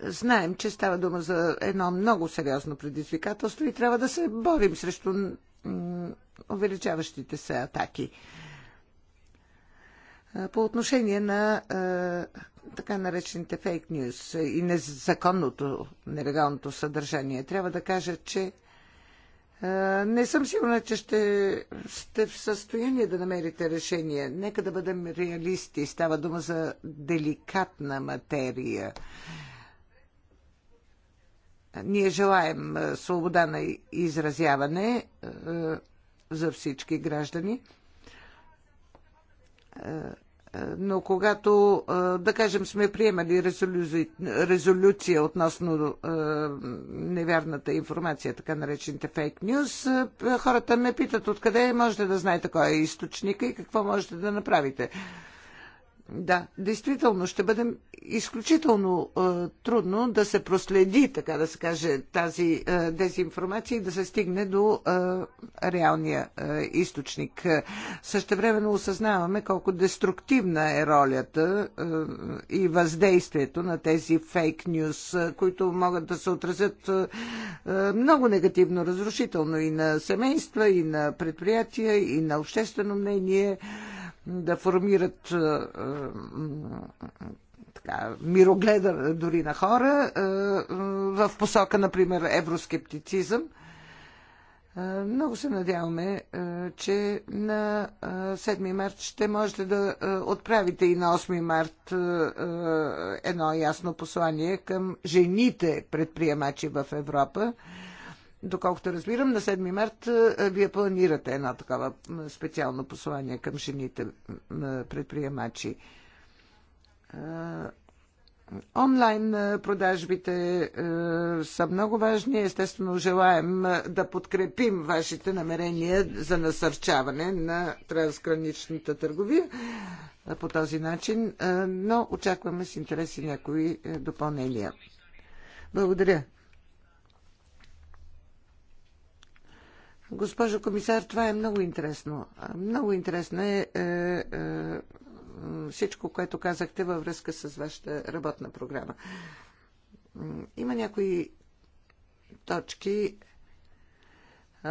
Знаем, че става дума за едно много сериозно предизвикателство и трябва да се борим срещу увеличаващите се атаки. По отношение на така наречените фейк нюз и незаконното, нелегалното съдържание, трябва да кажа, че не съм сигурна, че ще сте в състояние да намерите решение. Нека да бъдем реалисти. Става дума за деликатна материя. Ние желаем свобода на изразяване за всички граждани но когато, да кажем, сме приемали резолюция, резолюция относно невярната информация, така наречените фейк нюз, хората ме питат откъде можете да знаете кой е източника и какво можете да направите. Да, действително ще бъде изключително е, трудно да се проследи, така да се каже, тази е, дезинформация и да се стигне до е, реалния е, източник. Същевременно осъзнаваме колко деструктивна е ролята е, и въздействието на тези фейк нюс, е, които могат да се отразят е, е много негативно, разрушително и на семейства, и на предприятия, и на обществено мнение. Е, да формират така, мирогледа дори на хора в посока, например, евроскептицизъм. Много се надяваме, че на 7 март ще можете да отправите и на 8 март едно ясно послание към жените предприемачи в Европа. Доколкото разбирам, на 7 март е, вие планирате едно такова специално послание към жените предприемачи. Е, онлайн е, продажбите са много важни. Естествено, желаем да подкрепим вашите намерения за насърчаване на трансграничната търговия по този начин, но очакваме с интерес и някои допълнения. Благодаря. Госпожо комисар, това е много интересно. Много интересно е, е, е всичко, което казахте във връзка с вашата работна програма. Има някои точки, е,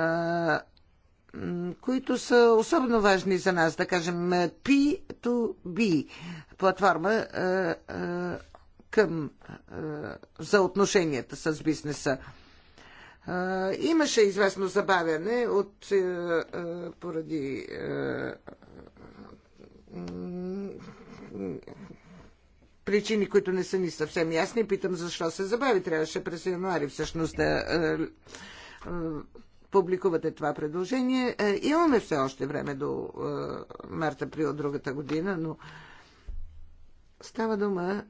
които са особено важни за нас, да кажем P2B, платформа е, е, към, за отношенията с бизнеса. Имаше известно забавяне от, е, е, поради е, причини, които не са ни съвсем ясни. Питам защо се забави. Трябваше през януари всъщност да публикувате това предложение. Имаме все още време до март-април другата година, но става дума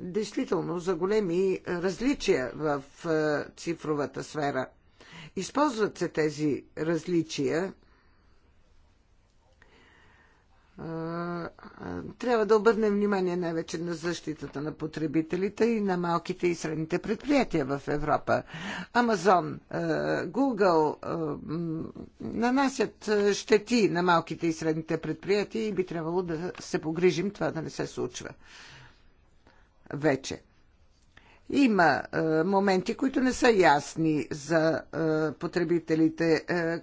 действително за големи е, различия в е, цифровата сфера. Използват се тези различия. Е, трябва да обърнем внимание най-вече на защитата на потребителите и на малките и средните предприятия в Европа. Амазон, Google нанасят щети на малките и средните предприятия и би трябвало да се погрижим това да не се случва вече. Има е, моменти, които не са ясни за е, потребителите. Е,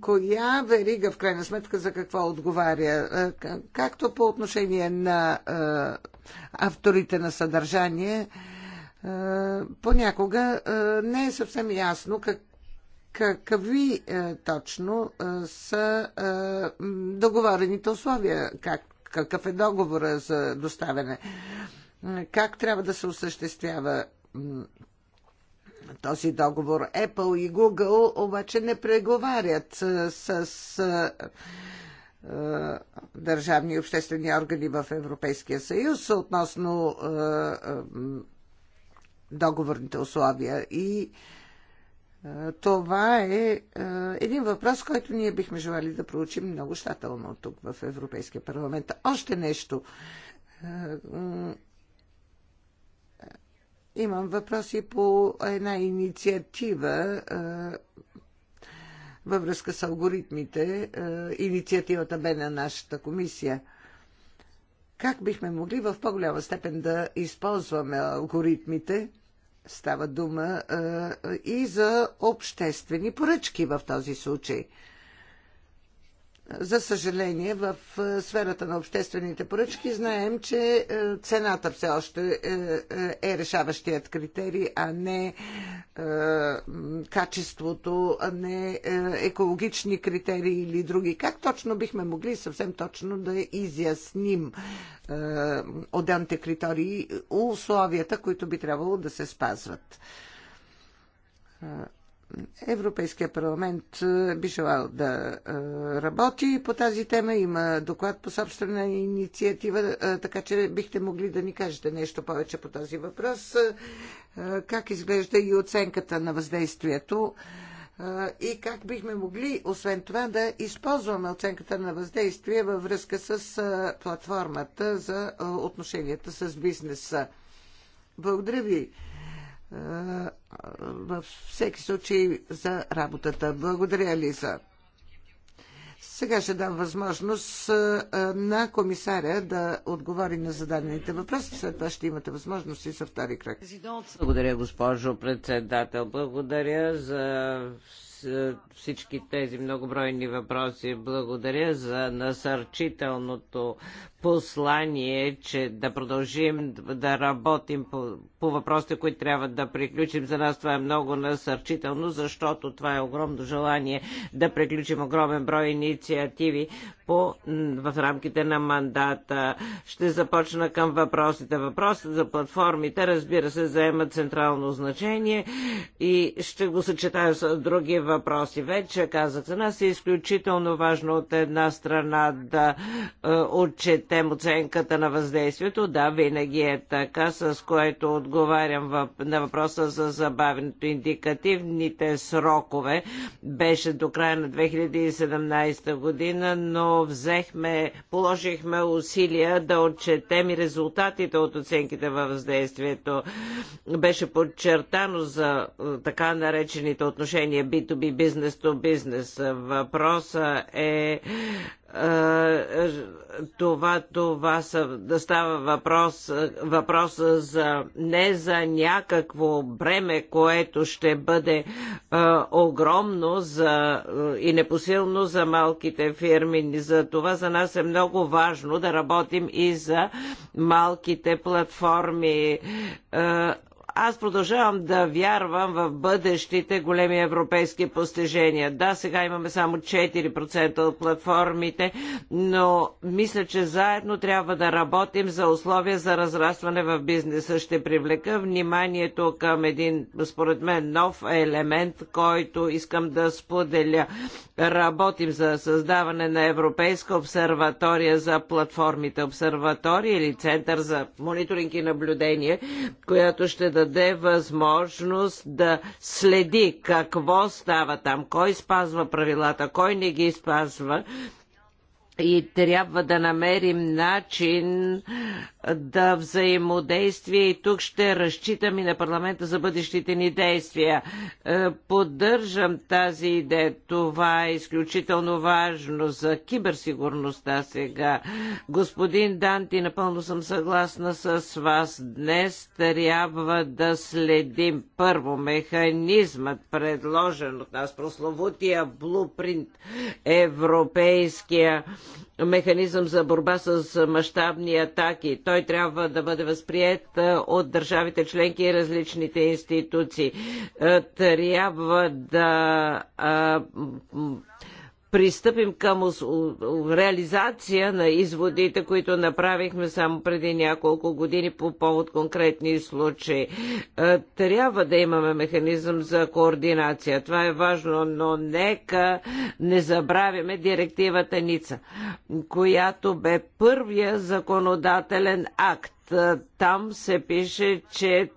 коя верига, в крайна сметка, за какво отговаря? Е, както по отношение на е, авторите на съдържание, е, понякога е, не е съвсем ясно как, какви е, точно е, са е, договорените условия, как, какъв е договора за доставяне как трябва да се осъществява този договор. Apple и Google обаче не преговарят с, с, държавни и обществени органи в Европейския съюз относно договорните условия. И това е, е един въпрос, който ние бихме желали да проучим много щателно тук в Европейския парламент. Още нещо Имам въпроси по една инициатива във връзка с алгоритмите. Инициативата бе на нашата комисия. Как бихме могли в по-голяма степен да използваме алгоритмите? Става дума и за обществени поръчки в този случай. За съжаление, в е, сферата на обществените поръчки знаем, че е, цената все още е, е решаващият критерий, а не качеството, а не екологични критерии или други. Как точно бихме могли съвсем точно да изясним отделните критерии, условията, които би трябвало да се спазват? Европейския парламент е, би желал да е, работи по тази тема. Има доклад по собствена инициатива, е, така че бихте могли да ни кажете нещо повече по този въпрос. Как изглежда и оценката на въздействието? И как бихме могли, освен това, да използваме оценката на въздействие във връзка с платформата за отношенията с бизнеса? Благодаря ви във всеки случай за работата. Благодаря, Лиза. Сега ще дам възможност на комисаря да отговори на зададените въпроси. След това ще имате възможност и за втори кръг. Благодаря, госпожо председател. Благодаря за е, всички тези многобройни въпроси. Благодаря за насърчителното послание, че да продължим да работим по, по въпросите, които трябва да приключим. За нас това е много насърчително, защото това е огромно желание да приключим огромен брой инициативи по, в рамките на мандата. Ще започна към въпросите. Въпросите за платформите, разбира се, заемат централно значение и ще го съчетая с други въпроси. Вече казах, за нас е изключително важно от една страна да е, отчетем оценката на въздействието. Да, винаги е така, с което отговарям въп... на въпроса за забавенето. Индикативните срокове беше до края на 2017 година, но взехме, положихме усилия да отчетем и резултатите от оценките във въздействието. Беше подчертано за е, така наречените отношения B2B B2B, бизнес to бизнес. Въпроса е, е това, това са, да става въпрос, въпрос за, не за някакво бреме, което ще бъде а, е, огромно за, е, и непосилно за малките фирми. За това за нас е много важно да работим и за малките платформи. А, аз продължавам да вярвам в бъдещите големи европейски постижения. Да, сега имаме само 4% от платформите, но мисля, че заедно трябва да работим за условия за разрастване в бизнеса. Ще привлека вниманието към един, според мен, нов елемент, който искам да споделя. Работим за създаване на Европейска обсерватория за платформите. Обсерватория или Център за мониторинг и наблюдение, която ще даде даде възможност да следи какво става там, кой спазва правилата, кой не ги спазва и трябва да намерим начин да взаимодействие и тук ще разчитам и на парламента за бъдещите ни действия. Е, поддържам тази идея. Това е изключително важно за киберсигурността сега. Господин Данти, напълно съм съгласна с вас. Днес трябва да следим първо механизмът, предложен от нас, прословутия блупринт, европейския механизъм за борба с мащабни атаки. Той трябва да бъде възприят от държавите членки и различните институции. Трябва да пристъпим към реализация на изводите, които направихме само преди няколко години по повод конкретни случаи. Е, трябва да имаме механизъм за координация. Това е важно, но нека не забравяме директивата НИЦА, която бе първия законодателен акт там се пише, че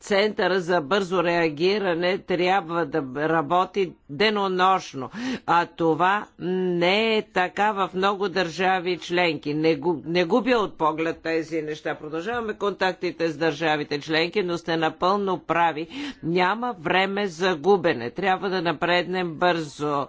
Центъра за бързо реагиране трябва да работи денонощно, а това не е така в много държави членки. Не, не губя от поглед тези неща. Продължаваме контактите с държавите членки, но сте напълно прави. Няма време за губене. Трябва да напреднем бързо.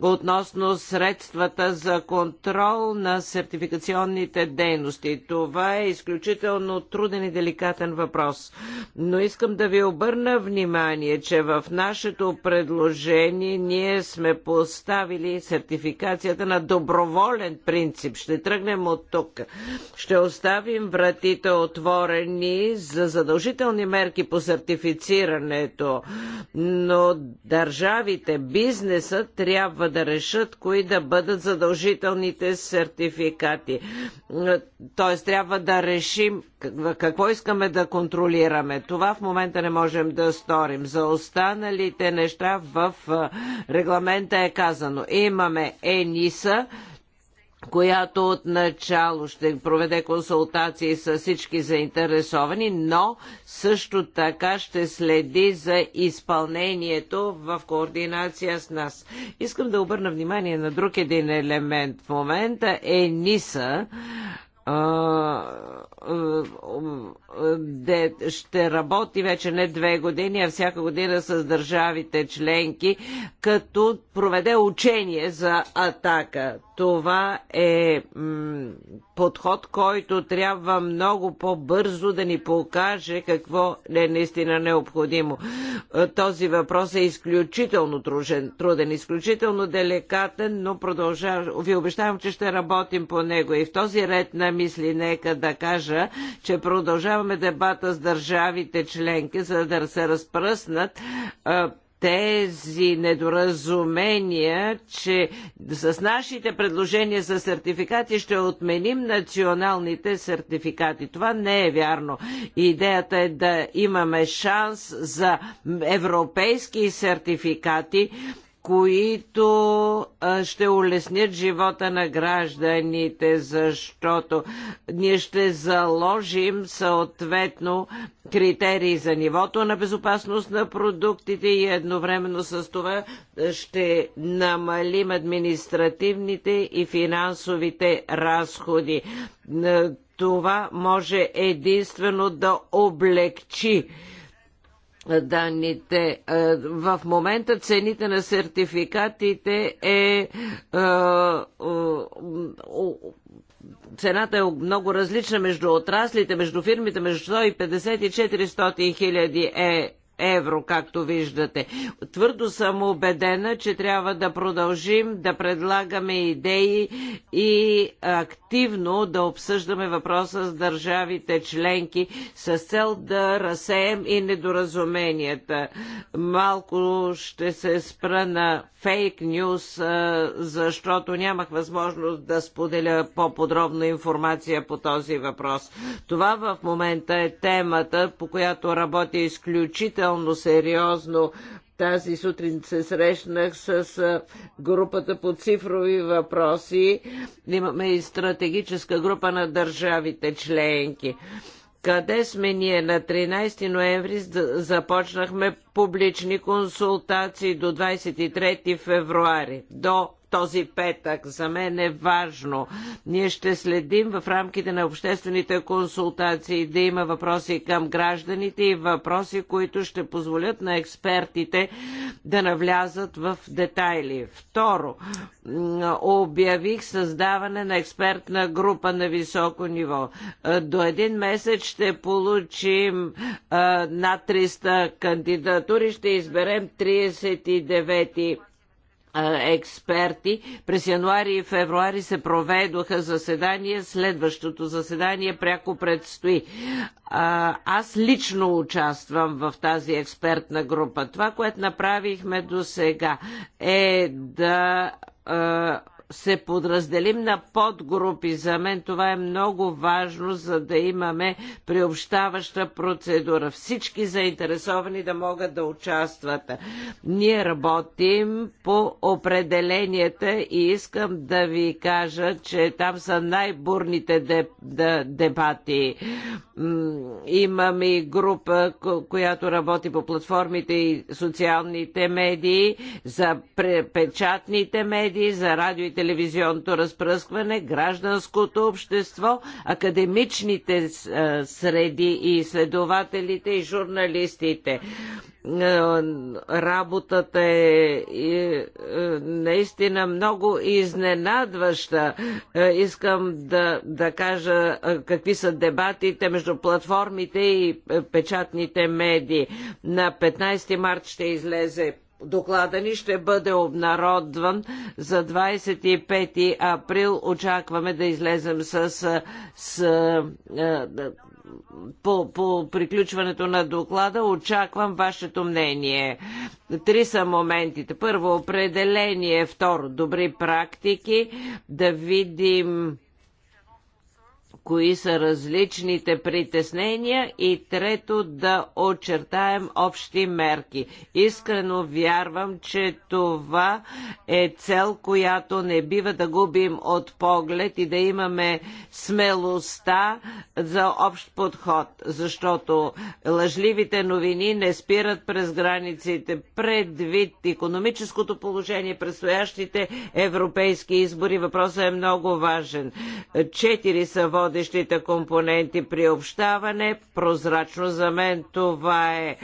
Относно средствата за контрол на сертификационните дейности, това това е изключително труден и деликатен въпрос. Но искам да ви обърна внимание, че в нашето предложение ние сме поставили сертификацията на доброволен принцип. Ще тръгнем от тук. Ще оставим вратите отворени за задължителни мерки по сертифицирането, но държавите, бизнеса трябва да решат кои да бъдат задължителните сертификати. Тоест трябва трябва да решим какво искаме да контролираме. Това в момента не можем да сторим. За останалите неща в регламента е казано. Имаме ЕНИСА, която отначало ще проведе консултации с всички заинтересовани, но също така ще следи за изпълнението в координация с нас. Искам да обърна внимание на друг един елемент. В момента ЕНИСА де ще работи вече не две години, а всяка година с държавите членки, като проведе учение за атака това е подход, който трябва много по-бързо да ни покаже какво е наистина необходимо. Е, този въпрос е изключително труден, труден изключително деликатен, но продължавам. Ви обещавам, че ще работим по него. И в този ред на мисли, нека да кажа, че продължаваме дебата с държавите членки, за да се разпръснат е, тези недоразумения, че с нашите предложения за сертификати ще отменим националните сертификати. Това не е вярно. Идеята е да имаме шанс за европейски сертификати, които ще улеснят живота на гражданите, защото ние ще заложим съответно критерии за нивото на безопасност на продуктите и едновременно с това ще намалим административните и финансовите разходи. Това може единствено да облегчи данните. Е, в момента цените на сертификатите е, е, е цената е много различна между отраслите, между фирмите, между 150 и 400 хиляди е, евро, както виждате. Твърдо съм убедена, че трябва да продължим да предлагаме идеи и активно да обсъждаме въпроса с държавите членки с цел да разсеем и недоразуменията. Малко ще се спра на фейк нюс, защото нямах възможност да споделя по подробна информация по този въпрос. Това в момента е темата, по която работя изключително изключително сериозно. Тази сутрин се срещнах с групата по цифрови въпроси. Имаме и стратегическа група на държавите членки. Къде сме ние? На 13 ноември започнахме публични консултации до 23 февруари, до този петък. За мен е важно. Ние ще следим в рамките на обществените консултации да има въпроси към гражданите и въпроси, които ще позволят на експертите да навлязат в детайли. Второ, обявих създаване на експертна група на високо ниво. Е, до един месец ще получим е, над 300 кандидатури, ще изберем 39 експерти. През януари и февруари се проведоха заседания. Следващото заседание пряко предстои. Аз лично участвам в тази експертна група. Това, което направихме до сега е да се подразделим на подгрупи. За мен това е много важно, за да имаме приобщаваща процедура. Всички заинтересовани да могат да участват. Ние работим по определенията и искам да ви кажа, че там са най-бурните дебати. Имаме и група, която работи по платформите и социалните медии, за печатните медии, за радио и телевизионното разпръскване, гражданското общество, академичните е, среди и изследователите и журналистите. Е, работата е, е наистина много изненадваща. Искам да, да кажа какви са дебатите между платформите и печатните медии. На 15 март ще излезе доклада ни ще бъде обнародван за 25 април. Очакваме да излезем с, с, с е, е, по, по приключването на доклада. Очаквам вашето мнение. Три са моментите. Първо, определение. Второ, добри практики. Да видим кои са различните притеснения и трето да очертаем общи мерки. Искрено вярвам, че това е цел, която не бива да губим от поглед и да имаме смелостта за общ подход, защото лъжливите новини не спират през границите предвид економическото положение, предстоящите европейски избори. Въпросът е много важен. Четири са водени водещите компоненти общаване. прозрачно за мен това е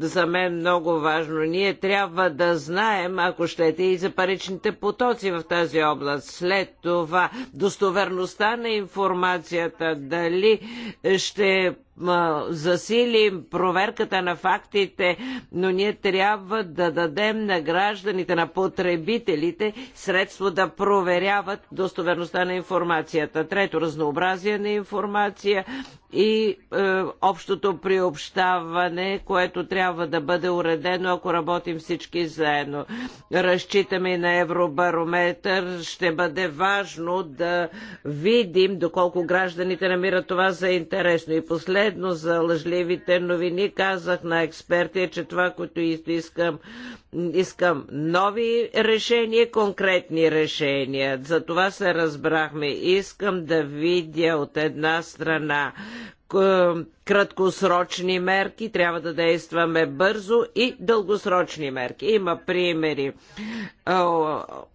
за мен много важно. Ние трябва да знаем, ако щете, и за паричните потоци в тази област. След това достоверността на информацията, дали ще засилим проверката на фактите, но ние трябва да дадем на гражданите, на потребителите средство да проверяват достоверността на информацията. Трето, разнообразие на информация и е, общото приобщаване, което трябва да бъде уредено, ако работим всички заедно. Разчитаме на Евробарометър. Ще бъде важно да видим доколко гражданите намират това за интересно. И последно за лъжливите новини казах на експерти, че това, което искам Искам нови решения, конкретни решения. За това се разбрахме. Искам да видя от една страна краткосрочни мерки, трябва да действаме бързо и дългосрочни мерки. Има примери.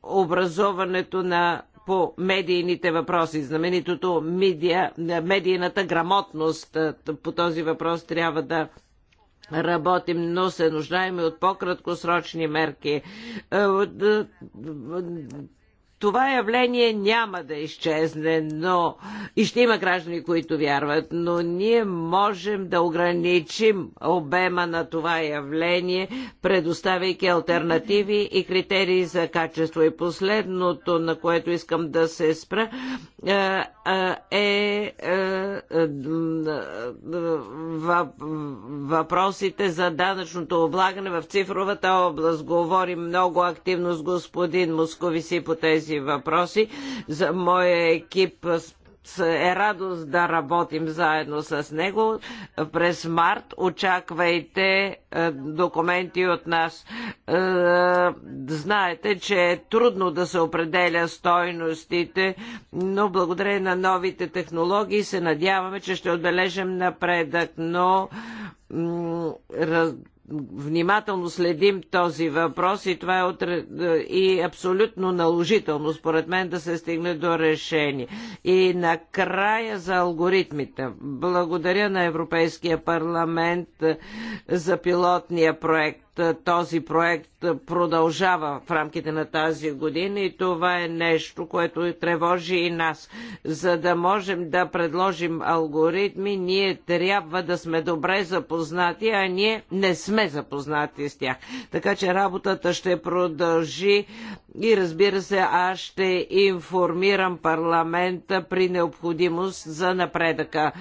Образуването на по медийните въпроси, знаменитото медия, медийната грамотност. Е, по този въпрос трябва да работим, но се нуждаем и от по-краткосрочни мерки. Е, е, това явление няма да изчезне, но и ще има граждани, които вярват, но ние можем да ограничим обема на това явление, предоставяйки альтернативи и критерии за качество. И последното, на което искам да се спра, е, е, е, е въпросите за данъчното облагане в цифровата област. Говорим много активно с господин Московиси по тези тези въпроси. За моя екип е радост да работим заедно с него. През март очаквайте е, документи от нас. Е, знаете, че е трудно да се определя стойностите, но благодарение на новите технологии се надяваме, че ще отбележим напредък, но внимателно следим този въпрос и това е отр... Е, и абсолютно наложително, според мен, да се стигне до решение. И накрая за алгоритмите. Благодаря на Европейския парламент е, за пилотния проект е, този проект продължава в рамките на тази година и това е нещо, което тревожи и нас. За да можем да предложим алгоритми, ние трябва да сме добре запознати, а ние не сме запознати с тях. Така че работата ще продължи и разбира се, аз ще информирам парламента при необходимост за напредъка.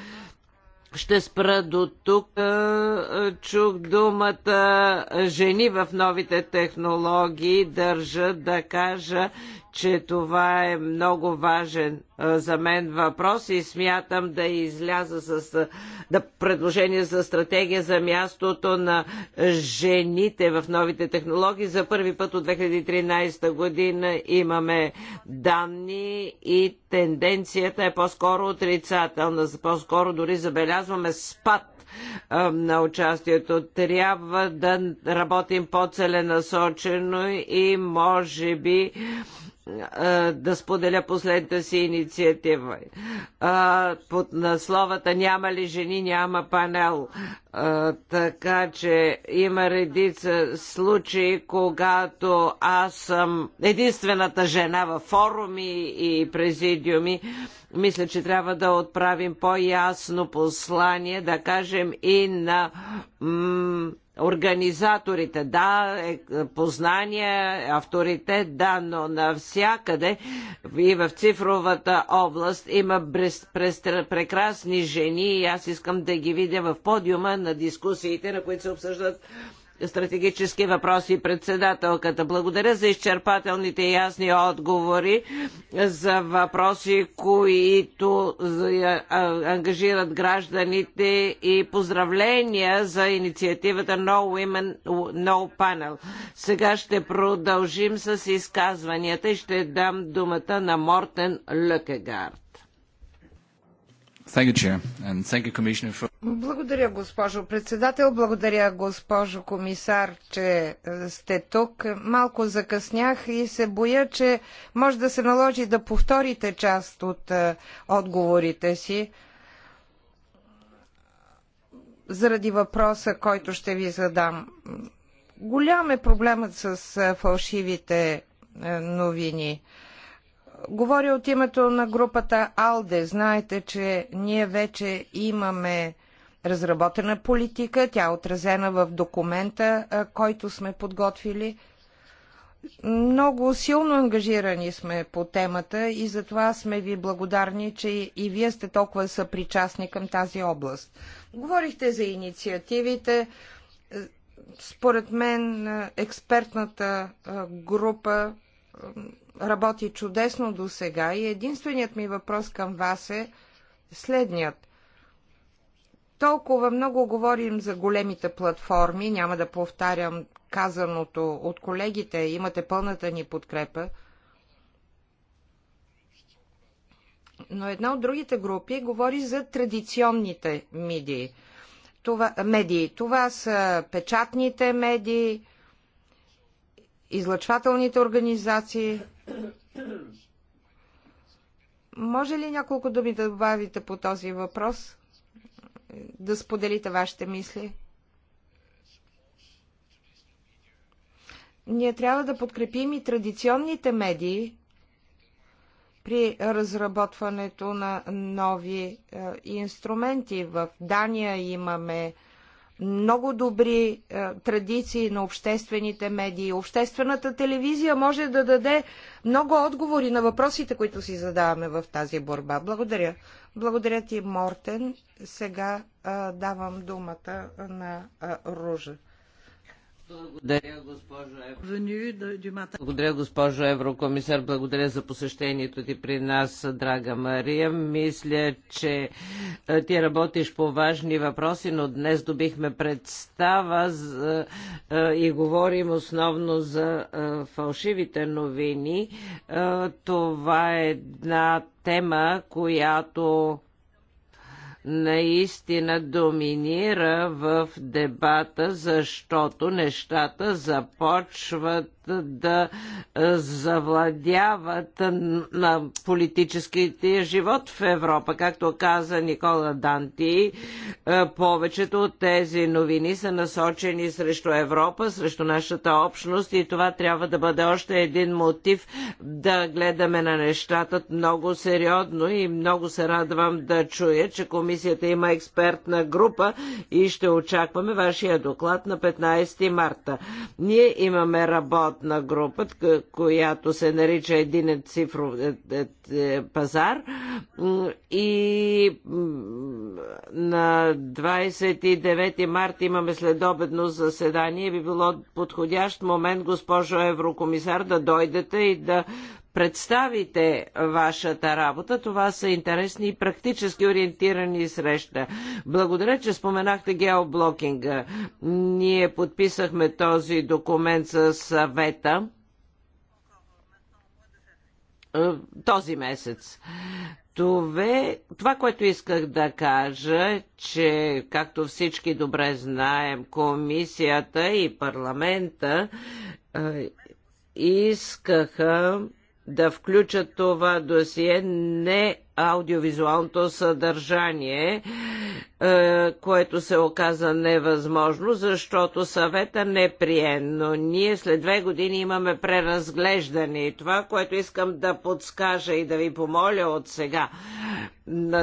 Ще спра до тук. Е, е, чух думата е, жени в новите технологии. Държа да кажа, че това е много важен за мен въпрос и смятам да изляза с да предложение за стратегия за мястото на жените в новите технологии. За първи път от 2013 година имаме данни и тенденцията е по-скоро отрицателна. По-скоро дори забелязваме спад на участието. Трябва да работим по-целенасочено и може би да споделя последната си инициатива. под насловата няма ли жени, няма панел. така че има редица случаи, когато аз съм единствената жена във форуми и президиуми мисля, че трябва да отправим по-ясно послание, да кажем и на организаторите, да, е, познание, авторитет, да, но навсякъде и в цифровата област има брез, през, прекрасни жени и аз искам да ги видя в подиума на дискусиите, на които се обсъждат стратегически въпроси председателката. Благодаря за изчерпателните и ясни отговори за въпроси, които ангажират гражданите и поздравления за инициативата No Women, No Panel. Сега ще продължим с изказванията и ще дам думата на Мортен Лъкегард. Благодаря, госпожо председател. Благодаря, госпожо комисар, че е, сте тук. Малко закъснях и се боя, че може да се наложи да повторите част от е, отговорите си заради въпроса, който ще ви задам. Голям е проблемът с е, фалшивите новини. Говоря от името на групата АЛДЕ. Знаете, че ние вече имаме разработена политика, тя е отразена в документа, който сме подготвили. Много силно ангажирани сме по темата и затова сме ви благодарни, че и вие сте толкова съпричастни към тази област. Говорихте за инициативите. Според мен експертната група работи чудесно до сега и единственият ми въпрос към вас е следният. Толкова много говорим за големите платформи, няма да повтарям казаното от колегите, имате пълната ни подкрепа. Но една от другите групи говори за традиционните медии. Това, медии. Това са печатните медии, излъчвателните организации. Може ли няколко думи да добавите по този въпрос? Да споделите вашите мисли? Ние трябва да подкрепим и традиционните медии при разработването на нови е, инструменти. В Дания имаме много добри е, традиции на обществените медии. Обществената телевизия може да даде много отговори на въпросите, които си задаваме в тази борба. Благодаря. Благодаря ти, Мортен. Сега е, давам думата на е, Ружа. Благодаря госпожо, Еврокомисар. Благодаря за посещението ти при нас, драга Мария. Мисля, че е, ти работиш по важни въпроси, но днес добихме представа за... Е, е, и говорим основно за фалшивите новини. Това е една тема, която наистина доминира в дебата, защото нещата започват да е, завладяват на политическите живот в Европа. Както каза Никола Данти, е, повечето от тези новини са насочени срещу Европа, срещу нашата общност и това трябва да бъде още един мотив да гледаме на нещата много сериозно и много се радвам да чуя, че комисията има експертна група и ще очакваме вашия доклад на 15 марта. Ние имаме работа работна група, която се нарича един цифров е, е, е, пазар и на 29 марта имаме следобедно заседание. Би било подходящ момент, госпожо Еврокомисар, да дойдете и да представите вашата работа. Това са интересни и практически ориентирани среща. Благодаря, че споменахте геоблокинга. Ние подписахме този документ с съвета е, този месец. Това, това, което исках да кажа, че, както всички добре знаем, комисията и парламента е, искаха да включат това досие не аудиовизуалното съдържание, е, което се оказа невъзможно, защото съвета не прие. Но ние след две години имаме преразглеждане. И това, което искам да подскажа и да ви помоля от сега,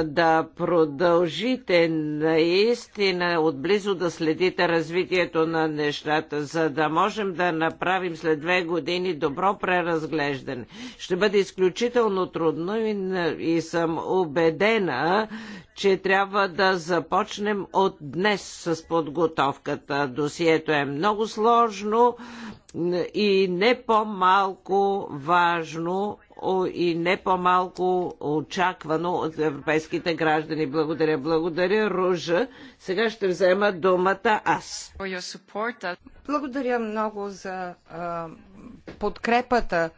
да продължите наистина отблизо да следите развитието на нещата, за да можем да направим след две години добро преразглеждане. Ще бъде изключително трудно и, и съм убедена, че трябва да започнем от днес с подготовката. Досието е много сложно и не по-малко важно и не по-малко очаквано от европейските граждани. Благодаря, благодаря, Ружа. Сега ще взема думата аз. Uh, благодаря много за а, подкрепата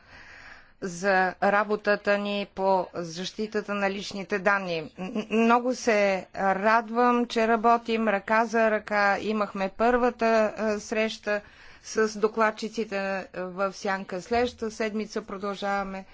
за работата ни по защитата на личните данни. Много се радвам, че работим ръка за ръка. Имахме първата среща с докладчиците в Сянка. Следващата седмица продължаваме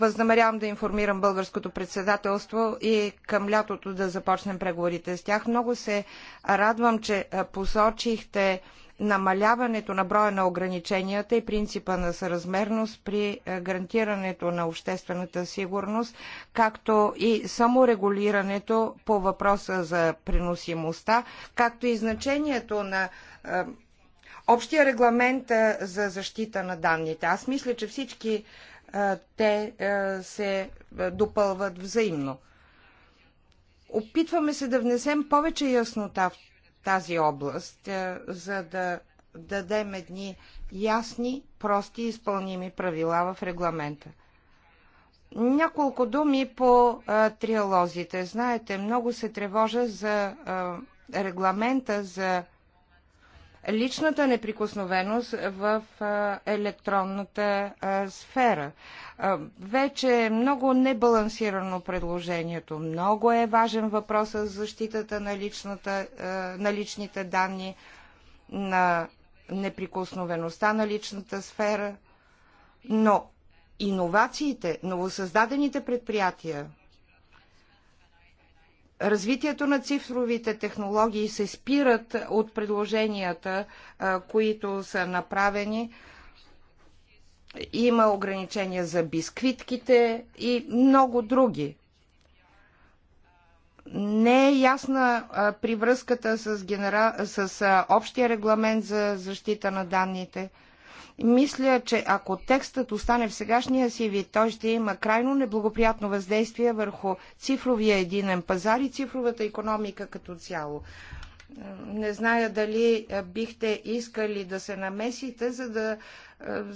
Възнамерявам да информирам българското председателство и към лятото да започнем преговорите с тях. Много се радвам, че посочихте намаляването на броя на ограниченията и принципа на съразмерност при гарантирането на обществената сигурност, както и саморегулирането по въпроса за преносимостта, както и значението на общия регламент за защита на данните. Аз мисля, че всички те се допълват взаимно. Опитваме се да внесем повече яснота в тази област, за да дадем едни ясни, прости и изпълними правила в регламента. Няколко думи по а, триалозите. Знаете, много се тревожа за а, регламента за личната неприкосновеност в електронната сфера. Вече е много небалансирано предложението. Много е важен въпросът за защитата на, личната, на личните данни, на неприкосновеността на личната сфера, но иновациите, новосъздадените предприятия, развитието на цифровите технологии се спират от предложенията, които са направени. Има ограничения за бисквитките и много други. Не е ясна привръзката с, генера... с общия регламент за защита на данните – мисля, че ако текстът остане в сегашния си вид, той ще има крайно неблагоприятно въздействие върху цифровия единен пазар и цифровата економика като цяло. Не зная дали бихте искали да се намесите, за да е,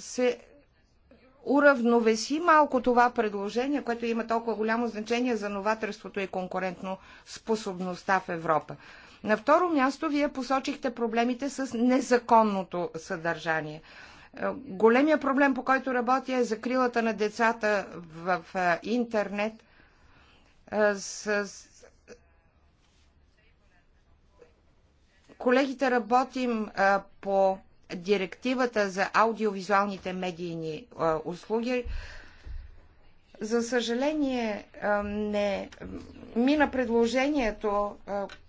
се уравновеси малко това предложение, което има толкова голямо значение за новаторството и конкурентно способността в Европа. На второ място, вие посочихте проблемите с незаконното съдържание. Е, големия проблем, по който работя, е закрилата на децата в е, интернет е, с колегите работим по директивата за аудиовизуалните медийни услуги. За съжаление, не мина предложението,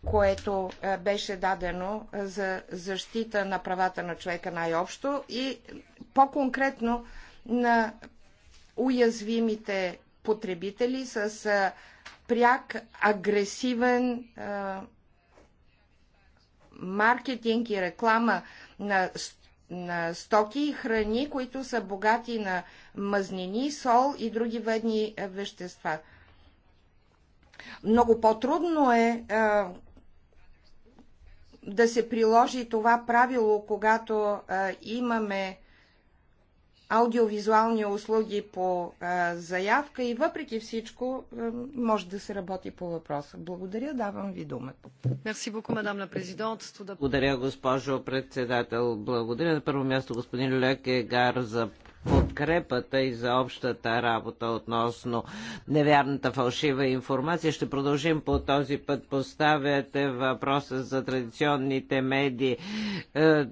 което беше дадено за защита на правата на човека най-общо и по-конкретно на уязвимите потребители с пряк, агресивен маркетинг и реклама на на стоки и храни, които са богати на мазнини, сол и други вредни е, вещества. Много по-трудно е а, е, да се приложи това правило, когато а, е, имаме аудиовизуални услуги по а, заявка и въпреки всичко а, може да се работи по въпроса. Благодаря, давам ви думата. Благодаря, госпожо председател. Благодаря на първо място господин Лекегар за подкрепата и за общата работа относно невярната фалшива информация. Ще продължим по този път. Поставяте въпроса за традиционните медии. Е,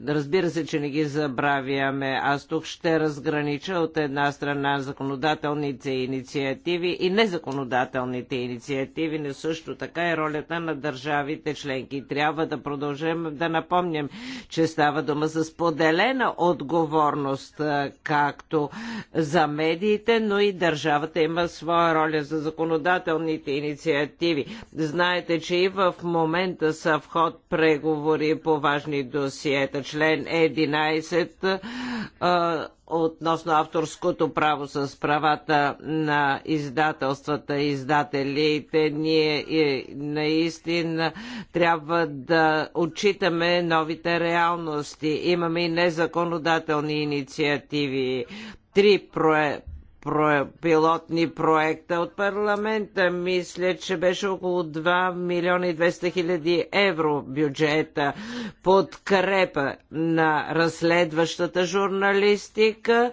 разбира се, че не ги забравяме. Аз тук ще разгранича от една страна законодателните инициативи и незаконодателните инициативи, но също така и ролята на държавите членки. Трябва да продължим да напомням, че става дума за споделена отговорност, е, как както за медиите, но и държавата има своя роля за законодателните инициативи. Знаете, че и в момента са в ход преговори по важни досиета. Член 11 относно авторското право с правата на издателствата и издателите. Ние е, наистина трябва да отчитаме новите реалности. Имаме и незаконодателни инициативи. Три про... пилотни проекта от парламента. Мисля, че беше около 2 милиона и 200 хиляди евро бюджета подкрепа на разследващата журналистика,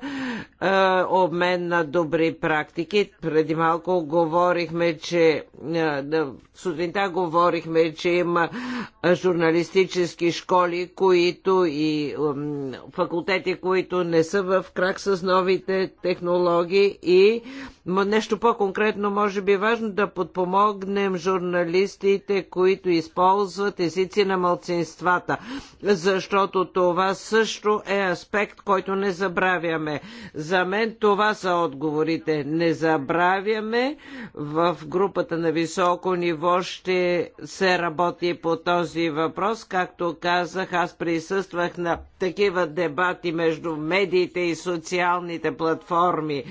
е, обмен на добри практики. Преди малко говорихме, че е, сутринта говорихме, че има журналистически школи, които и е, факултети, които не са в крак с новите технологии услуги и нещо по-конкретно може би е важно да подпомогнем журналистите, които използват езици на малцинствата, защото това също е аспект, който не забравяме. За мен това са отговорите. Не забравяме. В групата на високо ниво ще се работи по този въпрос. Както казах, аз присъствах на такива дебати между медиите и социалните платформи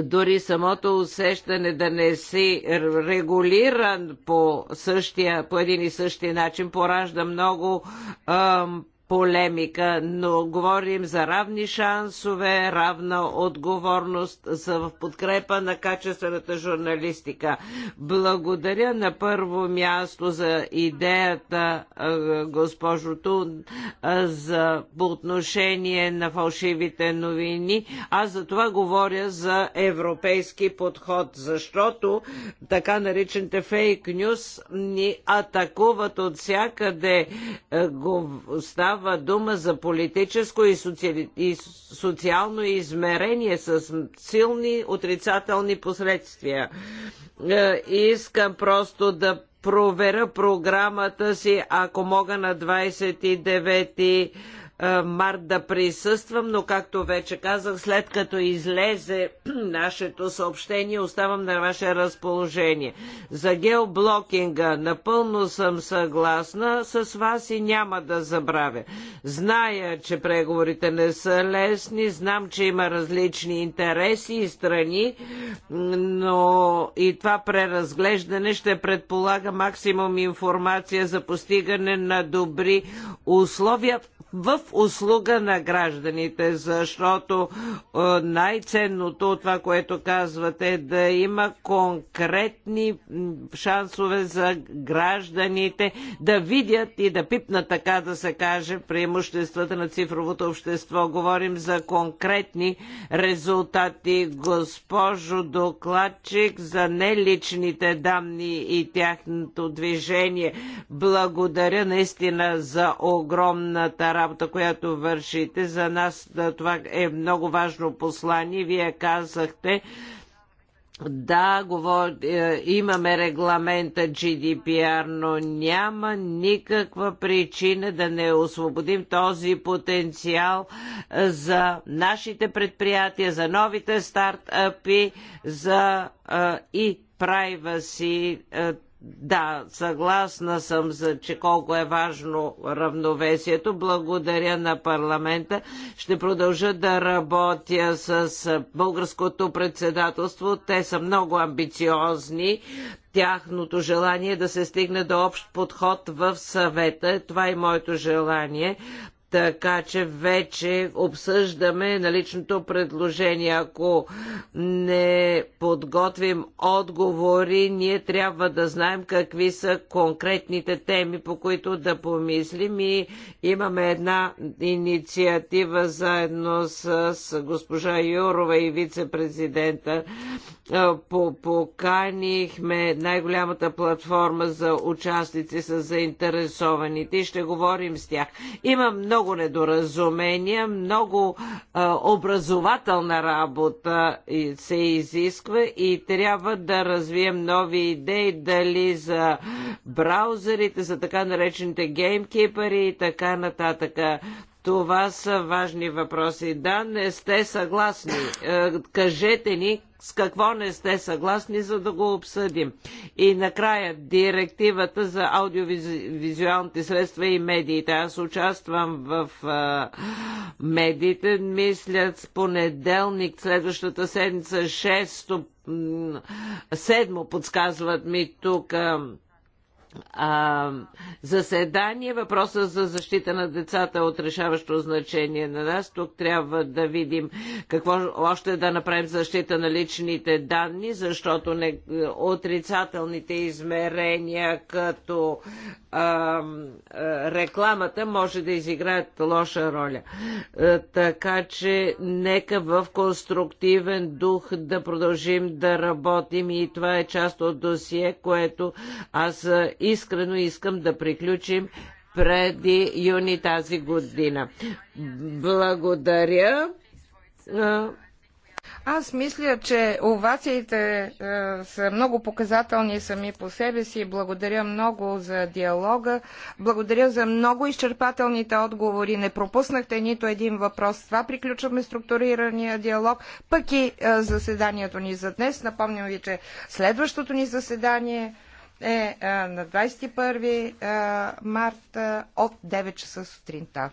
дори самото усещане да не си регулиран по, същия, по един и същи начин поражда много ам, полемика, но говорим за равни шансове, равна отговорност за в подкрепа на качествената журналистика. Благодаря на първо място за идеята, госпожо Тун, за по отношение на фалшивите новини. Аз за това говоря за европейски подход, защото така наречените фейк нюс ни атакуват от всякъде. става става дума за политическо и, соци... и социално измерение с силни отрицателни последствия. Е, искам просто да проверя програмата си, ако мога на 29 е, март да присъствам, но както вече казах, след като излезе нашето съобщение, оставам на ваше разположение. За геоблокинга напълно съм съгласна с вас и няма да забравя. Зная, че преговорите не са лесни, знам, че има различни интереси и страни, но и това преразглеждане ще предполага максимум информация за постигане на добри условия в услуга на гражданите, защото е, най-ценното от това, което казвате, е да има конкретни шансове за гражданите да видят и да пипнат, така да се каже, преимуществата на цифровото общество. Говорим за конкретни резултати. Госпожо докладчик, за неличните данни и тяхното движение. Благодаря наистина за огромната работа, която която вършите. За нас това е много важно послание. Вие казахте, да, говор... Е, имаме регламента GDPR, но няма никаква причина да не освободим този потенциал е, за нашите предприятия, за новите стартъпи, за е, и privacy да, съгласна съм, за, че колко е важно равновесието. Благодаря на парламента. Ще продължа да работя с българското председателство. Те са много амбициозни. Тяхното желание е да се стигне до общ подход в съвета. Това е моето желание така че вече обсъждаме наличното предложение. Ако не подготвим отговори, ние трябва да знаем какви са конкретните теми, по които да помислим и имаме една инициатива заедно с госпожа Юрова и вице-президента. Поканихме най-голямата платформа за участници с заинтересованите и ще говорим с тях. Има много много недоразумения, много а, образователна работа се изисква и трябва да развием нови идеи, дали за браузерите, за така наречените геймкипери и така нататък. Това са важни въпроси. Да, не сте съгласни. Е, кажете ни с какво не сте съгласни, за да го обсъдим. И накрая, директивата за аудиовизуалните средства и медиите. Аз участвам в а, е, медиите, мислят с понеделник, следващата седмица, шесто, седмо подсказват ми тук. А, е, а, заседание. Въпроса за защита на децата е от решаващо значение на нас. Тук трябва да видим какво още да направим защита на личните данни, защото не, отрицателните измерения като а, рекламата може да изиграят лоша роля. Така че нека в конструктивен дух да продължим да работим и това е част от досие, което аз искрено искам да приключим преди юни тази година. Благодаря. Аз мисля, че овациите е, са много показателни сами по себе си. Благодаря много за диалога. Благодаря за много изчерпателните отговори. Не пропуснахте нито един въпрос. това приключваме структурирания диалог. Пък и е, заседанието ни за днес. Напомням ви, че следващото ни заседание е, е на 21 е, марта е, от 9 часа сутринта.